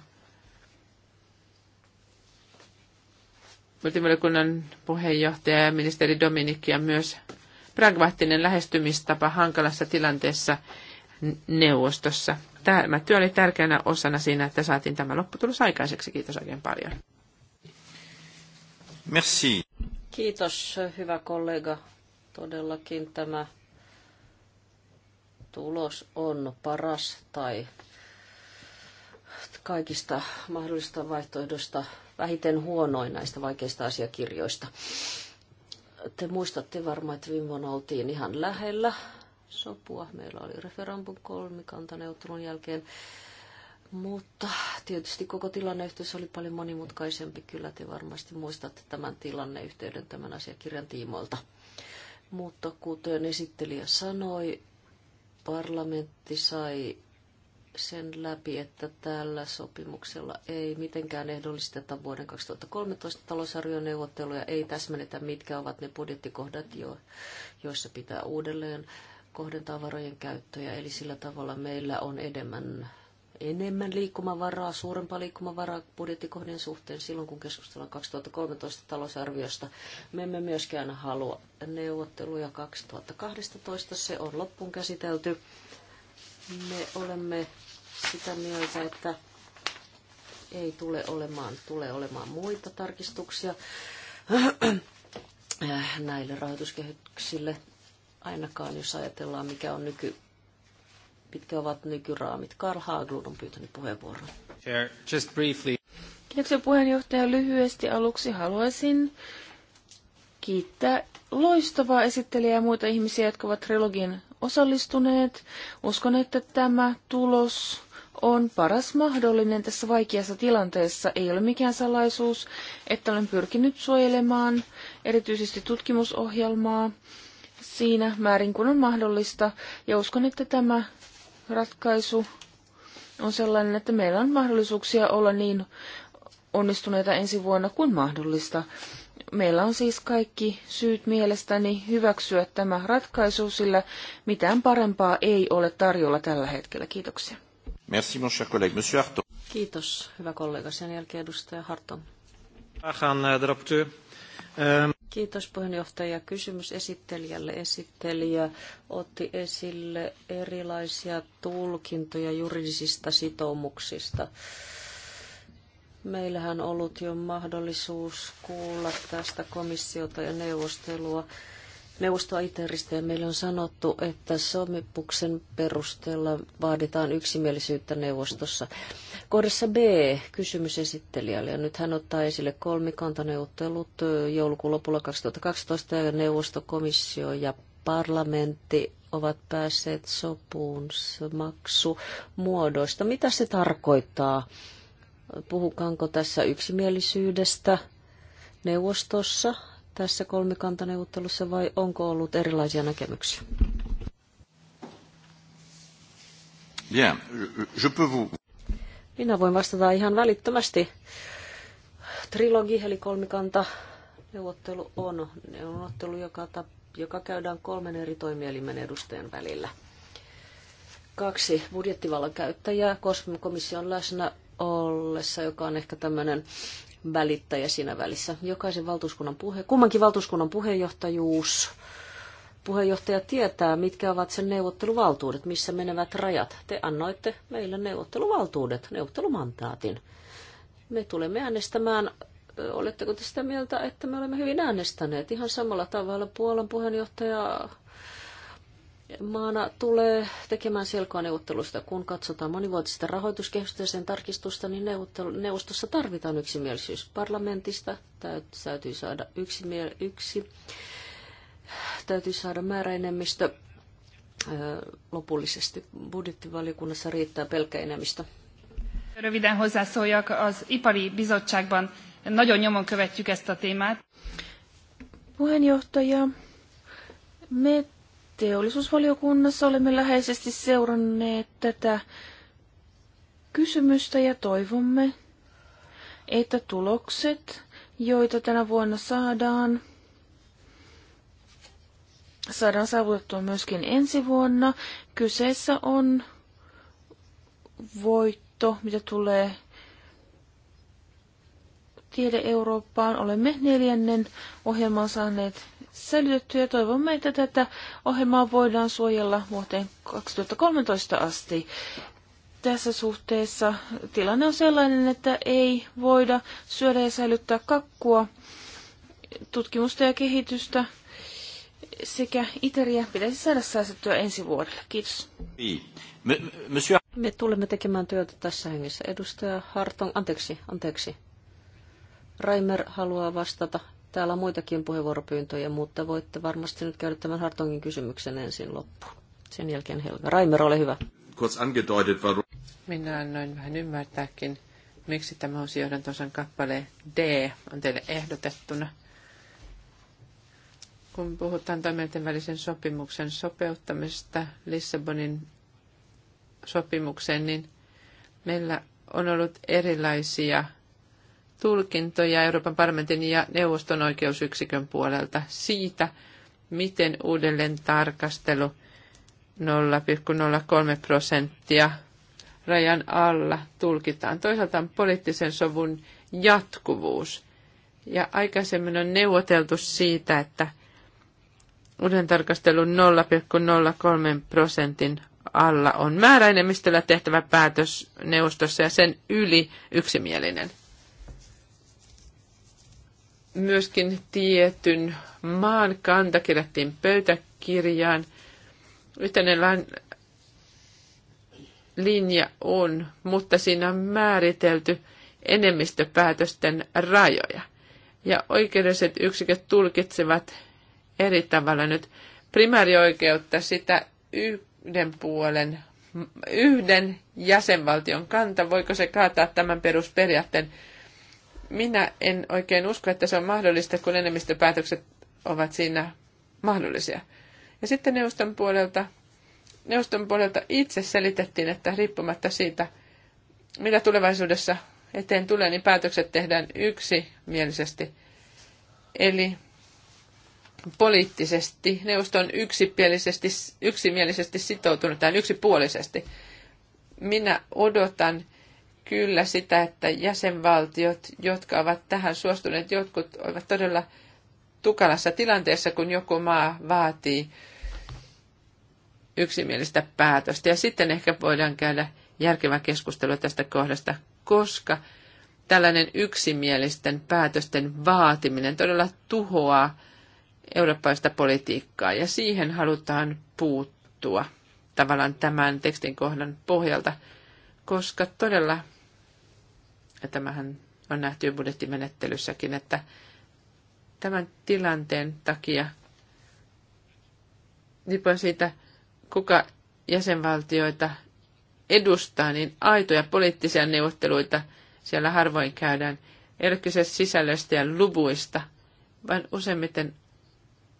B: Multivaliokunnan puheenjohtaja ja ministeri Dominikki ja myös pragmaattinen lähestymistapa hankalassa tilanteessa neuvostossa. Tämä työ oli tärkeänä osana siinä, että saatiin tämä lopputulos aikaiseksi. Kiitos oikein paljon. Merci.
A: Kiitos, hyvä kollega. Todellakin tämä tulos on paras tai kaikista mahdollisista vaihtoehdoista vähiten huonoin näistä vaikeista asiakirjoista. Te muistatte varmaan, että viime vuonna oltiin ihan lähellä sopua. Meillä oli referampun kolmikantaneuvottelun jälkeen. Mutta tietysti koko tilanneyhteys oli paljon monimutkaisempi. Kyllä te varmasti muistatte tämän tilanneyhteyden tämän asiakirjan tiimoilta. Mutta kuten esittelijä sanoi, parlamentti sai sen läpi, että tällä sopimuksella ei mitenkään ehdollisteta vuoden 2013 talousarvioneuvotteluja, ei täsmennetä, mitkä ovat ne budjettikohdat, joissa pitää uudelleen kohdentaa varojen käyttöjä, eli sillä tavalla meillä on enemmän, enemmän liikkumavaraa, suurempaa liikkumavaraa budjettikohdien suhteen silloin, kun keskustellaan 2013 talousarviosta. Me emme myöskään halua neuvotteluja 2012, se on loppuun käsitelty. Me olemme sitä mieltä, että ei tule olemaan, tule olemaan muita tarkistuksia näille rahoituskehyksille ainakaan jos ajatellaan, mikä on nyky, mitkä ovat nykyraamit. Karl Haaglund on pyytänyt puheenvuoron.
B: just briefly.
C: Kiitoksia puheenjohtaja. Lyhyesti aluksi haluaisin kiittää loistavaa esittelijää ja muita ihmisiä, jotka ovat trilogin osallistuneet. Uskon, että tämä tulos on paras mahdollinen tässä vaikeassa tilanteessa. Ei ole mikään salaisuus, että olen pyrkinyt suojelemaan erityisesti tutkimusohjelmaa siinä määrin kuin on mahdollista. Ja uskon, että tämä ratkaisu on sellainen, että meillä on mahdollisuuksia olla niin onnistuneita ensi vuonna kuin mahdollista. Meillä on siis kaikki syyt mielestäni hyväksyä tämä ratkaisu, sillä mitään parempaa ei ole tarjolla tällä hetkellä. Kiitoksia.
A: Merci, mon cher collègue. Monsieur Harton. Kiitos, hyvä kollega. Sen jälkeen edustaja Harton. Ähän, de eh, Kiitos puheenjohtaja. Kysymys esittelijälle. Esittelijä otti esille erilaisia tulkintoja juridisista sitoumuksista. Meillähän on ollut jo mahdollisuus kuulla tästä komissiota ja neuvostelua. Neuvostoa ITERistä ja meille on sanottu, että sopimuksen perusteella vaaditaan yksimielisyyttä neuvostossa. Kohdassa B kysymys esittelijälle. Ja nyt hän ottaa esille kolmikantaneuvottelut joulukuun lopulla 2012 ja neuvostokomissio ja parlamentti ovat päässeet sopuun maksumuodoista. Mitä se tarkoittaa? Puhukaanko tässä yksimielisyydestä neuvostossa tässä kolmikantaneuvottelussa vai onko ollut erilaisia näkemyksiä? Bien, je peux vous... Minä voin vastata ihan välittömästi. Trilogi eli kolmikanta neuvottelu on neuvottelu, joka, tap, joka käydään kolmen eri toimielimen edustajan välillä. Kaksi budjettivallan käyttäjää komission läsnä ollessa, joka on ehkä tämmöinen välittäjä siinä välissä. Jokaisen valtuuskunnan puhe, kummankin valtuuskunnan puheenjohtajuus puheenjohtaja tietää, mitkä ovat sen neuvotteluvaltuudet, missä menevät rajat. Te annoitte meille neuvotteluvaltuudet, neuvottelumantaatin. Me tulemme äänestämään, oletteko te sitä mieltä, että me olemme hyvin äänestäneet ihan samalla tavalla Puolan puheenjohtaja maana tulee tekemään selkoa neuvottelusta. Kun katsotaan monivuotista rahoituskehystä ja sen tarkistusta, niin neuvostossa tarvitaan yksimielisyys. Parlamentista täytyy saada yksimiel- yksi täytyy saada määräenemmistö lopullisesti. Budjettivaliokunnassa riittää pelkkä enemmistö.
C: Röviden hozzászóljak, az ipari bizottságban nagyon nyomon követjük ezt a témát. Puheenjohtaja, me teollisuusvaliokunnassa olemme läheisesti seuranneet tätä kysymystä ja toivomme, että tulokset, joita tänä vuonna saadaan, saadaan saavutettua myöskin ensi vuonna. Kyseessä on voitto, mitä tulee Tiede Eurooppaan. Olemme neljännen ohjelman saaneet säilytettyä ja toivomme, että tätä ohjelmaa voidaan suojella vuoteen 2013 asti. Tässä suhteessa tilanne on sellainen, että ei voida syödä ja säilyttää kakkua tutkimusta ja kehitystä sekä Iteriä pitäisi saada säästettyä ensi vuodelle. Kiitos. Niin. Me tulemme tekemään työtä
A: tässä hengessä. Edustaja Harton, anteeksi, anteeksi. Raimer haluaa vastata. Täällä on muitakin puheenvuoropyyntöjä, mutta voitte varmasti nyt käydä tämän Hartongin kysymyksen
B: ensin loppuun. Sen jälkeen Helga. Raimer, ole hyvä. Minä annoin vähän ymmärtääkin, miksi tämä on johdantosan kappale D on teille ehdotettuna – kun puhutaan toimijoiden välisen sopimuksen sopeuttamisesta Lissabonin sopimukseen, niin meillä on ollut erilaisia tulkintoja Euroopan parlamentin ja neuvoston oikeusyksikön puolelta siitä, miten uudelleen tarkastelu 0,03 prosenttia rajan alla tulkitaan. Toisaalta on poliittisen sovun jatkuvuus. Ja aikaisemmin on neuvoteltu siitä, että uuden tarkastelun 0,03 prosentin alla on määräenemmistöllä tehtävä päätös neuvostossa ja sen yli yksimielinen. Myöskin tietyn maan kanta kirjattiin pöytäkirjaan. yhtenäinen linja on, mutta siinä on määritelty enemmistöpäätösten rajoja. Ja oikeudelliset yksiköt tulkitsevat eri tavalla nyt primäärioikeutta sitä yhden puolen, yhden jäsenvaltion kanta, voiko se kaataa tämän perusperiaatteen. Minä en oikein usko, että se on mahdollista, kun enemmistöpäätökset ovat siinä mahdollisia. Ja sitten neuvoston puolelta, neuvoston puolelta itse selitettiin, että riippumatta siitä, mitä tulevaisuudessa eteen tulee, niin päätökset tehdään yksimielisesti. Eli poliittisesti, neuvosto on yksipielisesti, yksimielisesti sitoutunut tähän yksipuolisesti. Minä odotan kyllä sitä, että jäsenvaltiot, jotka ovat tähän suostuneet, jotkut ovat todella tukalassa tilanteessa, kun joku maa vaatii yksimielistä päätöstä. Ja sitten ehkä voidaan käydä järkevä keskustelu tästä kohdasta, koska tällainen yksimielisten päätösten vaatiminen todella tuhoaa eurooppaista politiikkaa ja siihen halutaan puuttua tavallaan tämän tekstin kohdan pohjalta, koska todella, ja tämähän on nähty jo budjettimenettelyssäkin, että tämän tilanteen takia riippuen siitä, kuka jäsenvaltioita edustaa, niin aitoja poliittisia neuvotteluita siellä harvoin käydään. Ei ole kyse sisällöstä ja luvuista, vaan useimmiten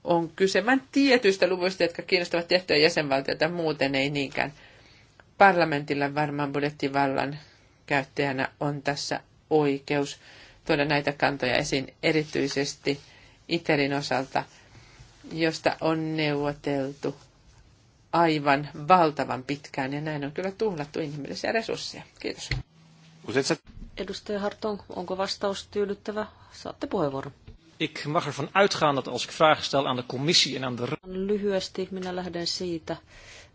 B: on kyse vain tietyistä luvuista, jotka kiinnostavat tiettyjä jäsenvaltioita, muuten ei niinkään. Parlamentilla varmaan budjettivallan käyttäjänä on tässä oikeus tuoda näitä kantoja esiin erityisesti ITERin osalta, josta on neuvoteltu aivan valtavan pitkään ja näin on kyllä tuhlattu inhimillisiä resursseja. Kiitos. Edustaja Hartong, onko vastaus tyydyttävä? Saatte puheenvuoron.
C: Ik mag ervan uitgaan dat als ik vragen stel aan de commissie en aan de...
A: Lyhyesti minä lähden siitä,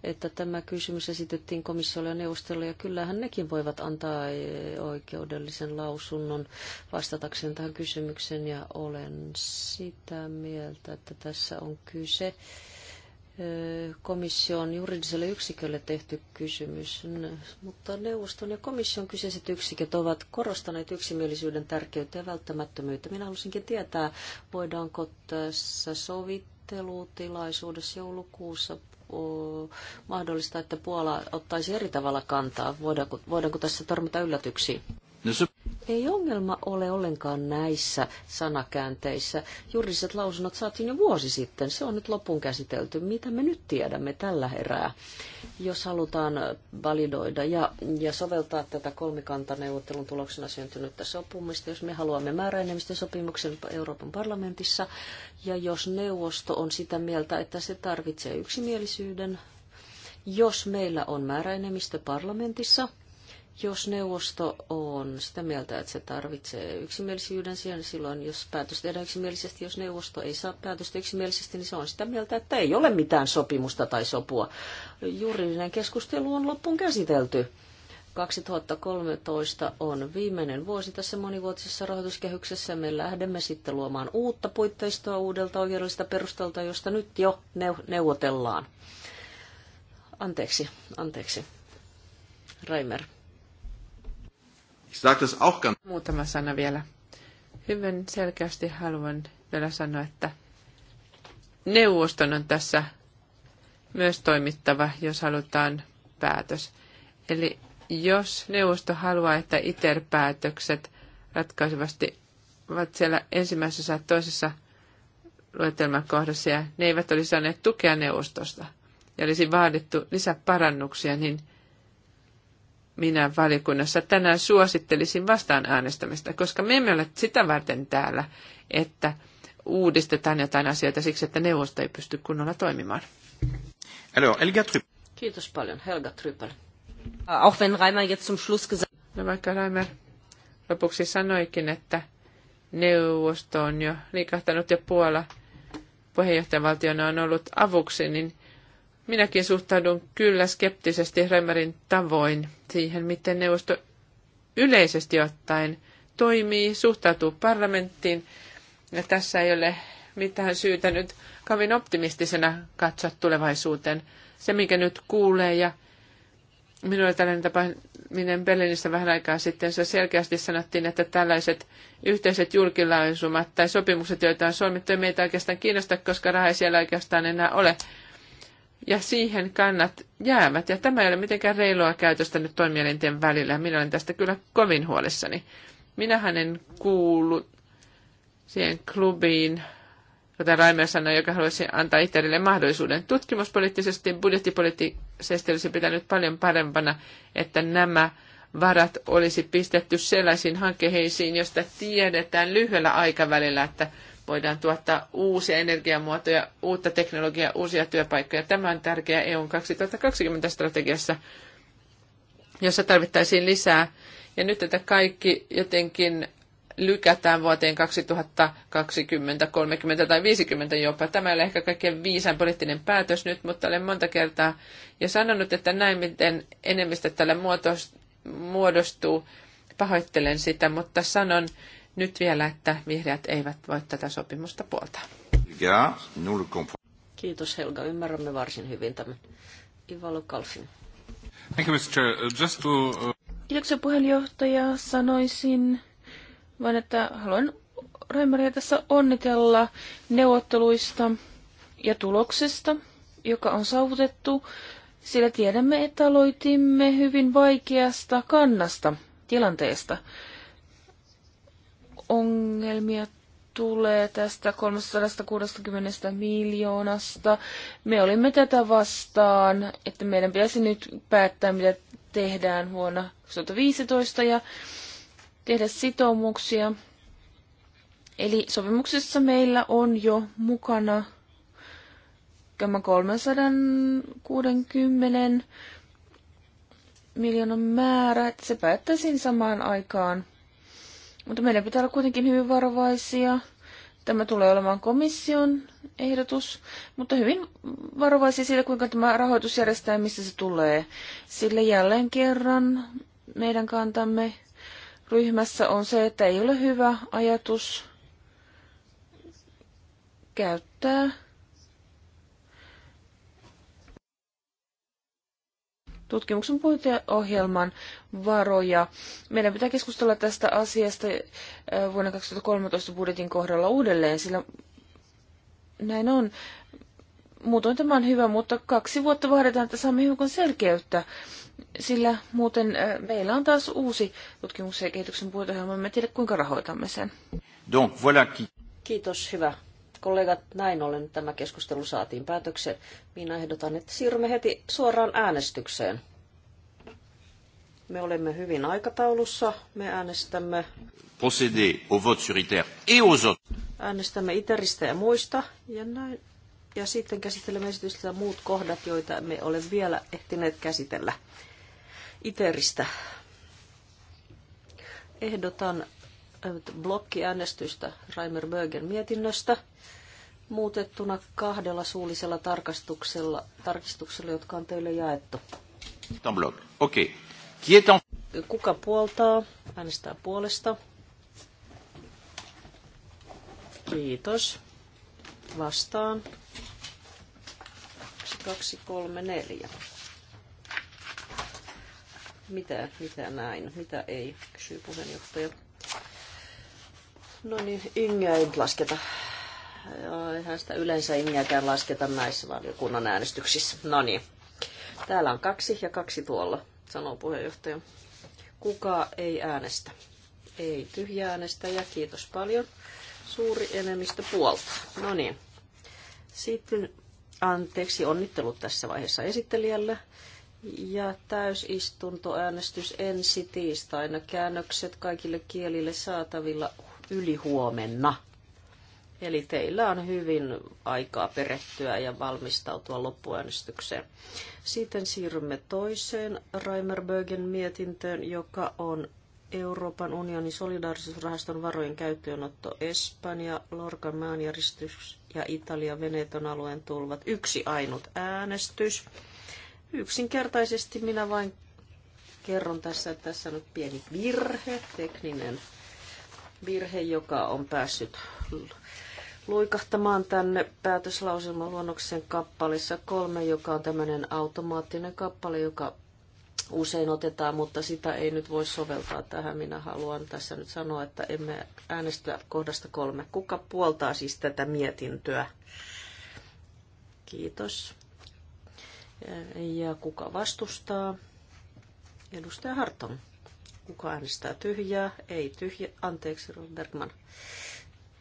A: että tämä kysymys esitettiin komissiolle ja neuvostolle, ja kyllähän nekin voivat antaa eh, oikeudellisen lausunnon vastatakseen tähän kysymykseen, ja olen sitä mieltä, että tässä on kyse komission juridiselle yksikölle tehty kysymys, mutta neuvoston ja komission kyseiset yksiköt ovat korostaneet yksimielisyyden tärkeyttä ja välttämättömyyttä. Minä halusinkin tietää, voidaanko tässä sovittelutilaisuudessa joulukuussa mahdollista, että Puola ottaisi eri tavalla kantaa? Voidaanko, voidaanko tässä törmätä yllätyksiin? Ei ongelma ole ollenkaan näissä sanakäänteissä. Juridiset lausunnot saatiin jo vuosi sitten. Se on nyt loppuun käsitelty. Mitä me nyt tiedämme tällä herää? Jos halutaan validoida ja, ja soveltaa tätä kolmikantaneuvottelun tuloksena syntynyttä sopumista, jos me haluamme määräenemmistön sopimuksen Euroopan parlamentissa, ja jos neuvosto on sitä mieltä, että se tarvitsee yksimielisyyden, jos meillä on määräenemmistö parlamentissa – jos neuvosto on sitä mieltä, että se tarvitsee yksimielisyyden sijaan, niin silloin jos päätös tehdään yksimielisesti, jos neuvosto ei saa päätöstä yksimielisesti, niin se on sitä mieltä, että ei ole mitään sopimusta tai sopua. Juridinen keskustelu on loppuun käsitelty. 2013 on viimeinen vuosi tässä monivuotisessa rahoituskehyksessä. Me lähdemme sitten luomaan uutta puitteistoa uudelta oikeudellista perustalta, josta nyt jo neuvotellaan. Anteeksi, anteeksi.
B: Raimer. Muutama sana vielä. Hyvin selkeästi haluan vielä sanoa, että neuvoston on tässä myös toimittava, jos halutaan päätös. Eli jos neuvosto haluaa, että ITER-päätökset ratkaisevasti ovat siellä ensimmäisessä ja toisessa kohdassa ja ne eivät olisi saaneet tukea neuvostosta ja olisi vaadittu lisäparannuksia, niin – minä valiokunnassa tänään suosittelisin vastaan äänestämistä, koska me emme ole sitä varten täällä, että uudistetaan jotain asioita siksi, että neuvosto ei pysty kunnolla toimimaan. Helga Kiitos paljon, Helga Trypel. Äh, auch wenn Reimer jetzt zum Schluss gesagt... No vaikka Reimer lopuksi sanoikin, että neuvosto on jo liikahtanut ja Puola puheenjohtajavaltiona on ollut avuksi, niin Minäkin suhtaudun kyllä skeptisesti Remerin tavoin siihen, miten neuvosto yleisesti ottaen toimii, suhtautuu parlamenttiin. Ja tässä ei ole mitään syytä nyt kovin optimistisena katsoa tulevaisuuteen. Se, minkä nyt kuulee ja minulle tällainen tapaaminen Berliinissä vähän aikaa sitten, se selkeästi sanottiin, että tällaiset yhteiset julkilausumat tai sopimukset, joita on solmittu, ei meitä oikeastaan kiinnosta, koska raha ei siellä oikeastaan enää ole ja siihen kannat jäävät. Ja tämä ei ole mitenkään reilua käytöstä nyt toimielinten välillä. Minä olen tästä kyllä kovin huolissani. Minähän en kuulu siihen klubiin, kuten Raimel sanoi, joka haluaisi antaa itselle mahdollisuuden. Tutkimuspoliittisesti ja budjettipoliittisesti olisi pitänyt paljon parempana, että nämä varat olisi pistetty sellaisiin hankkeisiin, joista tiedetään lyhyellä aikavälillä, että voidaan tuottaa uusia energiamuotoja, uutta teknologiaa, uusia työpaikkoja. Tämä on tärkeää e EUn 2020-strategiassa, jossa tarvittaisiin lisää. Ja nyt tätä kaikki jotenkin lykätään vuoteen 2020, 30 tai 50 jopa. Tämä ei ole ehkä kaikkein viisain poliittinen päätös nyt, mutta olen monta kertaa ja sanonut, että näin miten enemmistö tällä muodostuu. Pahoittelen sitä, mutta sanon, nyt vielä, että vihreät eivät voi tätä sopimusta puoltaa. Kiitos Helga, ymmärrämme varsin hyvin
A: tämän. Ivalo Kalfin.
B: Thank you, Mr. Uh, just to... Uh,
C: Kiitoksia puheenjohtaja. Sanoisin vain, että haluan Raimaria tässä onnitella neuvotteluista ja tuloksesta, joka on saavutettu, sillä tiedämme, että aloitimme hyvin vaikeasta kannasta, tilanteesta ongelmia tulee tästä 360 miljoonasta. Me olimme tätä vastaan, että meidän pitäisi nyt päättää, mitä tehdään vuonna 2015 ja tehdä sitoumuksia. Eli sopimuksessa meillä on jo mukana tämä 360 miljoonan määrä, että se päättäisiin samaan aikaan mutta meidän pitää olla kuitenkin hyvin varovaisia. Tämä tulee olemaan komission ehdotus, mutta hyvin varovaisia siitä, kuinka tämä rahoitus järjestää ja missä se tulee. Sille jälleen kerran meidän kantamme ryhmässä on se, että ei ole hyvä ajatus käyttää tutkimuksen puiteohjelman varoja. Meidän pitää keskustella tästä asiasta äh, vuonna 2013 budjetin kohdalla uudelleen, sillä näin on. Muutoin tämä on hyvä, mutta kaksi vuotta vaaditaan, että saamme hiukan selkeyttä, sillä muuten äh, meillä on taas uusi tutkimuksen ja kehityksen puiteohjelma. Me tiedä, kuinka rahoitamme sen.
B: Donc, voilà qui...
A: Kiitos, hyvä kollegat, näin ollen tämä keskustelu saatiin päätökseen. Minä ehdotan, että siirrymme heti suoraan äänestykseen. Me olemme hyvin aikataulussa. Me äänestämme...
B: Procéder au vote sur ITER et aux autres.
A: Äänestämme ITERistä ja muista. Ja, näin. ja sitten käsittelemme esitystä muut kohdat, joita me olemme vielä ehtineet käsitellä. ITERistä. Ehdotan blokkiäänestystä Reimer Bögen mietinnöstä muutettuna kahdella suullisella tarkastuksella, tarkistuksella, jotka on teille jaettu.
B: Okei. Kuka
A: puoltaa? Äänestää puolesta. Kiitos. Vastaan. 2, 3, 4. Mitä, mitä näin? Mitä ei? Kysyy puheenjohtaja. No niin, Ingeä ei lasketa. Eihän sitä yleensä Ingeäkään lasketa naisvaliokunnan äänestyksissä. No niin. Täällä on kaksi ja kaksi tuolla, sanoo puheenjohtaja. Kuka ei äänestä? Ei tyhjä ja kiitos paljon. Suuri enemmistö puolta. No niin. Sitten anteeksi onnittelut tässä vaiheessa esittelijälle. Ja täysistuntoäänestys ensi tiistaina. Käännökset kaikille kielille saatavilla ylihuomenna. Eli teillä on hyvin aikaa perehtyä ja valmistautua loppuäänestykseen. Sitten siirrymme toiseen Reimerbergen mietintöön, joka on Euroopan unionin solidaarisuusrahaston varojen käyttöönotto Espanja, Lorcan maanjäristys ja Italia Veneton alueen tulvat. Yksi ainut äänestys. Yksinkertaisesti minä vain kerron tässä, että tässä on nyt pieni virhe, tekninen virhe, joka on päässyt luikahtamaan tänne päätöslauselman luonnoksen kappalissa kolme, joka on tämmöinen automaattinen kappale, joka usein otetaan, mutta sitä ei nyt voi soveltaa tähän. Minä haluan tässä nyt sanoa, että emme äänestä kohdasta kolme. Kuka puoltaa siis tätä mietintöä? Kiitos. Ja kuka vastustaa? Edustaja Harton. Kuka äänestää tyhjää? Ei tyhjä. Anteeksi, Bergman.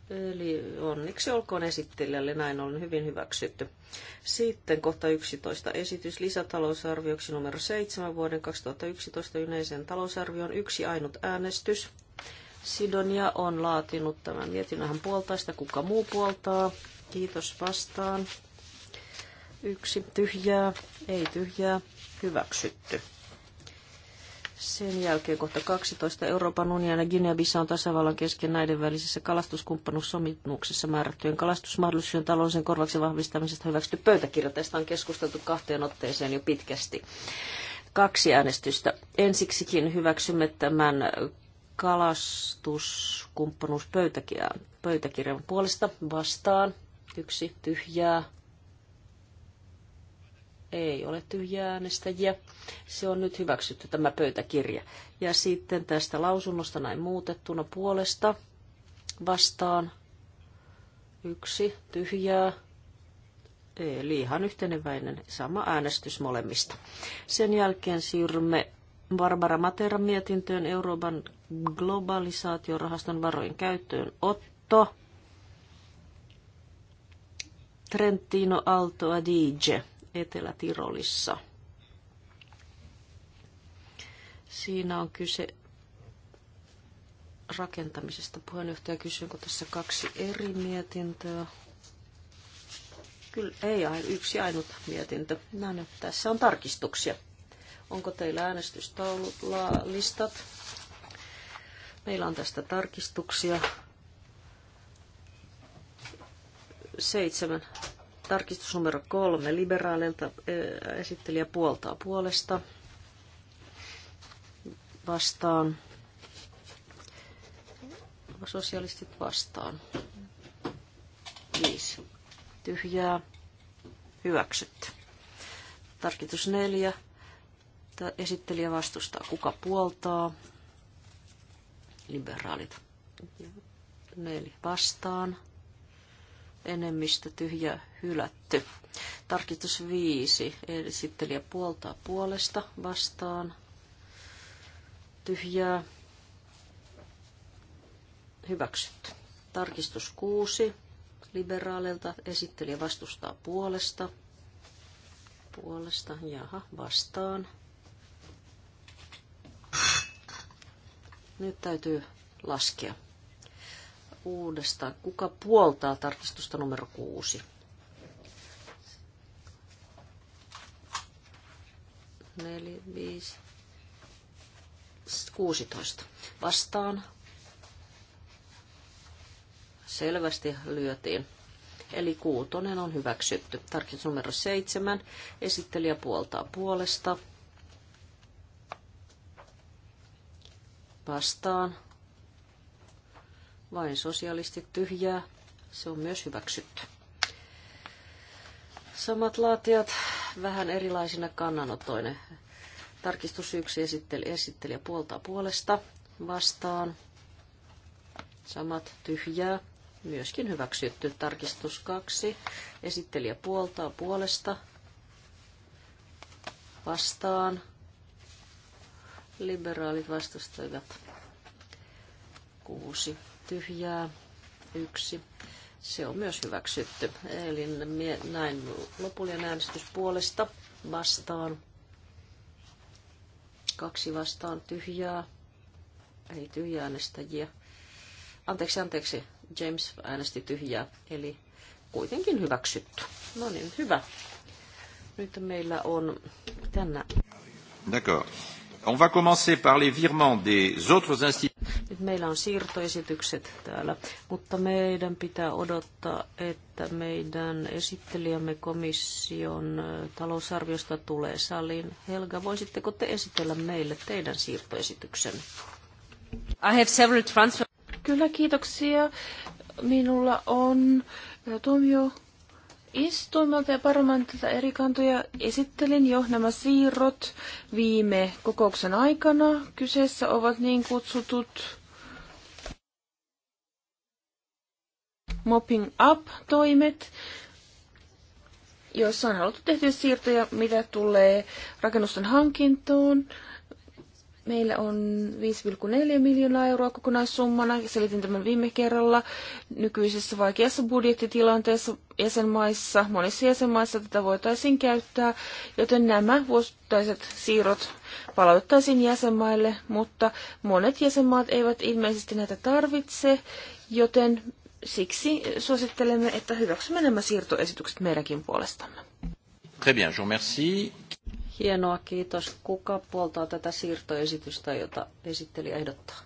A: Eli onneksi olkoon esittelijälle, näin on hyvin hyväksytty. Sitten kohta 11 esitys lisätalousarvioksi numero 7 vuoden 2011 yleisen talousarvion yksi ainut äänestys. Sidonia on laatinut tämän mietinnähän puoltaista, kuka muu puoltaa. Kiitos vastaan. Yksi tyhjää, ei tyhjää,
B: hyväksytty.
A: Sen jälkeen kohta 12 Euroopan unionin ja Guinea-Bissaun tasavallan kesken näiden välisessä kalastuskumppanuussomituksessa määrättyjen kalastusmahdollisuuden taloudellisen korvauksen vahvistamisesta hyväksytty pöytäkirja. Tästä on keskusteltu kahteen otteeseen jo pitkästi. Kaksi äänestystä. Ensiksikin hyväksymme tämän kalastuskumppanuuspöytäkirjan pöytäkirjan puolesta vastaan. Yksi tyhjää, ei ole tyhjää äänestäjiä. Se on nyt hyväksytty tämä pöytäkirja. Ja sitten tästä lausunnosta näin muutettuna puolesta vastaan yksi tyhjää. Eli ihan yhteneväinen sama äänestys molemmista. Sen jälkeen siirrymme Barbara Materan mietintöön Euroopan globalisaatiorahaston varojen käyttöön otto. Trentino Alto Adige. Etelä-Tirolissa. Siinä on kyse rakentamisesta. Puheenjohtaja kysyy, onko tässä kaksi eri mietintöä. Kyllä, ei yksi ainut mietintö. No, no, tässä on tarkistuksia. Onko teillä äänestystaululistat? listat? Meillä on tästä tarkistuksia. Seitsemän Tarkistus numero kolme liberaaleilta eh, esittelijä puoltaa puolesta. Vastaan. Sosialistit vastaan. Viisi. Tyhjää. Hyväksytty. Tarkistus neljä. Esittelijä vastustaa. Kuka puoltaa? Liberaalit. Neljä vastaan enemmistö tyhjä hylätty. Tarkistus 5. Esittelijä puoltaa puolesta vastaan. Tyhjää. Hyväksytty. Tarkistus 6. Liberaalilta esittelijä vastustaa puolesta. Puolesta. Jaha, vastaan. Nyt täytyy laskea uudestaan. Kuka puoltaa tarkistusta numero kuusi? Neljä, viisi, kuusitoista. Vastaan. Selvästi lyötiin. Eli kuutonen on hyväksytty. Tarkistus numero seitsemän. Esittelijä puoltaa puolesta. Vastaan. Vain sosialistit tyhjää. Se on myös hyväksytty. Samat laatijat vähän erilaisina kannanotoinen. Tarkistus yksi esitteli, esittelijä puolta puolesta vastaan. Samat tyhjää. Myöskin hyväksytty. Tarkistus 2 esittelijä puoltaa puolesta vastaan. Liberaalit vastustajat kuusi tyhjää, yksi. Se on myös hyväksytty. Eli näin lopullinen äänestys puolesta vastaan. Kaksi vastaan tyhjää. Ei tyhjää äänestäjiä. Anteeksi, anteeksi. James äänesti tyhjää. Eli kuitenkin hyväksytty. No niin, hyvä. Nyt meillä on tänne.
B: D'accord. On va commencer par les virements des autres institutions.
A: Nyt meillä on siirtoesitykset täällä, mutta meidän pitää odottaa, että meidän esittelijämme komission talousarviosta tulee saliin. Helga, voisitteko te esitellä meille teidän siirtoesityksen?
C: I have several transfer... Kyllä, kiitoksia. Minulla on Tomio istuimelta ja parlamentilta eri kantoja esittelin jo nämä siirrot viime kokouksen aikana. Kyseessä ovat niin kutsutut mopping up-toimet, joissa on haluttu tehty siirtoja, mitä tulee rakennusten hankintoon. Meillä on 5,4 miljoonaa euroa kokonaissummana. Selitin tämän viime kerralla. Nykyisessä vaikeassa budjettitilanteessa jäsenmaissa, monissa jäsenmaissa tätä voitaisiin käyttää, joten nämä vuosittaiset siirrot palautettaisiin jäsenmaille, mutta monet jäsenmaat eivät ilmeisesti näitä tarvitse, joten siksi suosittelemme, että hyväksymme nämä siirtoesitykset meidänkin puolestamme.
A: Très bien, je merci. Hienoa, kiitos. Kuka puoltaa tätä siirtoesitystä, jota esittelijä ehdottaa?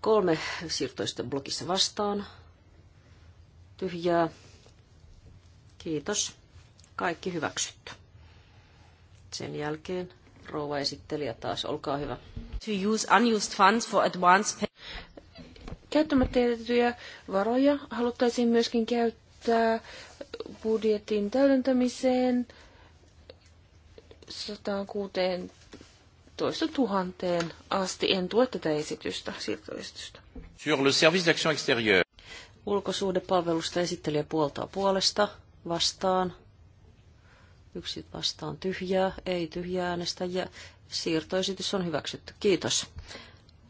A: Kolme siirtoista blokissa vastaan. Tyhjää. Kiitos. Kaikki hyväksytty. Sen jälkeen rouva esittelijä taas, olkaa hyvä. To use unused funds for advanced
C: Käyttämättä jätettyjä varoja haluttaisiin myöskin käyttää budjetin täydentämiseen 116 000 asti. En tue tätä esitystä, siirtoesitystä.
B: Sur le service d'action extérieure.
A: Ulkosuhdepalvelusta esittelijä puoltaa puolesta, vastaan, yksi vastaan tyhjää, ei tyhjää äänestäjiä. Siirtoesitys on hyväksytty. Kiitos.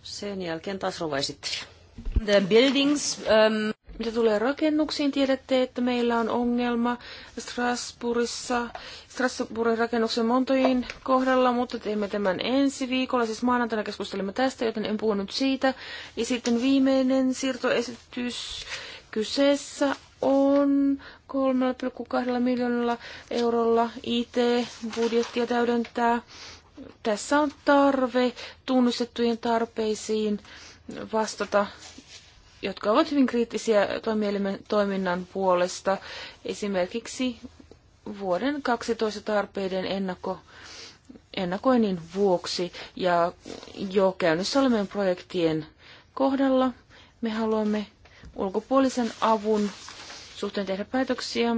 C: Sen jälkeen taas rouva esittelijä. The buildings, um... Mitä tulee rakennuksiin, tiedätte, että meillä on ongelma Strasbourgissa, Strasbourgin rakennuksen montojen kohdalla, mutta teemme tämän ensi viikolla, siis maanantaina keskustelemme tästä, joten en puhunut siitä. Ja sitten viimeinen siirtoesitys kyseessä on 3,2 miljoonalla eurolla IT-budjettia täydentää. Tässä on tarve tunnistettujen tarpeisiin vastata, jotka ovat hyvin kriittisiä toimielimen toiminnan puolesta. Esimerkiksi vuoden 12 tarpeiden ennakko, ennakoinnin vuoksi ja jo käynnissä olevien projektien kohdalla me haluamme ulkopuolisen avun suhteen tehdä päätöksiä.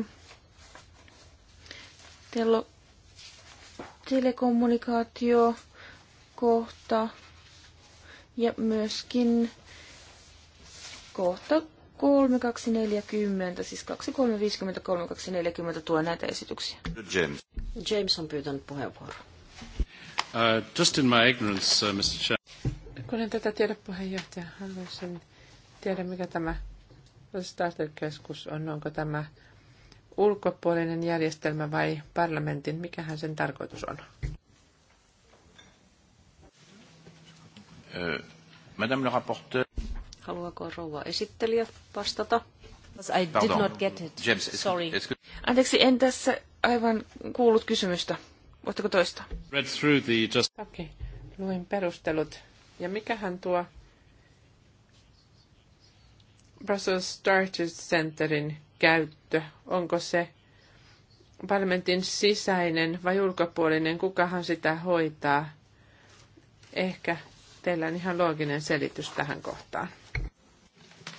C: Telo, telekommunikaatio, kohta ja myöskin kohta 3240, siis 2350, 3240 tuo näitä esityksiä. James. James on pyytänyt puheenvuoroa.
B: Uh, just in my ignorance, uh, Mr. Chair. Kun en tätä tiedä puheenjohtaja, haluaisin tiedä, mikä tämä Starter-keskus on. Onko tämä ulkopuolinen järjestelmä vai parlamentin? Mikähän sen tarkoitus on? Euh, Madame le rapporteur.
C: Haluaako rouva esittelijä vastata? I did not get it. James, Sorry. Anteeksi, en tässä aivan kuullut
B: kysymystä. Voitteko toista?
C: Read through the just...
B: Okay. Luin perustelut. Ja mikähän tuo Brussels Starters Centerin käyttö, onko se parlamentin sisäinen vai ulkopuolinen, kukahan sitä hoitaa? Ehkä teillä on ihan looginen selitys tähän kohtaan.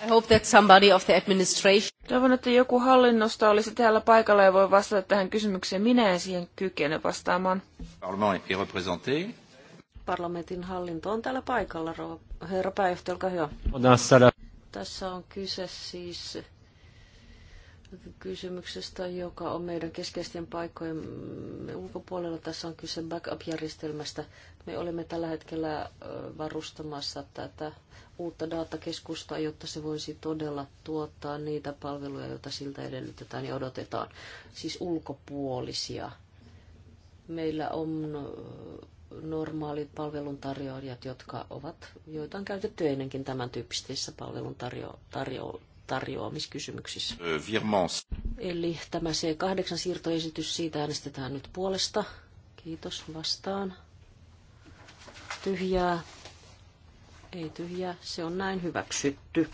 C: I hope that somebody of the administration... Toivon, että joku hallinnosta olisi täällä paikalla ja voi vastata tähän kysymykseen. Minä en siihen kykene vastaamaan. Parlamentin hallinto on täällä
A: paikalla, herra pääjohtaja, olkaa hyvä. Tässä on kyse siis kysymyksestä, joka on meidän keskeisten paikkojen ulkopuolella. Tässä on kyse backup-järjestelmästä me olemme tällä hetkellä varustamassa tätä uutta datakeskusta, jotta se voisi todella tuottaa niitä palveluja, joita siltä edellytetään ja odotetaan. Siis ulkopuolisia. Meillä on normaalit palveluntarjoajat, jotka ovat, joita on käytetty ennenkin tämän tyyppisissä palveluntarjoamiskysymyksissä. Virmans. Eli tämä C8-siirtoesitys, siitä äänestetään nyt puolesta. Kiitos vastaan tyhjää, ei tyhjää, se on näin hyväksytty.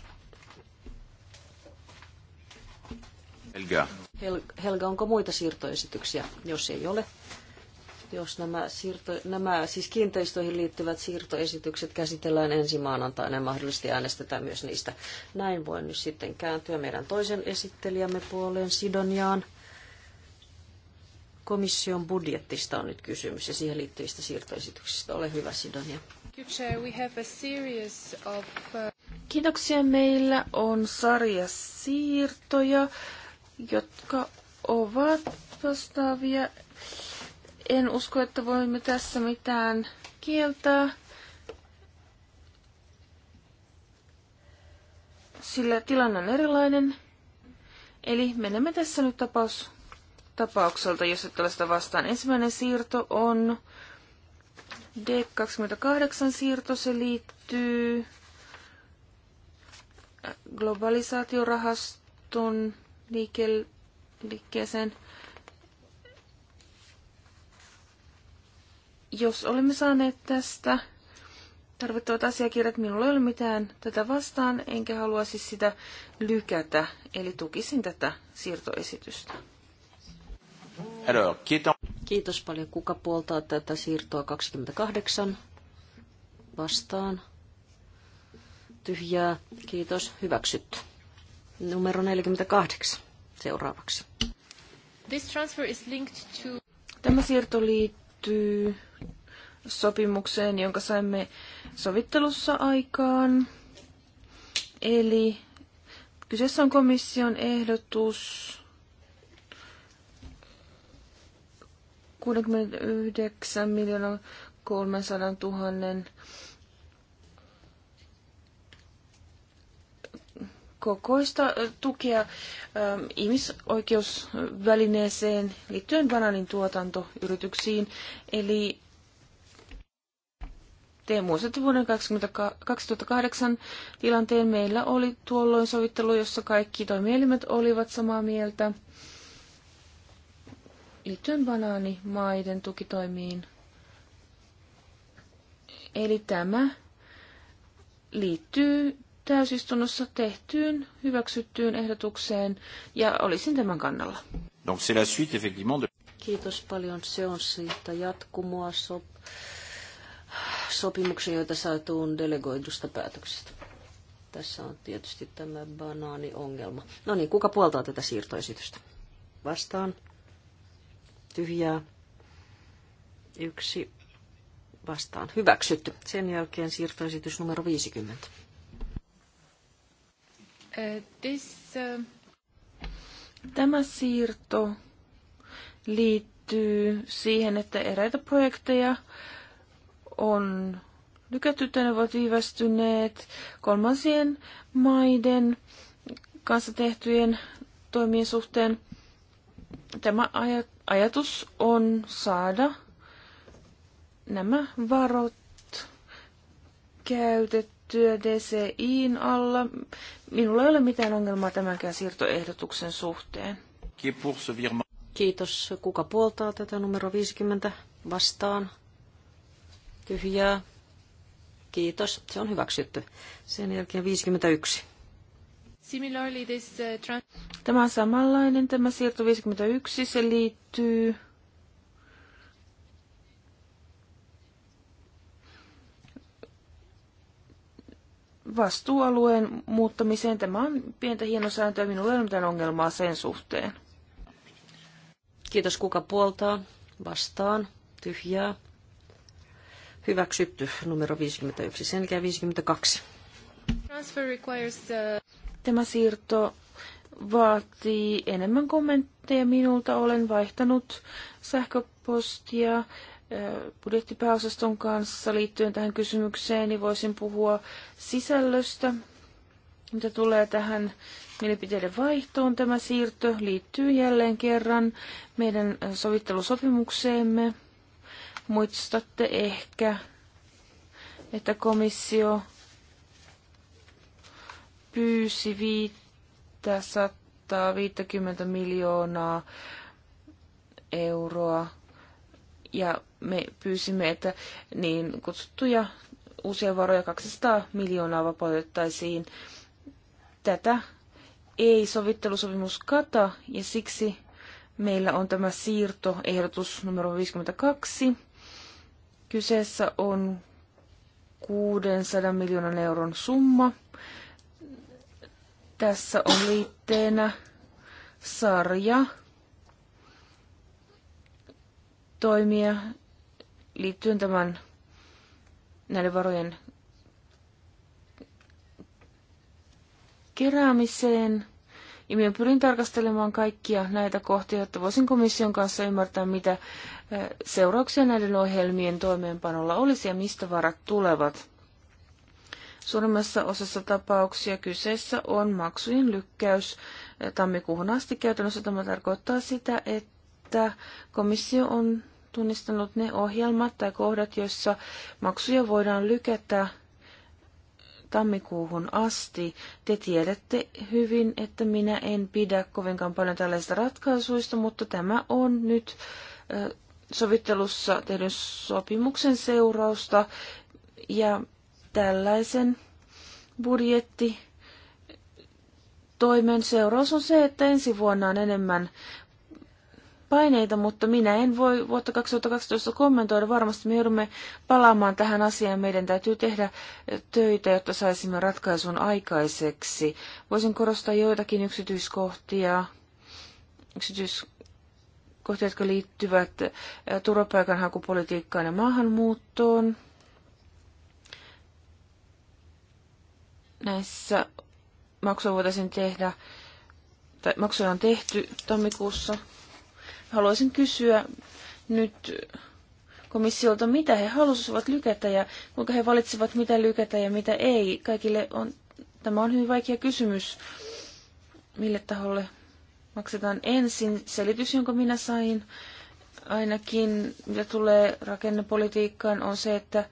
A: Helga. Hel- Helga, onko muita siirtoesityksiä, jos ei ole? Jos nämä, siirto, nämä siis kiinteistöihin liittyvät siirtoesitykset käsitellään ensi maanantaina ja mahdollisesti äänestetään myös niistä. Näin voin nyt sitten kääntyä meidän toisen esittelijämme puoleen Sidoniaan komission budjettista on nyt kysymys ja siihen liittyvistä siirtoesityksistä. Ole hyvä, Sidonia.
B: Uh,
C: Kiitoksia. Meillä on sarja siirtoja, jotka ovat vastaavia. En usko, että voimme tässä mitään kieltää. Sillä tilanne on erilainen. Eli menemme tässä nyt tapaus tapaukselta, jos et ole sitä vastaan. Ensimmäinen siirto on D28-siirto, se liittyy globalisaatiorahaston liike- liikkeeseen. Jos olemme saaneet tästä tarvittavat asiakirjat, minulla ei ole mitään tätä vastaan, enkä haluaisi sitä lykätä, eli tukisin tätä siirtoesitystä.
A: Kiitos paljon. Kuka puoltaa tätä siirtoa 28 vastaan? Tyhjää. Kiitos. Hyväksytty. Numero
C: 48 seuraavaksi.
B: This transfer is linked to...
C: Tämä siirto liittyy sopimukseen, jonka saimme sovittelussa aikaan. Eli kyseessä on komission ehdotus 69 miljoonan 300 000 kokoista tukea ähm, ihmisoikeusvälineeseen liittyen bananin tuotantoyrityksiin. Eli te muistatte vuoden 2008 tilanteen. Meillä oli tuolloin sovittelu, jossa kaikki toimielimet olivat samaa mieltä liittyen banaanimaiden tukitoimiin. Eli tämä liittyy täysistunnossa tehtyyn hyväksyttyyn ehdotukseen ja olisin tämän kannalla.
B: Donc c'est la suite, effectivement, de...
C: Kiitos paljon.
A: Se on siitä jatkumoa sop... sopimuksen, joita saatuun delegoidusta päätöksestä. Tässä on tietysti tämä banaaniongelma. No niin, kuka puoltaa tätä siirtoesitystä? Vastaan tyhjää, yksi vastaan hyväksytty. Sen jälkeen siirtoesitys numero 50.
B: Äh, äh,
C: Tämä siirto liittyy siihen, että eräitä projekteja on lykätty tai ne ovat viivästyneet kolmansien maiden kanssa tehtyjen toimien suhteen. Tämä ajat, ajatus on saada nämä varot käytettyä DCIin alla. Minulla ei ole mitään ongelmaa tämänkään siirtoehdotuksen suhteen. Kiitos. Kuka puoltaa tätä
A: numero 50 vastaan? Tyhjää. Kiitos. Se on hyväksytty. Sen jälkeen 51
B: Similarly, this,
C: uh, tämä on samanlainen, tämä siirto 51, se liittyy vastuualueen muuttamiseen. Tämä on pientä hienosääntöä, minulla ei ole mitään ongelmaa sen suhteen. Kiitos kuka puoltaa.
A: Vastaan. Tyhjää. Hyväksytty numero 51, sen
C: 52.
B: Transfer requires the... Uh,
C: Tämä siirto vaatii enemmän kommentteja minulta. Olen vaihtanut sähköpostia budjettipääosaston kanssa liittyen tähän kysymykseen, niin voisin puhua sisällöstä, mitä tulee tähän mielipiteiden vaihtoon. Tämä siirto liittyy jälleen kerran meidän sovittelusopimukseemme. Muistatte ehkä, että komissio pyysi 550 miljoonaa euroa ja me pyysimme, että niin kutsuttuja uusia varoja 200 miljoonaa vapautettaisiin. Tätä ei sovittelusopimus kata ja siksi meillä on tämä siirtoehdotus numero 52. Kyseessä on 600 miljoonan euron summa – tässä on liitteenä sarja toimia liittyen tämän näiden varojen keräämiseen. Ja minä pyrin tarkastelemaan kaikkia näitä kohtia, jotta voisin komission kanssa ymmärtää, mitä eh, seurauksia näiden ohjelmien toimeenpanolla olisi ja mistä varat tulevat. Suurimmassa osassa tapauksia kyseessä on maksujen lykkäys eh, tammikuuhun asti. Käytännössä tämä tarkoittaa sitä, että komissio on tunnistanut ne ohjelmat tai kohdat, joissa maksuja voidaan lykätä tammikuuhun asti. Te tiedätte hyvin, että minä en pidä kovinkaan paljon tällaisista ratkaisuista, mutta tämä on nyt eh, sovittelussa tehdyn sopimuksen seurausta. Ja tällaisen budjetti toimen seuraus on se, että ensi vuonna on enemmän paineita, mutta minä en voi vuotta 2012 kommentoida. Varmasti me joudumme palaamaan tähän asiaan. Meidän täytyy tehdä töitä, jotta saisimme ratkaisun aikaiseksi. Voisin korostaa joitakin yksityiskohtia, yksityiskohtia jotka liittyvät turvapaikanhakupolitiikkaan ja maahanmuuttoon. näissä maksuja voitaisiin tehdä, tai maksuja on tehty tammikuussa. Haluaisin kysyä nyt komissiolta, mitä he halusivat lykätä ja kuinka he valitsivat, mitä lykätä ja mitä ei. Kaikille on, tämä on hyvin vaikea kysymys, mille taholle maksetaan ensin. Selitys, jonka minä sain ainakin, mitä tulee rakennepolitiikkaan, on se, että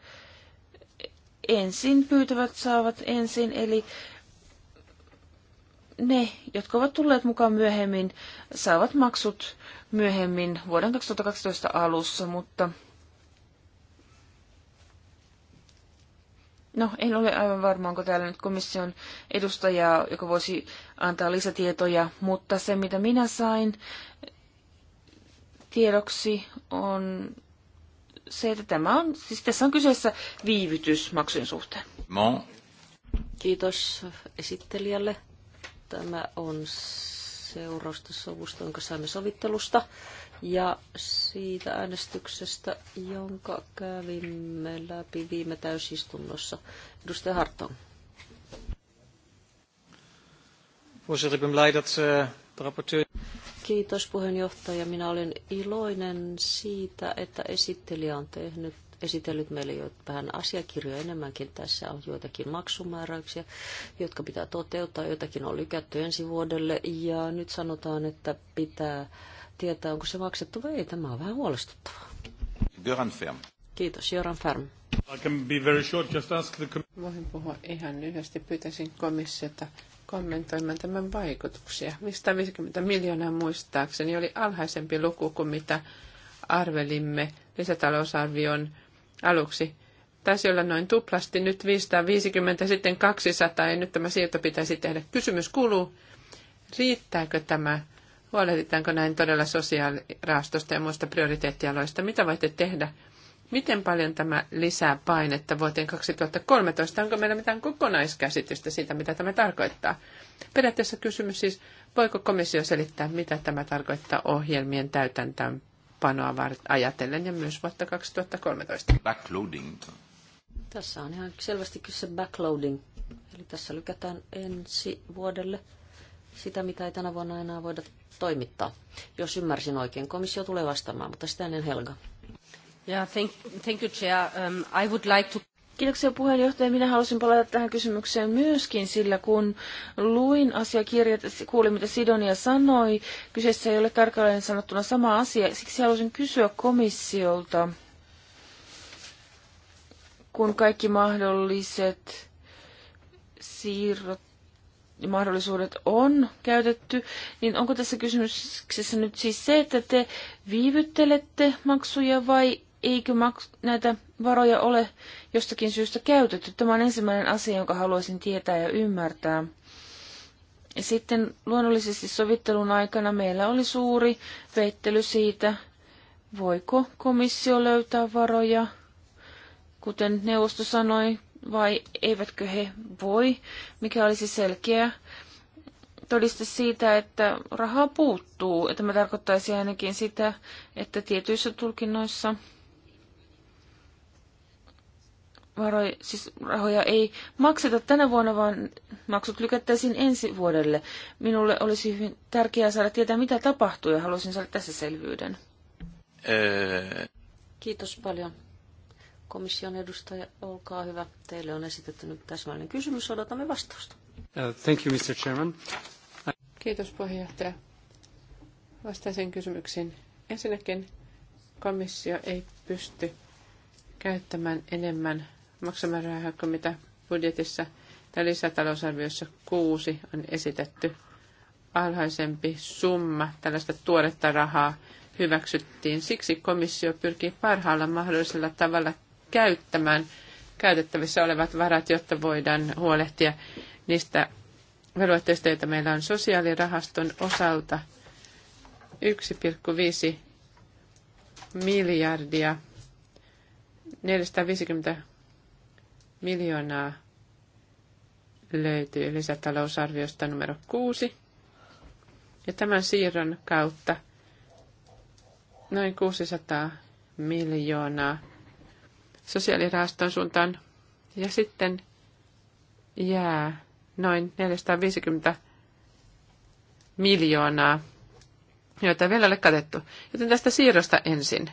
C: ensin pyytävät saavat ensin, eli ne, jotka ovat tulleet mukaan myöhemmin, saavat maksut myöhemmin vuoden 2012 alussa, mutta No, en ole aivan varma, onko täällä nyt komission edustajaa, joka voisi antaa lisätietoja, mutta se, mitä minä sain tiedoksi, on se, että tämä on, siis tässä on kyseessä viivytys maksujen suhteen. No. Kiitos esittelijälle. Tämä on
A: seurausta sovusta, jonka saimme sovittelusta ja siitä äänestyksestä, jonka kävimme läpi viime täysistunnossa. Edustaja Harton. Voorzitter, ik ben blij dat eh, de rapporteur... Kiitos puheenjohtaja. Minä olen iloinen siitä, että esittelijä on tehnyt esitellyt meille jo vähän asiakirjoja enemmänkin. Tässä on joitakin maksumääräyksiä, jotka pitää toteuttaa. Joitakin on lykätty ensi vuodelle ja nyt sanotaan, että pitää tietää, onko se maksettu vai ei. Tämä on vähän huolestuttavaa.
B: Göran Färm. Kiitos, Göran Färm. I can be very short, just ask the... Voin puhua ihan lyhyesti. Pyytäisin komissiota kommentoimaan tämän vaikutuksia. 150 miljoonaa muistaakseni oli alhaisempi luku kuin mitä arvelimme lisätalousarvion aluksi. Taisi olla noin tuplasti, nyt 550, sitten 200 ja nyt tämä siirto pitäisi tehdä. Kysymys kuuluu, riittääkö tämä, huolehditaanko näin todella sosiaalirahastosta ja muista prioriteettialoista, mitä voitte tehdä, Miten paljon tämä lisää painetta vuoteen 2013? Onko meillä mitään kokonaiskäsitystä siitä, mitä tämä tarkoittaa? Periaatteessa kysymys siis, voiko komissio selittää, mitä tämä tarkoittaa ohjelmien täytäntöönpanoa ajatellen ja myös vuotta 2013? Backloading.
A: Tässä on ihan selvästi kyse backloading. Eli tässä lykätään ensi vuodelle sitä, mitä ei tänä vuonna enää voida toimittaa. Jos ymmärsin oikein, komissio tulee vastaamaan, mutta sitä ennen Helga.
C: Yeah, thank, um, Kiitoksia puheenjohtaja. Minä halusin palata tähän kysymykseen myöskin, sillä kun luin asiakirjat, kuulin mitä Sidonia sanoi, kyseessä ei ole tarkalleen sanottuna sama asia. Siksi halusin kysyä komissiolta, kun kaikki mahdolliset siirrot ja mahdollisuudet on käytetty, niin onko tässä kysymyksessä nyt siis se, että te viivyttelette maksuja vai eikö maks- näitä varoja ole jostakin syystä käytetty? Tämä on ensimmäinen asia, jonka haluaisin tietää ja ymmärtää. Ja sitten luonnollisesti sovittelun aikana meillä oli suuri veittely siitä, voiko komissio löytää varoja, kuten neuvosto sanoi, vai eivätkö he voi, mikä olisi selkeä todiste siitä, että rahaa puuttuu. tämä tarkoittaisi ainakin sitä, että tietyissä tulkinnoissa varoja, siis rahoja ei makseta tänä vuonna, vaan maksut lykättäisiin ensi vuodelle. Minulle olisi hyvin tärkeää saada tietää, mitä tapahtuu, ja haluaisin saada tässä selvyyden.
B: Öö.
C: Kiitos paljon. Komission edustaja, olkaa hyvä. Teille on
B: esitetty nyt täsmällinen kysymys. Odotamme vastausta. Uh, thank you, Mr. Chairman. Kiitos puheenjohtaja. Vastaisin kysymyksiin. Ensinnäkin komissio ei pysty käyttämään enemmän maksamäärärahaa kuin mitä budjetissa tai lisätalousarviossa kuusi on esitetty. Alhaisempi summa tällaista tuoretta rahaa hyväksyttiin. Siksi komissio pyrkii parhaalla mahdollisella tavalla käyttämään käytettävissä olevat varat, jotta voidaan huolehtia niistä velvoitteista, joita meillä on sosiaalirahaston osalta 1,5 miljardia 450 miljoonaa löytyy lisätalousarviosta numero 6. Ja tämän siirron kautta noin 600 miljoonaa sosiaalirahaston suuntaan. Ja sitten jää noin 450 miljoonaa, joita ei vielä ole katettu. Joten tästä siirrosta ensin.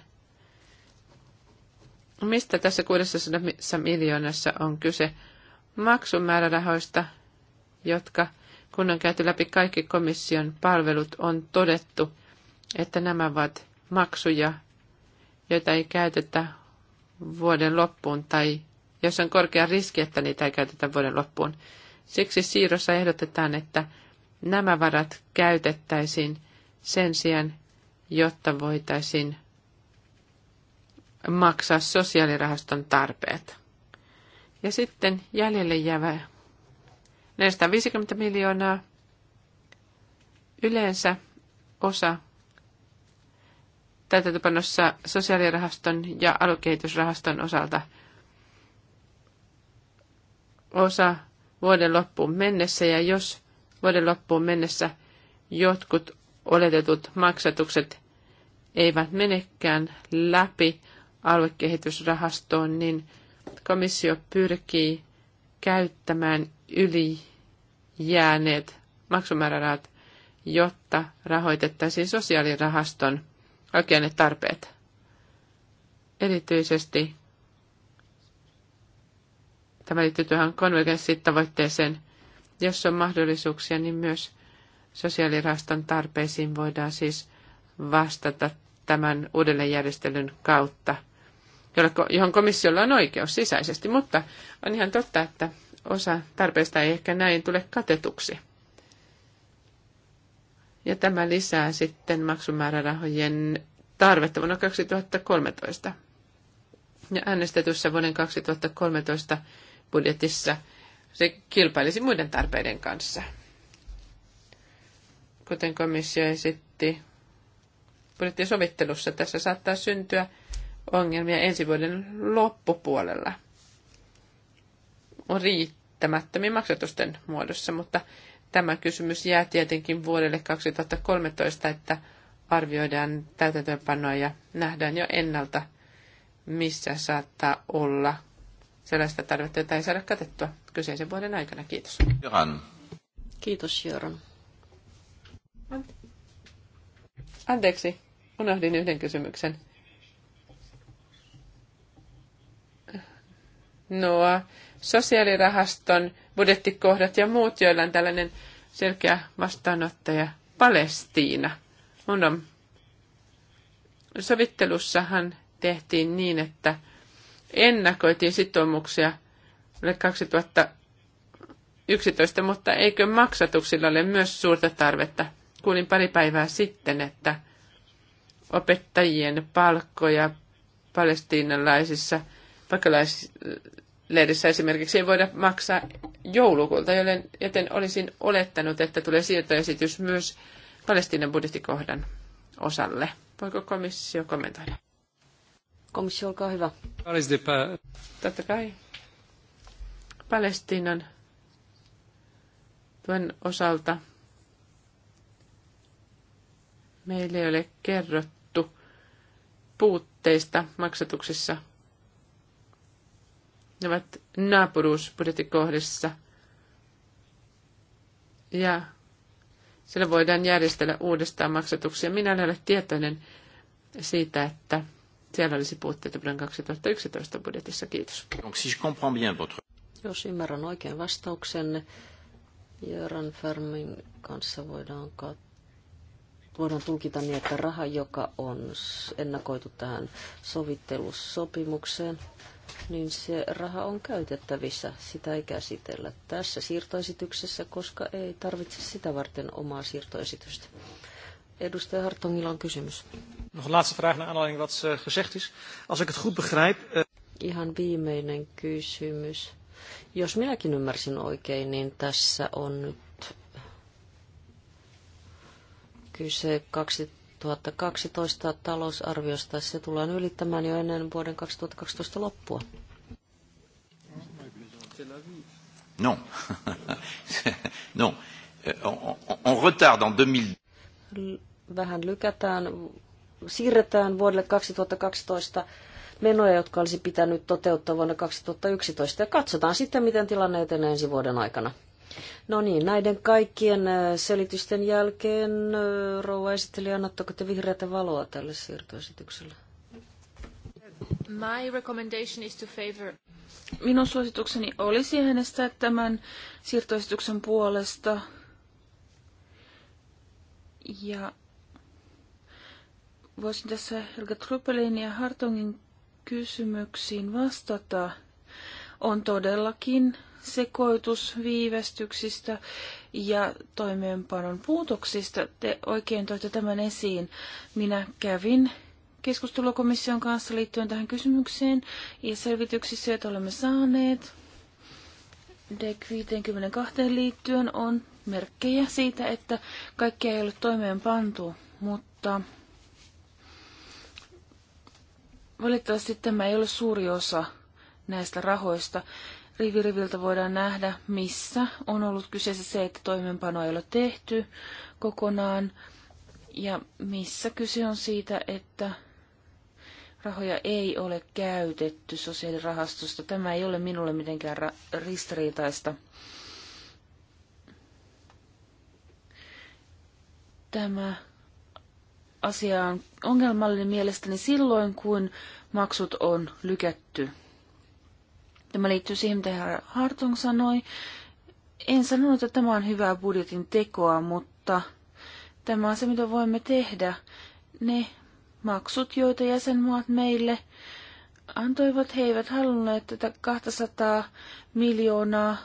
B: Mistä tässä 600 miljoonassa on kyse? Maksumäärärahoista, jotka kun on käyty läpi kaikki komission palvelut, on todettu, että nämä ovat maksuja, joita ei käytetä vuoden loppuun tai jos on korkea riski, että niitä ei käytetä vuoden loppuun. Siksi siirrossa ehdotetaan, että nämä varat käytettäisiin sen sijaan, jotta voitaisiin maksaa sosiaalirahaston tarpeet. Ja sitten jäljelle jäävä 450 miljoonaa yleensä osa täytäntöpanossa sosiaalirahaston ja alukehitysrahaston osalta osa vuoden loppuun mennessä ja jos vuoden loppuun mennessä jotkut oletetut maksatukset eivät menekään läpi, aluekehitysrahastoon, niin komissio pyrkii käyttämään yli jääneet maksumäärärahat, jotta rahoitettaisiin sosiaalirahaston ne tarpeet. Erityisesti tämä liittyy tuohon konvergenssitavoitteeseen. Jos on mahdollisuuksia, niin myös sosiaalirahaston tarpeisiin voidaan siis vastata tämän uudelleenjärjestelyn kautta – johon komissiolla on oikeus sisäisesti, mutta on ihan totta, että osa tarpeista ei ehkä näin tule katetuksi. Ja tämä lisää sitten maksumäärärahojen tarvetta vuonna 2013. Ja äänestetyssä vuoden 2013 budjetissa se kilpailisi muiden tarpeiden kanssa. Kuten komissio esitti budjettisovittelussa, tässä saattaa syntyä ongelmia ensi vuoden loppupuolella. On riittämättömiä maksatusten muodossa, mutta tämä kysymys jää tietenkin vuodelle 2013, että arvioidaan täytäntöönpanoa ja nähdään jo ennalta, missä saattaa olla sellaista tarvetta, jota ei saada katettua kyseisen vuoden aikana. Kiitos. Johan. Kiitos, Jöran. Anteeksi, unohdin yhden kysymyksen. nuo sosiaalirahaston budjettikohdat ja muut, joilla on tällainen selkeä vastaanottaja Palestiina. Mun sovittelussahan tehtiin niin, että ennakoitiin sitoumuksia vuodelle 2011, mutta eikö maksatuksilla ole myös suurta tarvetta? Kuulin pari päivää sitten, että opettajien palkkoja palestiinalaisissa – pakolaislehdessä esimerkiksi ei voida maksaa joulukuulta, joten olisin olettanut, että tulee siirtoesitys myös Palestiinan budjettikohdan osalle. Voiko komissio kommentoida? Komissio, olkaa hyvä. Totta kai. Palestiinan tuen osalta meille ei ole kerrottu puutteista maksatuksissa – ne ovat naapuruusbudjettikohdissa. Ja sillä voidaan järjestellä uudestaan maksatuksia. Minä en ole tietoinen siitä, että siellä olisi puutteita vuoden 2011 budjetissa. Kiitos. Jos
A: ymmärrän oikein vastauksen Jöran Färmin kanssa voidaan katsoa voidaan tulkita niin, että raha, joka on ennakoitu tähän sovittelussopimukseen, niin se raha on käytettävissä. Sitä ei käsitellä tässä siirtoesityksessä, koska ei tarvitse sitä varten omaa siirtoesitystä. Edustaja Hartongilla on kysymys.
C: Nog een laatste vraag naar aanleiding wat eh, gezegd
A: is. Als ik het goed begrijp... Eh, Ihan viimeinen kysymys. Jos minäkin ymmärsin oikein, niin tässä on nyt kyse 2012 talousarviosta. Se tullaan ylittämään jo ennen vuoden 2012 loppua.
B: Non. non. Euh, on, on en 2000.
A: Vähän lykätään, siirretään vuodelle 2012 menoja, jotka olisi pitänyt toteuttaa vuonna 2011. Ja katsotaan sitten, miten tilanne etenee ensi vuoden aikana. No niin, näiden kaikkien selitysten jälkeen, rouva esittelijä, annatteko te vihreätä valoa tälle siirtoesitykselle?
C: My recommendation is to favor. Minun suositukseni olisi äänestää tämän siirtoesityksen puolesta. Ja voisin tässä Helga Truppelin ja Hartongin kysymyksiin vastata. On todellakin sekoitus viivästyksistä ja toimeenpanon puutoksista. Te oikein toitte tämän esiin. Minä kävin keskustelukomission kanssa liittyen tähän kysymykseen ja selvityksissä, joita olemme saaneet. DEC 52 liittyen on merkkejä siitä, että kaikki ei ole toimeenpantu, mutta valitettavasti tämä ei ole suuri osa näistä rahoista riviriviltä voidaan nähdä, missä on ollut kyseessä se, että toimenpano ei ole tehty kokonaan, ja missä kyse on siitä, että rahoja ei ole käytetty sosiaalirahastosta. Tämä ei ole minulle mitenkään ristiriitaista. Tämä asia on ongelmallinen mielestäni silloin, kun maksut on lykätty Tämä liittyy siihen, mitä herra Hartung sanoi. En sanonut, että tämä on hyvää budjetin tekoa, mutta tämä on se, mitä voimme tehdä. Ne maksut, joita jäsenmaat meille antoivat, he eivät halunneet tätä 200 miljoonaa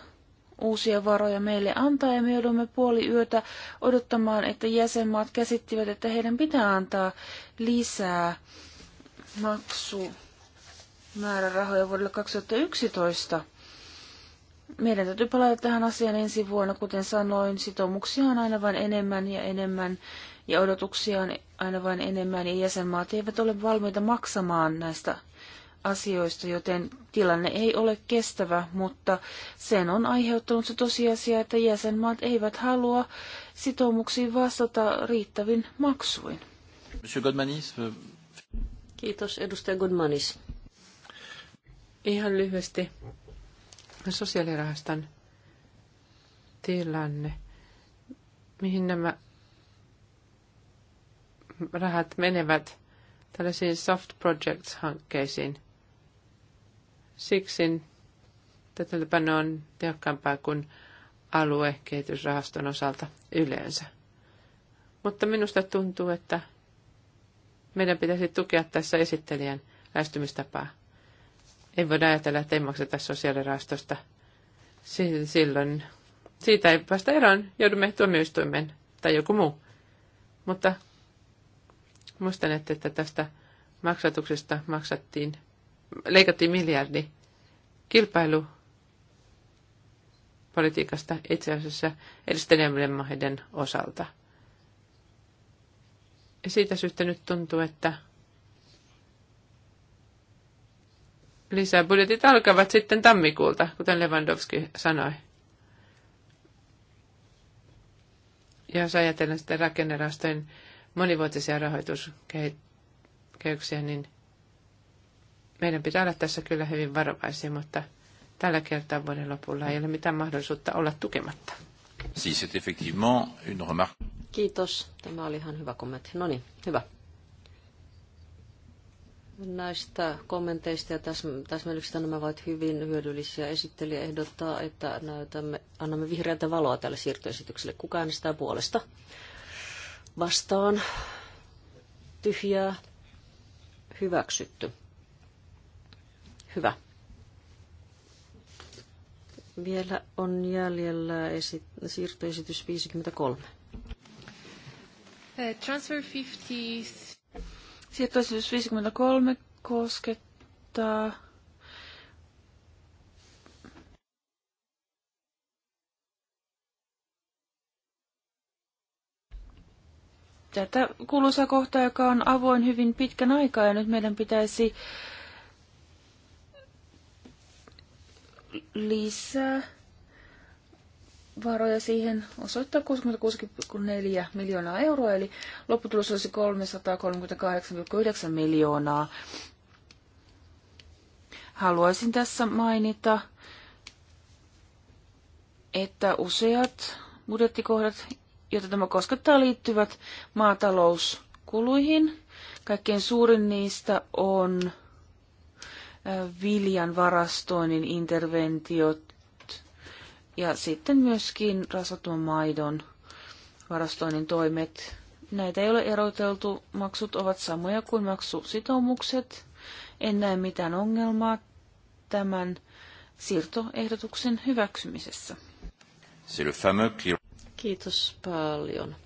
C: uusia varoja meille antaa ja me joudumme puoli yötä odottamaan, että jäsenmaat käsittivät, että heidän pitää antaa lisää maksua määrärahoja vuodelle 2011. Meidän täytyy palata tähän asiaan ensi vuonna. Kuten sanoin, sitoumuksia on aina vain enemmän ja enemmän ja odotuksia on aina vain enemmän ja jäsenmaat eivät ole valmiita maksamaan näistä asioista, joten tilanne ei ole kestävä, mutta sen on aiheuttanut se tosiasia, että jäsenmaat eivät halua sitoumuksiin vastata riittävin maksuin.
B: Monsieur euh,
C: Kiitos, edustaja
B: Godmanis. Ihan lyhyesti sosiaalirahaston tilanne. Mihin nämä rahat menevät tällaisiin soft projects-hankkeisiin. Siksi tätä on tehokkaampaa kuin aluekehitysrahaston osalta yleensä. Mutta minusta tuntuu, että meidän pitäisi tukea tässä esittelijän lähestymistapaa. Ei voida ajatella, että ei makseta sosiaalirahastosta. Silloin siitä ei päästä eroon, joudumme tuomioistuimeen tai joku muu. Mutta muistan, että tästä maksatuksesta maksattiin, leikattiin miljardi kilpailu politiikasta itse asiassa edistäneemmille maiden osalta. Ja siitä syystä nyt tuntuu, että Lisäbudjetit alkavat sitten tammikuulta, kuten Lewandowski sanoi. Ja jos ajatellaan sitten rakennerastojen monivuotisia rahoituskehyksiä, niin meidän pitää olla tässä kyllä hyvin varovaisia, mutta tällä kertaa vuoden lopulla ei ole mitään mahdollisuutta olla tukematta.
A: Kiitos. Tämä oli ihan hyvä kommentti. No niin, hyvä. Näistä kommenteista ja täsmennyksistä nämä ovat hyvin hyödyllisiä. Esittelijä ehdottaa, että näytämme, annamme vihreätä valoa tälle siirtoesitykselle. Kuka äänestää puolesta? Vastaan. Tyhjää. Hyväksytty. Hyvä. Vielä on jäljellä esi- siirtoesitys 53.
C: Eh, transfer 50 Siirtoisuus 53 koskettaa tätä kuuluisa kohta, joka on avoin hyvin pitkän aikaa ja nyt meidän pitäisi lisää varoja siihen osoittaa 66,4 miljoonaa euroa, eli lopputulos olisi 338,9 miljoonaa. Haluaisin tässä mainita, että useat budjettikohdat, joita tämä koskettaa, liittyvät maatalouskuluihin. Kaikkein suurin niistä on äh, viljan varastoinnin interventiot, ja sitten myöskin rasvattoman maidon varastoinnin toimet. Näitä ei ole eroteltu. Maksut ovat samoja kuin maksusitoumukset. En näe mitään ongelmaa tämän siirtoehdotuksen hyväksymisessä. Kiitos paljon.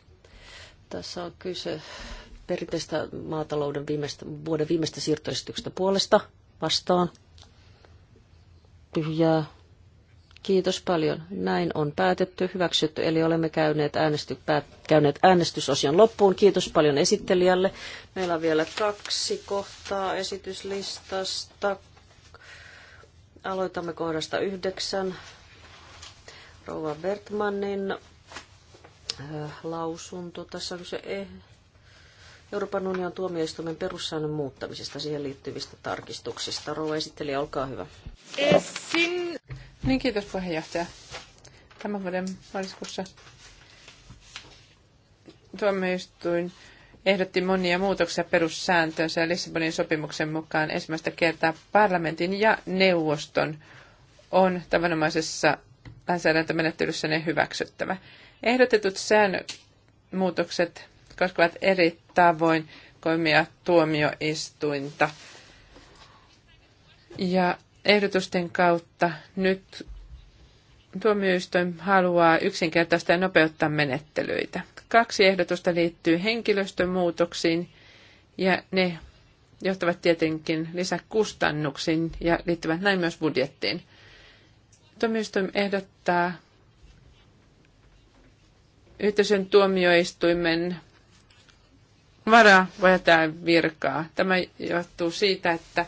A: Tässä on kyse perinteistä maatalouden viimeistä, vuoden viimeistä siirtoesityksestä puolesta vastaan. Tyhjää Kiitos paljon. Näin on päätetty, hyväksytty, eli olemme käyneet, äänesty, päät, käyneet äänestysosion loppuun. Kiitos paljon esittelijälle. Meillä on vielä kaksi kohtaa esityslistasta. Aloitamme kohdasta yhdeksän. Rouva äh, lausunto. Tässä on se eh, Euroopan unionin tuomioistuimen perussäännön muuttamisesta siihen liittyvistä tarkistuksista. Rouva esittelijä, olkaa hyvä.
B: Esin... Niin, kiitos puheenjohtaja. Tämän vuoden maaliskuussa tuomioistuin ehdotti monia muutoksia perussääntöönsä ja Lissabonin sopimuksen mukaan ensimmäistä kertaa parlamentin ja neuvoston on tavanomaisessa lainsäädäntömenettelyssä ne hyväksyttävä. Ehdotetut säännömuutokset koskevat eri tavoin toimia tuomioistuinta ja ehdotusten kautta nyt tuomioistuin haluaa yksinkertaista ja nopeuttaa menettelyitä. Kaksi ehdotusta liittyy henkilöstön muutoksiin ja ne johtavat tietenkin lisäkustannuksiin ja liittyvät näin myös budjettiin. Tuomioistuin ehdottaa yhteisön tuomioistuimen varaa virkaa. Tämä johtuu siitä, että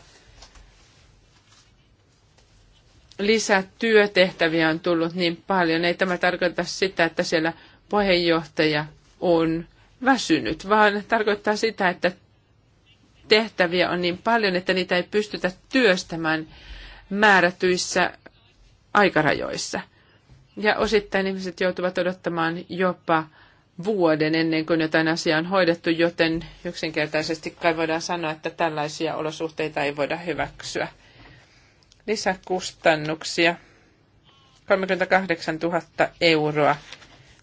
B: lisätyötehtäviä on tullut niin paljon. Ei tämä tarkoita sitä, että siellä puheenjohtaja on väsynyt, vaan tarkoittaa sitä, että tehtäviä on niin paljon, että niitä ei pystytä työstämään määrätyissä aikarajoissa. Ja osittain ihmiset joutuvat odottamaan jopa vuoden ennen kuin jotain asiaa on hoidettu, joten yksinkertaisesti kai voidaan sanoa, että tällaisia olosuhteita ei voida hyväksyä lisäkustannuksia. 38 000 euroa.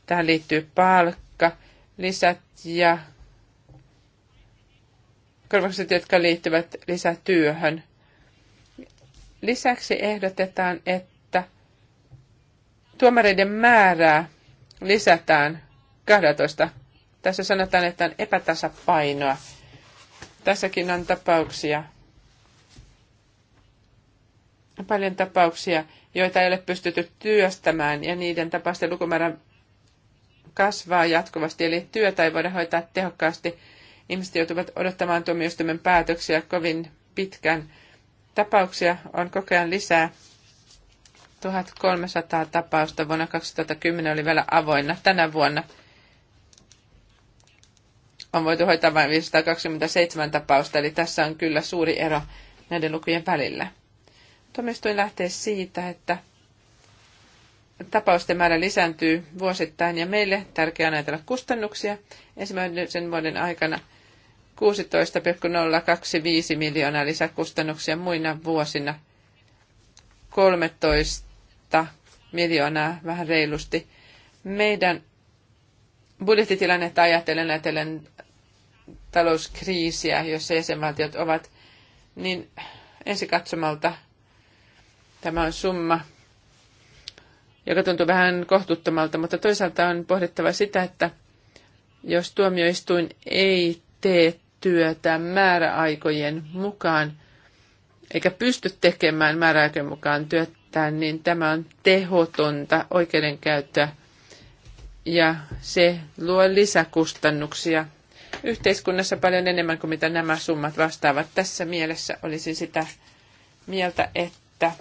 B: Tähän liittyy palkka, lisät ja korvaukset, jotka liittyvät lisätyöhön. Lisäksi ehdotetaan, että tuomareiden määrää lisätään 12. Tässä sanotaan, että on epätasapainoa. Tässäkin on tapauksia, paljon tapauksia, joita ei ole pystytty työstämään ja niiden tapausten lukumäärä kasvaa jatkuvasti, eli työtä ei voida hoitaa tehokkaasti. Ihmiset joutuvat odottamaan tuomioistuimen päätöksiä kovin pitkään. Tapauksia on koko ajan lisää. 1300 tapausta vuonna 2010 oli vielä avoinna. Tänä vuonna on voitu hoitaa vain 527 tapausta, eli tässä on kyllä suuri ero näiden lukujen välillä. Tuomioistuin lähtee siitä, että tapausten määrä lisääntyy vuosittain ja meille tärkeää on ajatella kustannuksia. Ensimmäisen vuoden aikana 16,025 miljoonaa lisäkustannuksia muina vuosina 13 miljoonaa vähän reilusti. Meidän budjettitilannetta ajatellen, ajatellen talouskriisiä, jossa jäsenvaltiot ovat, niin ensikatsomalta Tämä on summa, joka tuntuu vähän kohtuuttomalta, mutta toisaalta on pohdittava sitä, että jos tuomioistuin ei tee työtä määräaikojen mukaan, eikä pysty tekemään määräaikojen mukaan työtään, niin tämä on tehotonta oikeudenkäyttöä ja se luo lisäkustannuksia yhteiskunnassa paljon enemmän kuin mitä nämä summat vastaavat. Tässä mielessä olisin sitä mieltä, että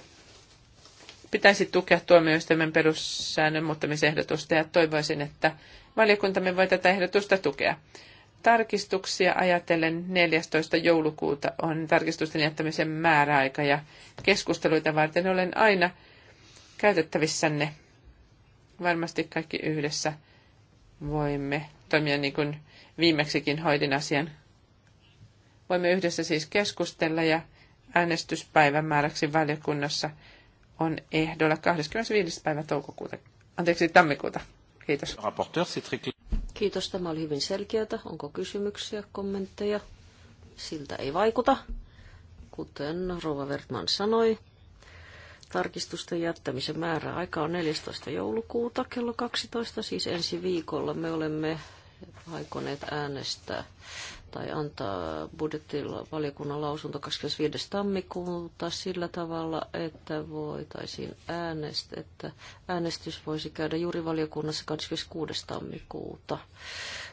B: pitäisi tukea tuomioistuimen perussäännön muuttamisehdotusta ja toivoisin, että valiokuntamme voi tätä ehdotusta tukea. Tarkistuksia ajatellen 14. joulukuuta on tarkistusten jättämisen määräaika ja keskusteluita varten olen aina käytettävissänne. Varmasti kaikki yhdessä voimme toimia niin kuin viimeksikin hoidin asian. Voimme yhdessä siis keskustella ja äänestyspäivän määräksi valiokunnassa – on ehdolla 25. päivä toukokuuta, anteeksi tammikuuta. Kiitos. Kiitos, tämä oli hyvin
A: selkeätä. Onko kysymyksiä, kommentteja? Siltä ei vaikuta. Kuten Rova Wertman sanoi, tarkistusten jättämisen määrä aika on 14. joulukuuta kello 12, siis ensi viikolla me olemme aikoneet äänestää tai antaa budjettivaliokunnan lausunto 25. tammikuuta sillä tavalla, että voitaisiin äänest, että äänestys voisi käydä juuri valiokunnassa 26. tammikuuta.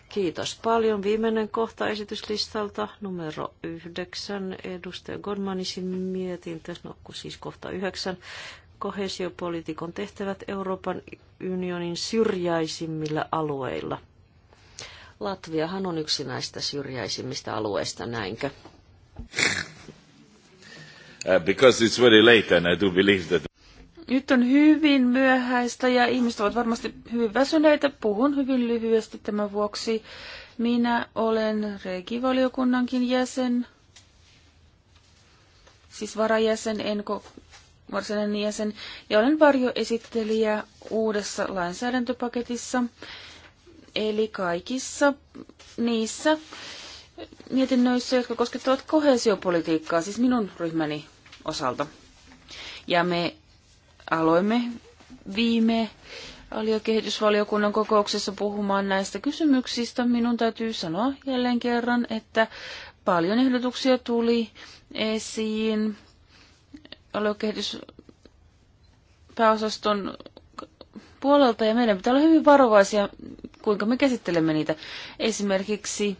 A: Kiitos paljon. Viimeinen kohta esityslistalta numero yhdeksän. Edustaja Godmanisin mietintö, no siis kohta yhdeksän. Kohesiopolitiikon tehtävät Euroopan unionin syrjäisimmillä alueilla – Latviahan on yksi näistä syrjäisimmistä alueista, näinkö?
B: Uh, because it's very late and I do believe that...
C: Nyt on hyvin myöhäistä ja ihmiset ovat varmasti hyvin väsyneitä. Puhun hyvin lyhyesti tämän vuoksi. Minä olen reikivaliokunnankin jäsen, siis varajäsen, en varsinainen jäsen, ja olen varjoesittelijä uudessa lainsäädäntöpaketissa, Eli kaikissa niissä mietinnöissä, jotka koskettavat kohesiopolitiikkaa, siis minun ryhmäni osalta. Ja me aloimme viime aliokehitysvaliokunnan kokouksessa puhumaan näistä kysymyksistä. Minun täytyy sanoa jälleen kerran, että paljon ehdotuksia tuli esiin aluekehityspääosaston puolelta ja meidän pitää olla hyvin varovaisia kuinka me käsittelemme niitä. Esimerkiksi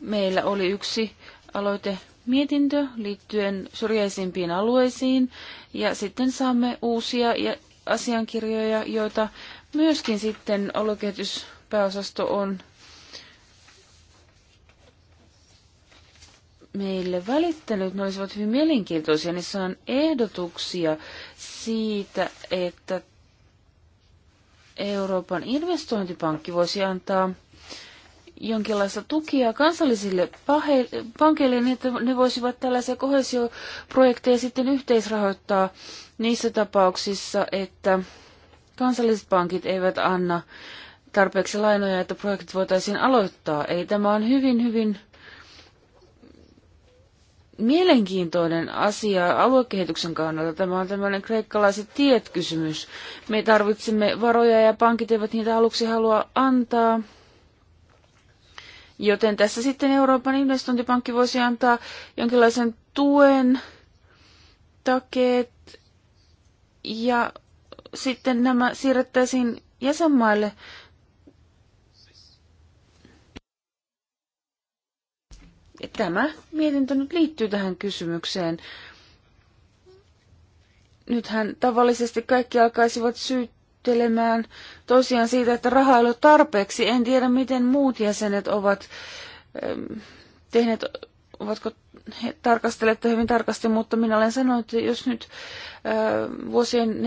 C: meillä oli yksi aloite mietintö liittyen syrjäisimpiin alueisiin ja sitten saamme uusia asiankirjoja, joita myöskin sitten aluekehityspääosasto on meille välittänyt, ne olisivat hyvin mielenkiintoisia. Niissä on ehdotuksia siitä, että Euroopan investointipankki voisi antaa jonkinlaista tukia kansallisille pankeille, niin että ne voisivat tällaisia kohesioprojekteja sitten yhteisrahoittaa niissä tapauksissa, että kansalliset pankit eivät anna tarpeeksi lainoja, että projektit voitaisiin aloittaa. Ei tämä on hyvin, hyvin mielenkiintoinen asia aluekehityksen kannalta. Tämä on tämmöinen kreikkalaiset tiet kysymys. Me tarvitsemme varoja ja pankit eivät niitä aluksi halua antaa. Joten tässä sitten Euroopan investointipankki voisi antaa jonkinlaisen tuen, takeet ja sitten nämä siirrettäisiin jäsenmaille Tämä mietintö nyt liittyy tähän kysymykseen. Nythän tavallisesti kaikki alkaisivat syyttelemään tosiaan siitä, että rahaa ei ole tarpeeksi. En tiedä, miten muut jäsenet ovat tehneet, ovatko tarkastelette hyvin tarkasti, mutta minä olen sanonut, että jos nyt vuosien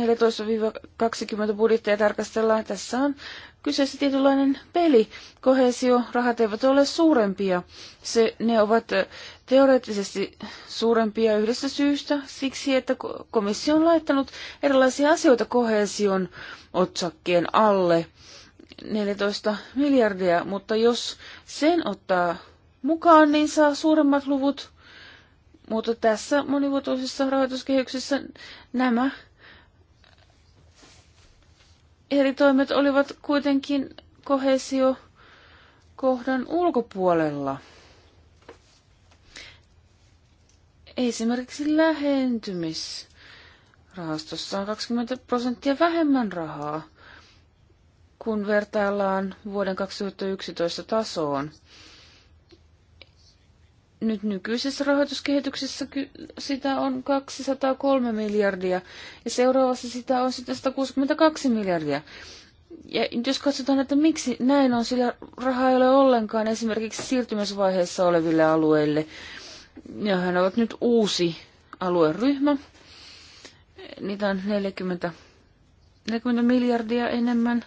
C: 14-20 budjetteja tarkastellaan, tässä on kyseessä tietynlainen peli. Kohesio, rahat eivät ole suurempia. Se, ne ovat teoreettisesti suurempia yhdestä syystä, siksi että komissio on laittanut erilaisia asioita kohesion otsakkeen alle. 14 miljardia, mutta jos sen ottaa mukaan, niin saa suuremmat luvut mutta tässä monivuotoisessa rahoituskehyksessä nämä eri toimet olivat kuitenkin kohesio kohdan ulkopuolella. Esimerkiksi lähentymisrahastossa on 20 prosenttia vähemmän rahaa, kun vertaillaan vuoden 2011 tasoon nyt nykyisessä rahoituskehityksessä sitä on 203 miljardia ja seuraavassa sitä on sitä 162 miljardia. Ja jos katsotaan, että miksi näin on, sillä raha ei ole ollenkaan esimerkiksi siirtymisvaiheessa oleville alueille. Nehän ovat nyt uusi alueryhmä. Niitä on 40, 40 miljardia enemmän,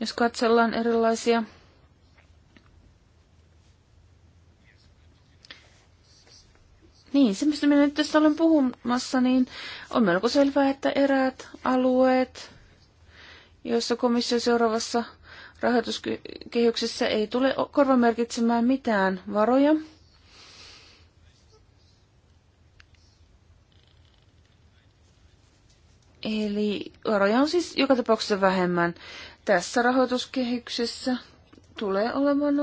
C: jos katsellaan erilaisia Niin, se mistä minä nyt tässä olen puhumassa, niin on melko selvää, että eräät alueet, joissa komissio seuraavassa rahoituskehyksessä ei tule korvamerkitsemään mitään varoja, Eli varoja on siis joka tapauksessa vähemmän. Tässä rahoituskehyksessä tulee olemaan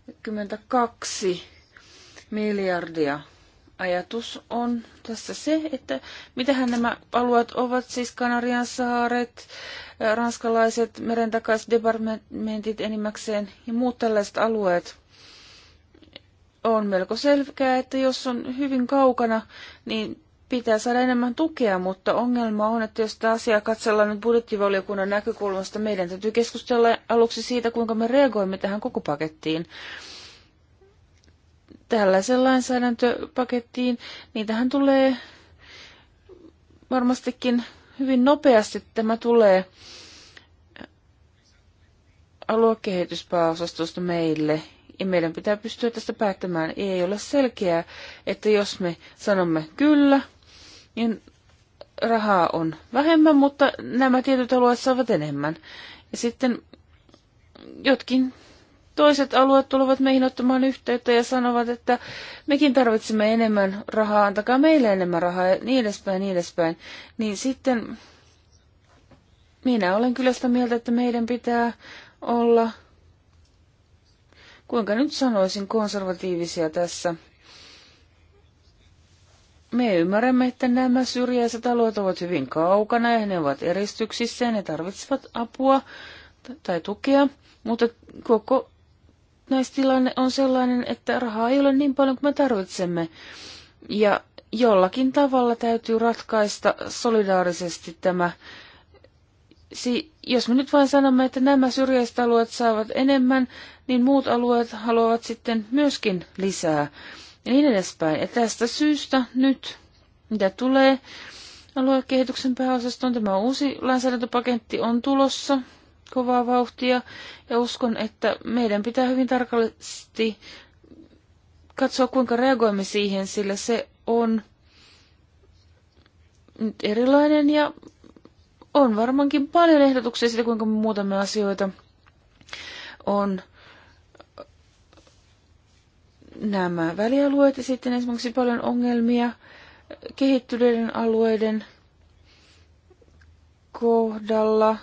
C: 0,92 miljardia. Ajatus on tässä se, että mitähän nämä alueet ovat, siis Kanarian saaret, äh, ranskalaiset merentakaisdepartementit enimmäkseen ja muut tällaiset alueet – on melko selkeää, että jos on hyvin kaukana, niin pitää saada enemmän tukea, mutta ongelma on, että jos tämä asia katsellaan nyt budjettivaliokunnan näkökulmasta, meidän täytyy keskustella aluksi siitä, kuinka me reagoimme tähän koko pakettiin tällaisen lainsäädäntöpakettiin. Niitähän tulee varmastikin hyvin nopeasti. Tämä tulee aluekehityspääosastosta meille ja meidän pitää pystyä tästä päättämään. Ei ole selkeää, että jos me sanomme kyllä, niin rahaa on vähemmän, mutta nämä tietyt alueet saavat enemmän. Ja sitten jotkin toiset alueet tulevat meihin ottamaan yhteyttä ja sanovat, että mekin tarvitsemme enemmän rahaa, antakaa meille enemmän rahaa ja niin edespäin, niin edespäin. Niin sitten minä olen kyllä sitä mieltä, että meidän pitää olla, kuinka nyt sanoisin, konservatiivisia tässä. Me ymmärrämme, että nämä syrjäiset alueet ovat hyvin kaukana ja ne ovat eristyksissä ja ne tarvitsevat apua tai tukea, mutta koko kokonaistilanne on sellainen, että rahaa ei ole niin paljon kuin me tarvitsemme. Ja jollakin tavalla täytyy ratkaista solidaarisesti tämä. Si- jos me nyt vain sanomme, että nämä syrjäiset alueet saavat enemmän, niin muut alueet haluavat sitten myöskin lisää. Ja niin edespäin. Ja tästä syystä nyt, mitä tulee aluekehityksen pääosastoon, tämä uusi lainsäädäntöpaketti on tulossa kovaa vauhtia ja uskon, että meidän pitää hyvin tarkasti katsoa, kuinka reagoimme siihen, sillä se on nyt erilainen ja on varmaankin paljon ehdotuksia siitä, kuinka me muutamme asioita. On nämä välialueet ja sitten esimerkiksi paljon ongelmia kehittyneiden alueiden kohdalla –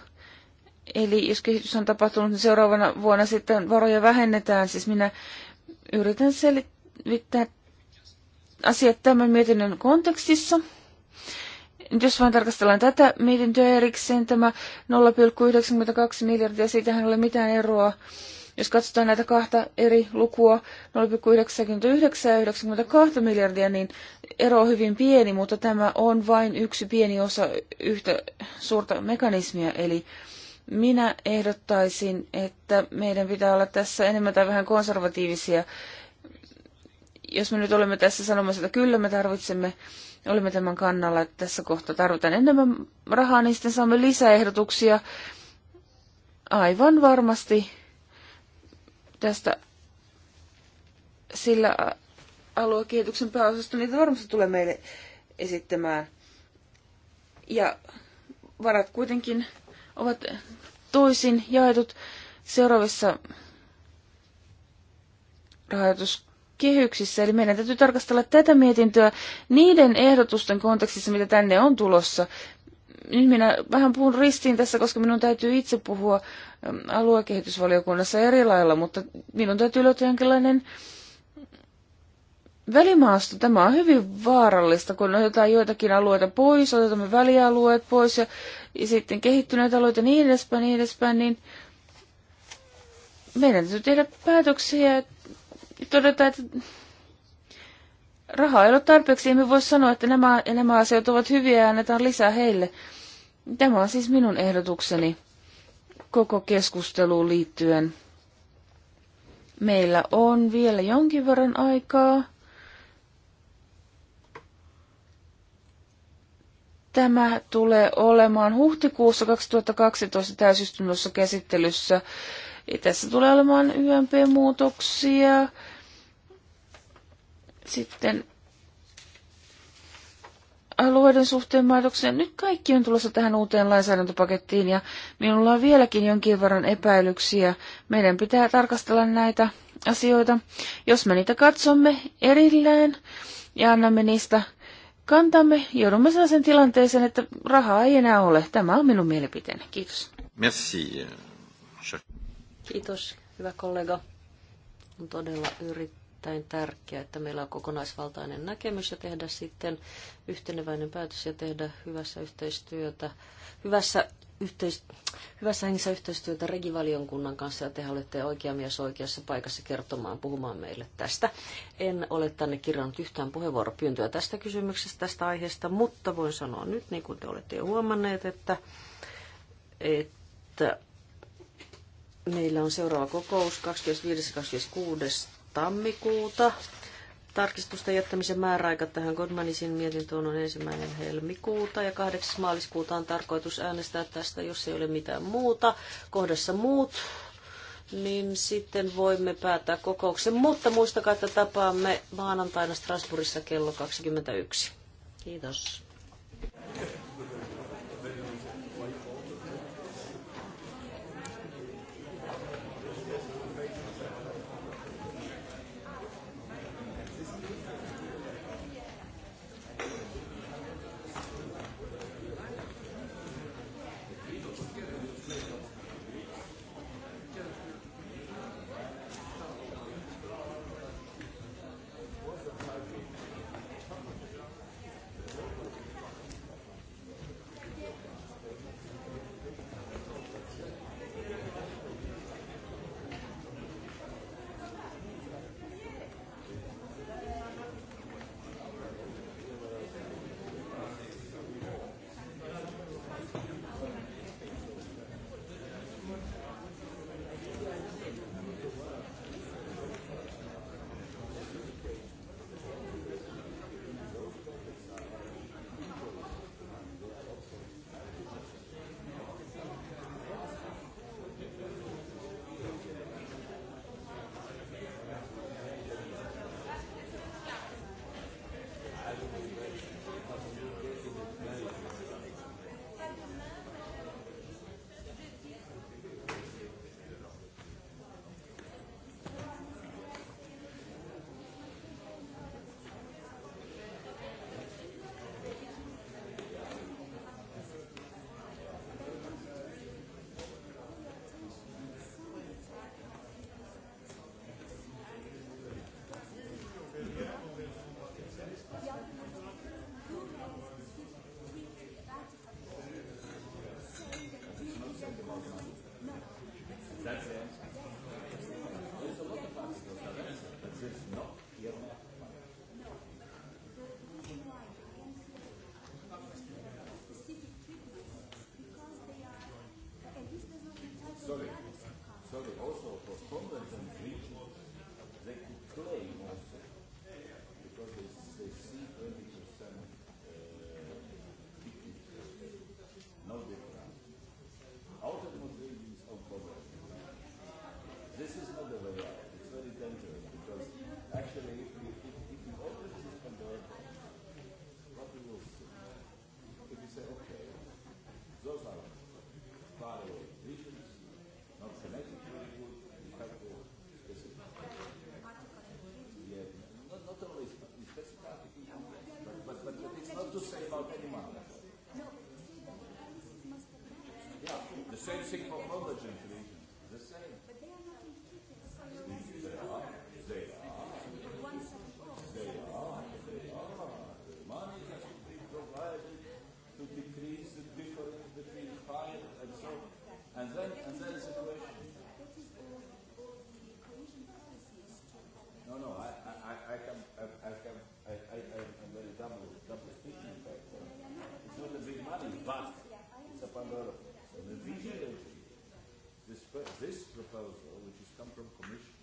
C: Eli jos kehitys on tapahtunut, niin seuraavana vuonna sitten varoja vähennetään. Siis minä yritän selvittää asiat tämän mietinnön kontekstissa. Nyt jos vain tarkastellaan tätä mietintöä erikseen, tämä 0,92 miljardia, siitähän ei ole mitään eroa. Jos katsotaan näitä kahta eri lukua, 0,99 ja 92 miljardia, niin ero on hyvin pieni, mutta tämä on vain yksi pieni osa yhtä suurta mekanismia, eli minä ehdottaisin, että meidän pitää olla tässä enemmän tai vähän konservatiivisia. Jos me nyt olemme tässä sanomassa, että kyllä me tarvitsemme, olemme tämän kannalla, että tässä kohtaa tarvitaan enemmän rahaa, niin sitten saamme lisäehdotuksia. Aivan varmasti tästä sillä aluekehityksen pääosasta niitä varmasti tulee meille esittämään. Ja varat kuitenkin ovat toisin jaetut seuraavissa rahoituskehyksissä. Eli meidän täytyy tarkastella tätä mietintöä niiden ehdotusten kontekstissa, mitä tänne on tulossa. Nyt minä vähän puhun ristiin tässä, koska minun täytyy itse puhua aluekehitysvaliokunnassa eri lailla, mutta minun täytyy löytää jonkinlainen välimaasto. Tämä on hyvin vaarallista, kun otetaan joitakin alueita pois, otetaan välialueet pois ja ja sitten kehittyneitä alueita niin edespäin, niin edespäin, niin meidän täytyy tehdä päätöksiä ja todeta, että rahaa ei ole tarpeeksi. Emme voi sanoa, että nämä, nämä asiat ovat hyviä ja annetaan lisää heille. Tämä on siis minun ehdotukseni koko keskusteluun liittyen. Meillä on vielä jonkin verran aikaa. Tämä tulee olemaan huhtikuussa 2012 täysistunnossa käsittelyssä. Tässä tulee olemaan YMP-muutoksia. Sitten alueiden suhteen maitoksia. Nyt kaikki on tulossa tähän uuteen lainsäädäntöpakettiin ja minulla on vieläkin jonkin verran epäilyksiä. Meidän pitää tarkastella näitä asioita. Jos me niitä katsomme erillään ja annamme niistä kantamme, joudumme sellaisen tilanteeseen, että rahaa ei enää ole. Tämä on minun mielipiteeni. Kiitos.
B: Merci.
C: Kiitos,
A: hyvä kollega. On todella yrittänyt erittäin tärkeää, että meillä on kokonaisvaltainen näkemys ja tehdä sitten yhteneväinen päätös ja tehdä hyvässä yhteistyötä, hyvässä, yhteis, hyvässä hengessä yhteistyötä regivaliokunnan kanssa ja te olette oikea mies oikeassa paikassa kertomaan, puhumaan meille tästä. En ole tänne kirjannut yhtään puheenvuoropyyntöä tästä kysymyksestä, tästä aiheesta, mutta voin sanoa nyt, niin kuin te olette jo huomanneet, että, että meillä on seuraava kokous 25.26 tammikuuta. Tarkistusten jättämisen määräaika tähän Godmanisin mietintöön on ensimmäinen helmikuuta ja 8. maaliskuuta on tarkoitus äänestää tästä, jos ei ole mitään muuta. Kohdassa muut niin sitten voimme päättää kokouksen. Mutta muistakaa, että tapaamme maanantaina Strasbourgissa kello 21. Kiitos.
C: religion the same. But they are not They are. They are. They are. They are. The money has to be provided to decrease the difference between private and so And then, and then is
B: No, no, I, I, I can, I, I can, I, I, I'm very double, double speaking. Uh, it's not a big money, but
C: Commission